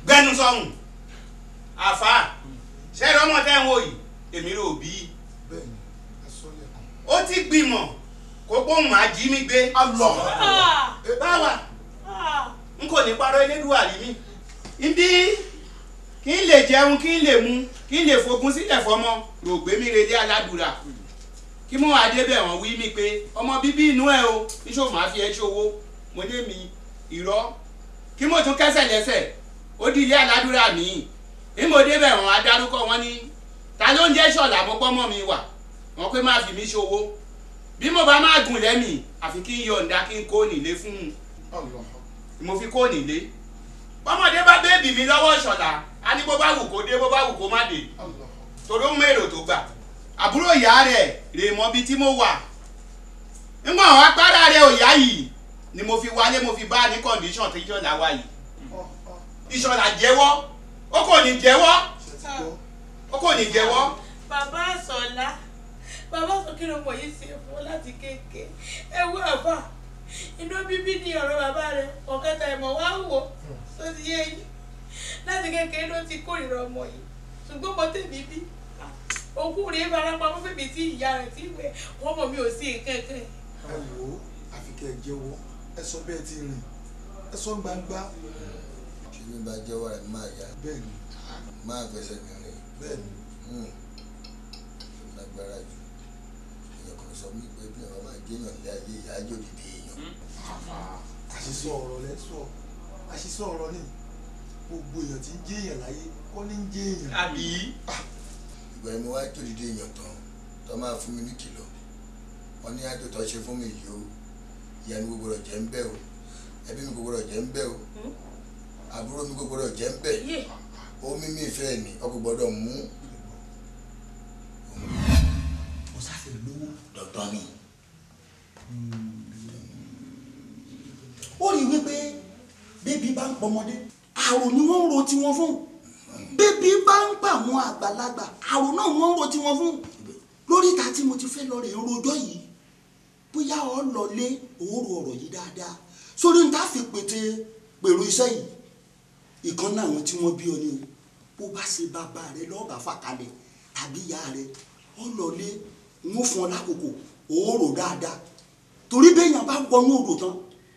gbẹnu sọ̀hún àfà ṣé ọmọ tẹ́ ń wò yìí èmi rò bí ó ti gbìmọ̀ kó gbóhùn àjímí gbé. báwa n kò ní parọ́ elédùà rí mi ibi kí n lè jẹun kí n lè mu kí n lè fogun sílẹ̀ fọmọ rògbé mi relé aládùúrà kí mo wá débẹ̀ wọ́n wí mi pé ọmọ bíbí inú ẹ o iṣẹ́ òun àfi ẹ ṣòwò mo dé mi irọ́ kí mo tún kẹ́sẹ̀ lẹ́sẹ̀ ó di ilé aládùúrà mi ní mo débẹ̀ wọ́n á dárúkọ wọn ní ta ló ń jẹ́ ṣọ̀là mo gbọ́ mọ́ mi wà wọ́n pé má fi mi ṣòwò bí mo bá má gùn lẹ́mìí àfi kí n yọ̀ǹda kí n kó nílé fún un mo fi kó nílé bọ́mọdé bá bẹ́ẹ̀bì mi lọ́wọ́ ìṣọ̀lá a ní bó bá wù kó dé bó bá wù kó má dé torí ó ń mèrò tó gbà àbúrò ìyá rẹ̀ rè mọ́ bí tí mo wà ńgbà wọn agbára rẹ̀ ò yá yìí ni mo fi wálé mo fi bá ní condition tí ìṣọ̀lá wà yìí ìṣọ̀lá jẹ́wọ́ ó kò ní jẹ́wọ́ ó kò ní jẹ́wọ́. bàbá àsọ̀lá bàbá àsọ̀kí ló mọ̀ yìí ṣe fún láti kéèké ẹ wú àbá inú bíbí ni ọ̀rọ̀ bàbá rẹ̀ ọ̀kẹta ìmọ̀ wá wò tó ti yé yín láti kékeré ló ti kórìíra ọmọ yìí ṣùgbọ́n mo tèmi bí òkú rẹ̀ farapa fún bèbè tí ìyá rẹ̀ ti wẹ̀ ọmọ mi ò sí kẹ̀kẹ́. ẹ wò àfi kẹ́ ẹ jẹ́wọ́ ẹ sọ bẹ́ẹ̀ ti rìn ẹ sọ gbangba. ṣé mi bá jẹ́wọ́ rẹ̀ máa yá. bẹ́ẹ̀ni. máa fẹsẹ̀ mi rìn. bẹ́ẹ̀ni. Hmm. lágbára jù èèyàn sọ mí pé bí ọba máa géèyàn àṣìṣe ọ̀rọ̀ lẹ́sọ̀ àṣìṣe ọ̀rọ̀ ni gbogbo èèyàn ti ń jẹ́ èèyàn láyé kọ́ ní ń jẹ́ èèyàn. àbí. ìgbà ni mo wá tó dídé èèyàn tán tó máa fún mi ní kìlọ̀ wọn ní àjò tó ṣe fún mi yìí o ìyá mi gbogbo rẹ̀ jẹ́ ń bẹ̀ o ẹbí mi gbogbo rẹ̀ jẹ́ ń bẹ̀ o hmm? àbúrò mi gbogbo rẹ̀ jẹ́ ń O omi mi ìfẹ́ ni ọkọ̀ gbọ́dọ̀ mú. mo sáfẹ́ lówó dandan ni. Hmm ó rí wípé bébí bá ń pọmọdé àrò ni wọ́n ń ro tiwọn fún bébí bá ń pa àwọn àgbàlagbà àrò náà wọ́n ń ro tiwọn fún lórí ìta tí mo ti fẹ́ lọ rè é rojọ́ yìí bóyá ọ lọ lé òórùn ọ̀rọ̀ yìí dáadáa sórí ń fi pète pèrò iṣẹ́ yìí ìkan náà àwọn tí wọ́n bí ọ ni o bó bá ṣe bàbá rẹ lọ́ọ̀bà fàkalẹ̀ tàbí ìyá rẹ ọ lọ lé ń fún ọ lákòókò òórùn dáadáa torí béèyàn bá wọnú odò tán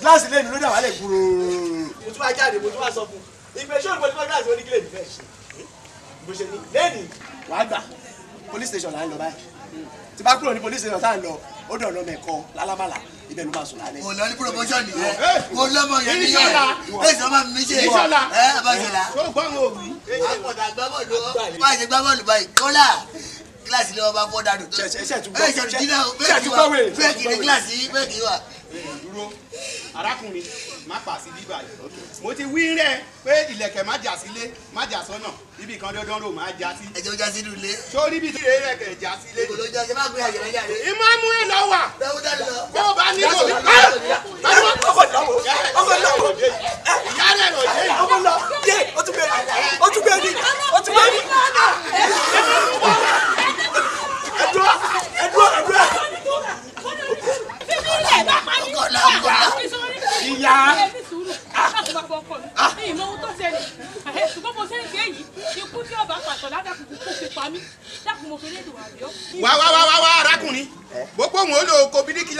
gíláàsì lẹ́nu ló dà wálẹ̀ gbúrò. mo tún wá jáde mo tún wá sọ fún un ìgbẹ́ sọ́ọ̀rù mo tún wá gíláàsì oníkílẹ̀ mi fẹ́ ṣe hmm? bó ṣe ní lẹ́nu. wàá gbà police station là ń lọ báyìí tí bá kúrò ní police station tá à ń lọ ó dọ̀ lọ́mọ ẹ̀kọ́ lálámàlà ibẹ̀ ló máa sùn lálẹ́. mo lọ ní promotion nìyẹn mo lọ́mọ yẹn nìyẹn ẹ sọ ma mi ṣe ẹ abajala. ó gbọ́ àwọn òbí. àpọ̀tà gbábọ̀lù báyìí kọ́lá gíláàsì lé wọn bá fọ́ dànù tó ẹ ṣètò jìnnà o fẹ́ẹ̀kì wa fẹ́ẹ̀kì ní gíláàsì yìí fẹ́ẹ̀kì wa. dúró arákùnrin má pa sí bíbá yìí mo ti wí rẹ pé ìlẹ̀kẹ̀ má jà sílé má jà sọ́nà ibi kan dandan ro máa já sí. ẹjọ já sínú ilé. sórí ibi tí ìrẹ rẹ já sílé. kò ló já sí máa gbé àyẹ̀rẹ́ yàrá. ìmáàmù ẹ lọ wà. dáwúdà lọ. kó o bá nílò mi. ọkọ ìlọwọ ọkọ ìlọwọ ìyá rẹ lọ yé. ọmọ lọ yé o tún bẹ o tún bẹ ní o tún bẹ ní ẹdúrà ẹdúrà ẹdúrà. fífi ilẹ̀ bá pa mí. ọgọ́nà ọgọ́nà. ìyá. ìmọ̀ ohun tó ṣẹlẹ̀ ṣùgbọ́n mo arákùnrin gbogbo òun ó lò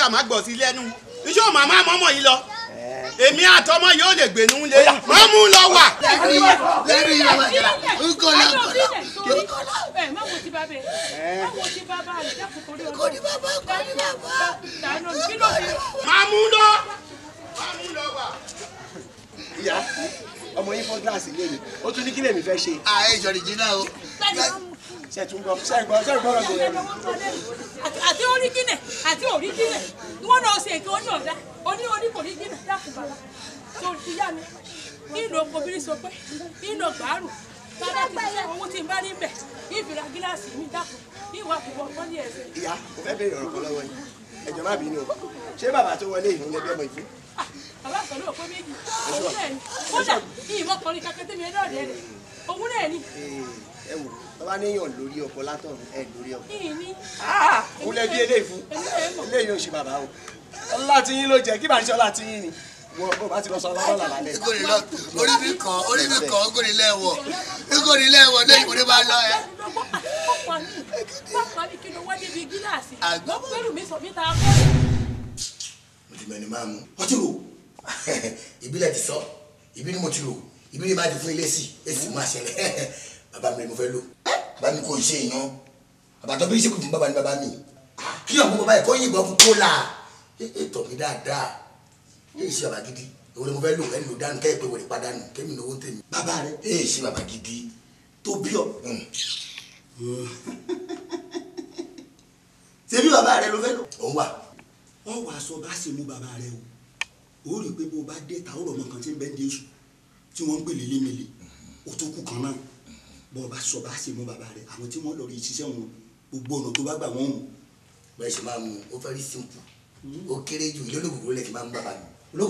ó má gbọ̀ sí lẹ́nu iṣẹ́ òun màmá mọ́mọ́ yìí lọ èmi àtọmọ yóò lè gbé nínú lé má mú un lọ wà. lẹ́rìí lẹ́rìí yàrá yàrá nkọ́lá nkọ́lá nkọ́lá. ẹ má wo ti bàbá ẹ má wo ti bàbá rẹ dákun torí ọlọ́run. kò ní bàbá kò ní bàbá. má mú un lọ má mú un lọ wà. ìyá ọmọ yín fọ́ gíláàsì lé mi ó tún ní kí lèmi fẹ́ ṣe. àìjọ ah, nìjìnlá o ṣe tún gbọ́ ṣe gbọ́ ṣe gbọ́ ọ̀gbìn rẹ. àti orí jìnà àti orí jìnà wọn náà ṣe èké oní ọ̀dá oní orí kò ní jìnà dákun bàbá tó ti yá mi nínú obìnrin sọ pé nínú gbàárù bàbá ti ṣe owó tí n bá ní bẹ̀ ìfìlà gíláàsì mi dákun ìwà kò wọ́n ní ẹ̀sẹ̀. ìyá mo fẹ́ béèrè ọ̀rọ̀ kan lọ́wọ́ yìí ẹ̀jọ̀ má bínú o ṣé bàbá tó wọlé ìhun lẹ bẹ́ẹ̀ mọ ìfún. Ah, bàbá kan ló pé méjì òun náà ni kódà ìmọ̀kànrin kakẹ́tẹ́mi ẹ̀dọ́ rẹ̀ òun náà ni ẹ wò ó bá níyàn lórí ọkọ látọ̀run ẹ lórí ọkọ. kú lẹ́bí eléyìí fún eléyìí ò ṣe bàbá o ọlá tí yín ló jẹ kí bá ń ṣe ọlá tí yín ni wọ bó bá ti lọ sọ ọlọ́rọ̀ làlá lẹ. orí mi kàn orí mi kàn ó gòrì lẹ́wọ̀ ó gòrì lẹ́wọ̀ ní ìwúrí bá lọ ẹ. mo ti mẹ́ni máa mu ọtí rò ìbílẹ̀ ti sọ ìbí ni mo ìbí ni máa ti fún ilé sí èsì máa ṣẹlẹ̀. Baba mi rẹ mo fẹ́ lò bàbá mi kò ṣe èèyàn bàbá tó bí ṣèkùn fún ni bàbá mi kí ọ̀gbọ́n bàbá ẹ̀kọ́ yìnbọn fún kólà ètò mi dáadáa èyí ṣe bàbá gidi èwo ni mo fẹ́ lò ẹni ló dánù kẹ́ ìpè wèrè padànù kémi lówó ń tèmi bàbá rẹ èyí ṣe bàbá gidi tó bí ọ. Sebi baba bàbá rẹ ló fẹ́ lò. òun wà. wọ́n wàá sọ bá ṣe mú bàbá rẹ o ó rí i pé bó o bá dé ta ó rọ̀ mọ́ kan tí ń bẹ́ẹ̀ dé èṣù tí wọ́n ń pè lé mi lè o tó kù kan náà bọ́ ọ bá sọ bá ṣe mú bàbá rẹ àwọn tí wọ́n lọ rí ṣiṣẹ́ wọn gbogbo ọ̀nà tó bá gbà wọ́n bẹ́ẹ̀ ṣe máa mú ó fẹ́rí simple ó kéré jù ilé olókùnkùn máa ń bàbá mi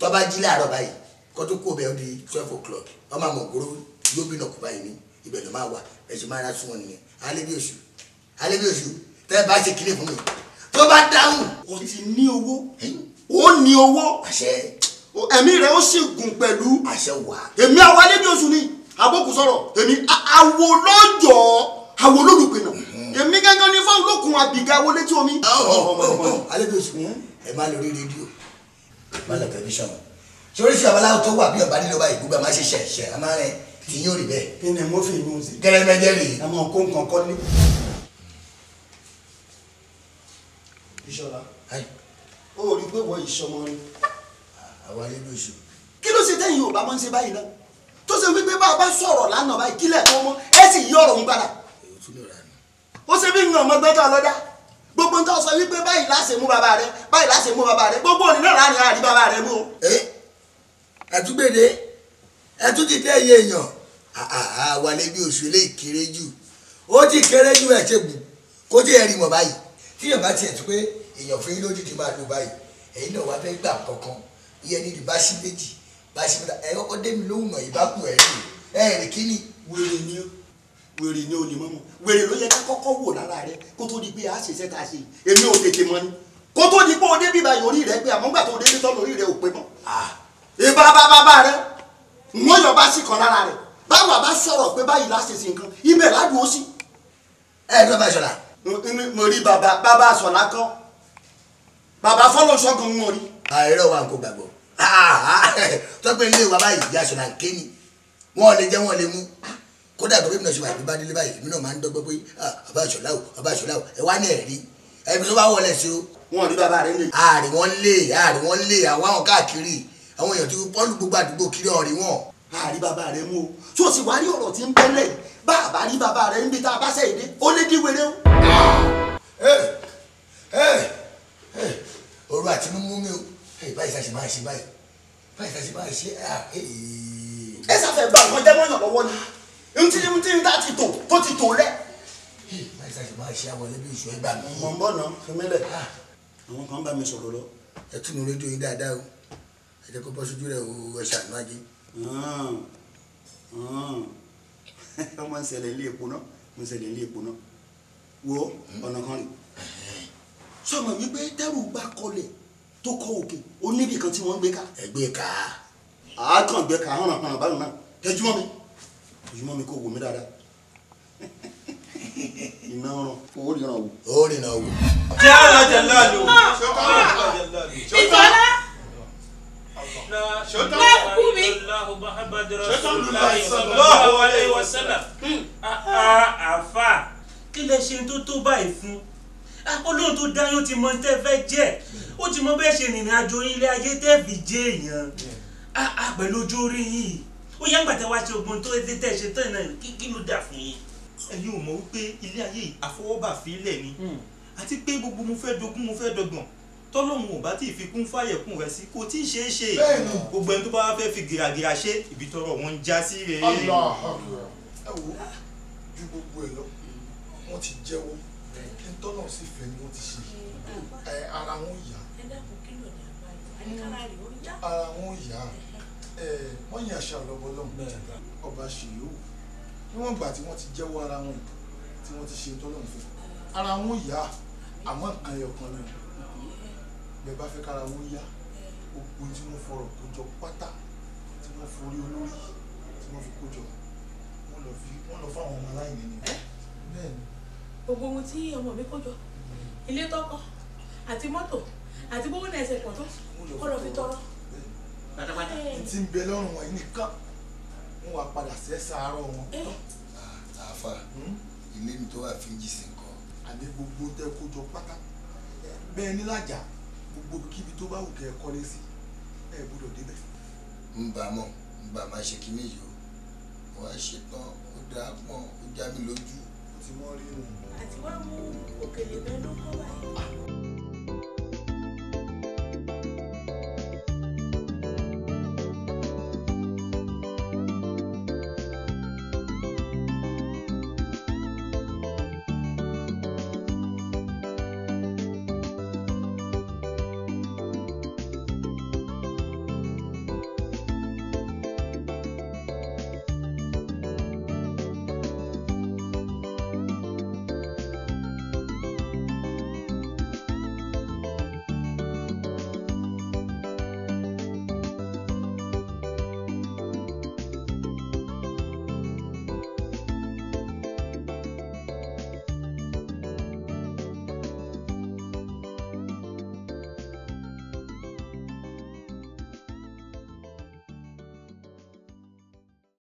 tó bá jí láàárọ̀ báyìí kó tó kó bẹ́ẹ̀ di twelve o'clock wọ́n máa mọ̀ gbóró yóò bí nàkú báyìí ní ibẹ̀ ló máa wà bẹ́ẹ̀ máa rásùn wọn nìyẹn alẹ́ bí oṣù bá ṣe kílè fún mi tó bá dáhùn. ẹ̀mí rẹ̀ ó sì gùn pẹ̀lú àṣẹ wà èmi àwa alẹ́ bí oṣù ni àbókù sọ̀rọ̀ èmi àwo lọ́jọ́ àwo lólùpẹ̀ náà mm-hmm. èmi gángan ní fáwọn olókun àbíga wọlé tí omi. àlejò oh, oh, oh, sùn ẹ má lórí rédíò má lọ tẹlifíṣàn ṣé oríṣi babaláwo tó wà bí ọba nílò báyìí gbogbo àmọ́ ṣẹṣẹ ṣẹ àmọ́ rẹ tí yóò rí bẹ́ẹ̀. kí ni mo fi ìlú sí. gẹrẹmẹjẹ rè. àmọ́ kó nǹkan kọ ní. ìṣọlá ó rí pé wọ́n ìṣọmọ ni. Ah, àwa nílò ìṣù. kí ló ṣe tẹ́yìn ò bá mọ́ ń ṣe báyìí náà tó ṣe wípé bá a bá sọ̀rọ̀ lánàá báyìí kílẹ̀ tó mọ́ ẹ sì yí ọ̀rọ̀ ń padà ó ṣe bí yàn mọ́gbẹ́jọ́ lọ́dá gbogbo ń tọ́ sọ wípé báyìí láṣẹ mú bàbá rẹ báyìí láṣẹ mú bàbá rẹ gbogbo òní náà láàrin àrí bàbá rẹ mú. ẹ ẹtúgbèdè ẹtúdìdẹ yẹ èèyàn àwàlẹ bí oṣù eléyìí kéré jù ó ti kéré jù ẹ̀ ṣe bù kó jẹ́ ẹ̀rí mọ̀ báyìí tíyàn bá tiẹ̀ tó pé èèyàn fún bá a ṣe fúnra ẹ kọ́kọ́ dé mi lóhùn náà ìbá kù ẹ rí ẹ rí kíní. wèrè ni ó wèrè ni ó lè mọ́mọ́ wèrè ló yẹ ká kọ́kọ́ wò lára rẹ kó tó di pé a ṣe iṣẹ́ tá a ṣe èmi ò tètè mọ́ ni kó tó di pé o dé bíbá ìròrí rẹ pé àmọ́gbà tó dé dé tọ́ lórí rẹ ò pé mọ́. ìbá bá bá bá rẹ wọ́n yọ bá sí kan lára rẹ báwa bá sọ̀rọ̀ pé báyìí láṣẹ sí nǹkan ibẹ̀ ládùn ó sí. ẹ ẹ lọ́ba ìṣọ̀lá. mo rí bàbá bàbá àṣọ̀lá tọ́pẹ́ ilé wa báyìí ìyá sọ̀rọ̀ kódà tó bí mi náà ṣe wà báyìí mi máa ń dọ́gbọ́ pé bàbá ìṣọ̀lá o bàbá ẹ wá ní ẹ̀rí ẹbí tó bá wọlé sí o. wọn ò ní bàbá rẹ lè. ààrẹ wọn lè ààrẹ wọn lè àwọn àwọn káàkiri àwọn èèyàn tí bọ́ọ̀lù gbogbo àdúgbò kiri ọ̀rẹ́ wọn. ààrẹ bàbá rẹ mú o tí o sì wá rí ọ̀rọ̀ tí ń bẹ́lẹ̀ bá àbá rí bàbá rẹ níbi tá a bá sẹ́yìn dé báyìí sáà ṣe máa ṣe báyìí báyìí sáà ṣe máa ṣe à ah, ẹ sáfẹ́ bá nǹkan jẹ́ mọ́yàn lọ́wọ́ ni ntìrìntìrì tá ti tò tó ti tò rẹ̀. báyìí sáà ṣe máa ṣe àwọlé bí ìṣó ẹgbàá mi. mo ń bọ̀ náà fúnmílẹ̀ ah. àwọn kan bá mi sọ̀rọ̀ lọ. ẹ túnú rédíò yín dáadáa o ẹ jẹ́ kó bọ́ sójú rẹ̀ o ẹ ṣàánú ajé. ọmọ ń ṣẹlẹ̀ ilé epo náà ń ṣẹlẹ̀ ilé epo náà wo ọ̀nà kan rè sọmọ wípé dẹ́rù gbá kọlẹ̀ tó kọ òkè ó níbì kan tí wọ́n ń gbé ká. ẹ gbé ká. àákàn gbé ká hàn hàn báyìí náà tẹjúmọ́ mi tẹjúmọ́ mi kò wò mí dáadáa. iná ràn owó rìnnà wò. owó rìnnà wò. jẹ́ àrà jẹ̀ láàlú. ìtọ́lá lẹ́kù mi. ṣètò lùlá ìsọ̀lá àfa kí lè ṣe tó tó báyìí fún. Ọlọ́run tó dá yín ó ti mọ tẹ́ fẹ́ jẹ́ ó ti mọ bẹ́ẹ̀ ṣe rìnrìn àjò yín ilé ayé tẹ́ fi jẹ́ èèyàn á pẹ̀lú ojú orí yìí ó yá gbàtà wá ṣe ogun tó dé tẹ̀ ṣe tán náà kí ló dà fún yín. ẹ̀yin ò mọ̀ wípé ilé ayé àfọwọ́bà fi ilẹ̀ ni hmm. àti pé gbogbo mo fẹ́ dogún mo fẹ́ dọgbọ̀n tọ́lọ́hún ò bá tí ì fi kún fàyẹ̀kún rẹ̀ sí kò tí ì ṣeé ṣe gbogbo ẹni tó bá fẹ́ fi gìràgìrà ṣe ibi tọrọ wọn ń já sí rèé. ẹ wo ju gbogbo ẹ lọ wọn ti jẹ́wọ́ tọ́nà sì fẹ́ ni wọ́n ti ṣe ara wọn yà hmm. ara wọn yà wọ́n yàn àṣà lọ́bọ̀ lọ́mọ ọba ṣèyó níwọ̀n gbà tí wọ́n ti jẹ́wọ́ ara wọn tí wọ́n ti ṣe tọ́nà fún ara wọn yà àmọ́ nǹkan ẹ̀yọ̀ kan ni bẹ́ẹ̀ bá fẹ́ kára wọn yà gbogbo tí wọ́n fọ̀rọ̀ kójọ pátá tí wọ́n forí olórí tí wọ́n fi kójọ wọ́n lọ fáwọn ọmọ aláìní ni bẹ́ẹ̀ ni gbogbo ohun tí ọmọ mi kó jọ ilé tọkọ àti mọ́tò àti gbogbo náà ẹsẹ̀ pọ̀ tó kọ́ lọ fi tọrọ. pátápátá n ti ń bẹ lọ́rùn wọn nìkan wọn wá padà sí ẹ̀sà àárọ̀ wọn. àáfà hmm? ilé mi tó wà fi ń jì sí nǹkan. àbí gbogbo tẹ kó jọ pátá bẹ́ẹ̀ ní làjà gbogbo kíbi tó bá wù kẹ́ ẹ kọ́lé sí ẹ gbọ́dọ̀ débẹ̀. ń bá a mọ̀ ń bá a máa ṣe kí méjì o wọ́n á ṣetán ó dáa pọ̀ ó já mi lójú. ó ti mọ́ rí nù àti wàá mú òkèlè bẹ́ẹ̀ ló kọ́ báyìí.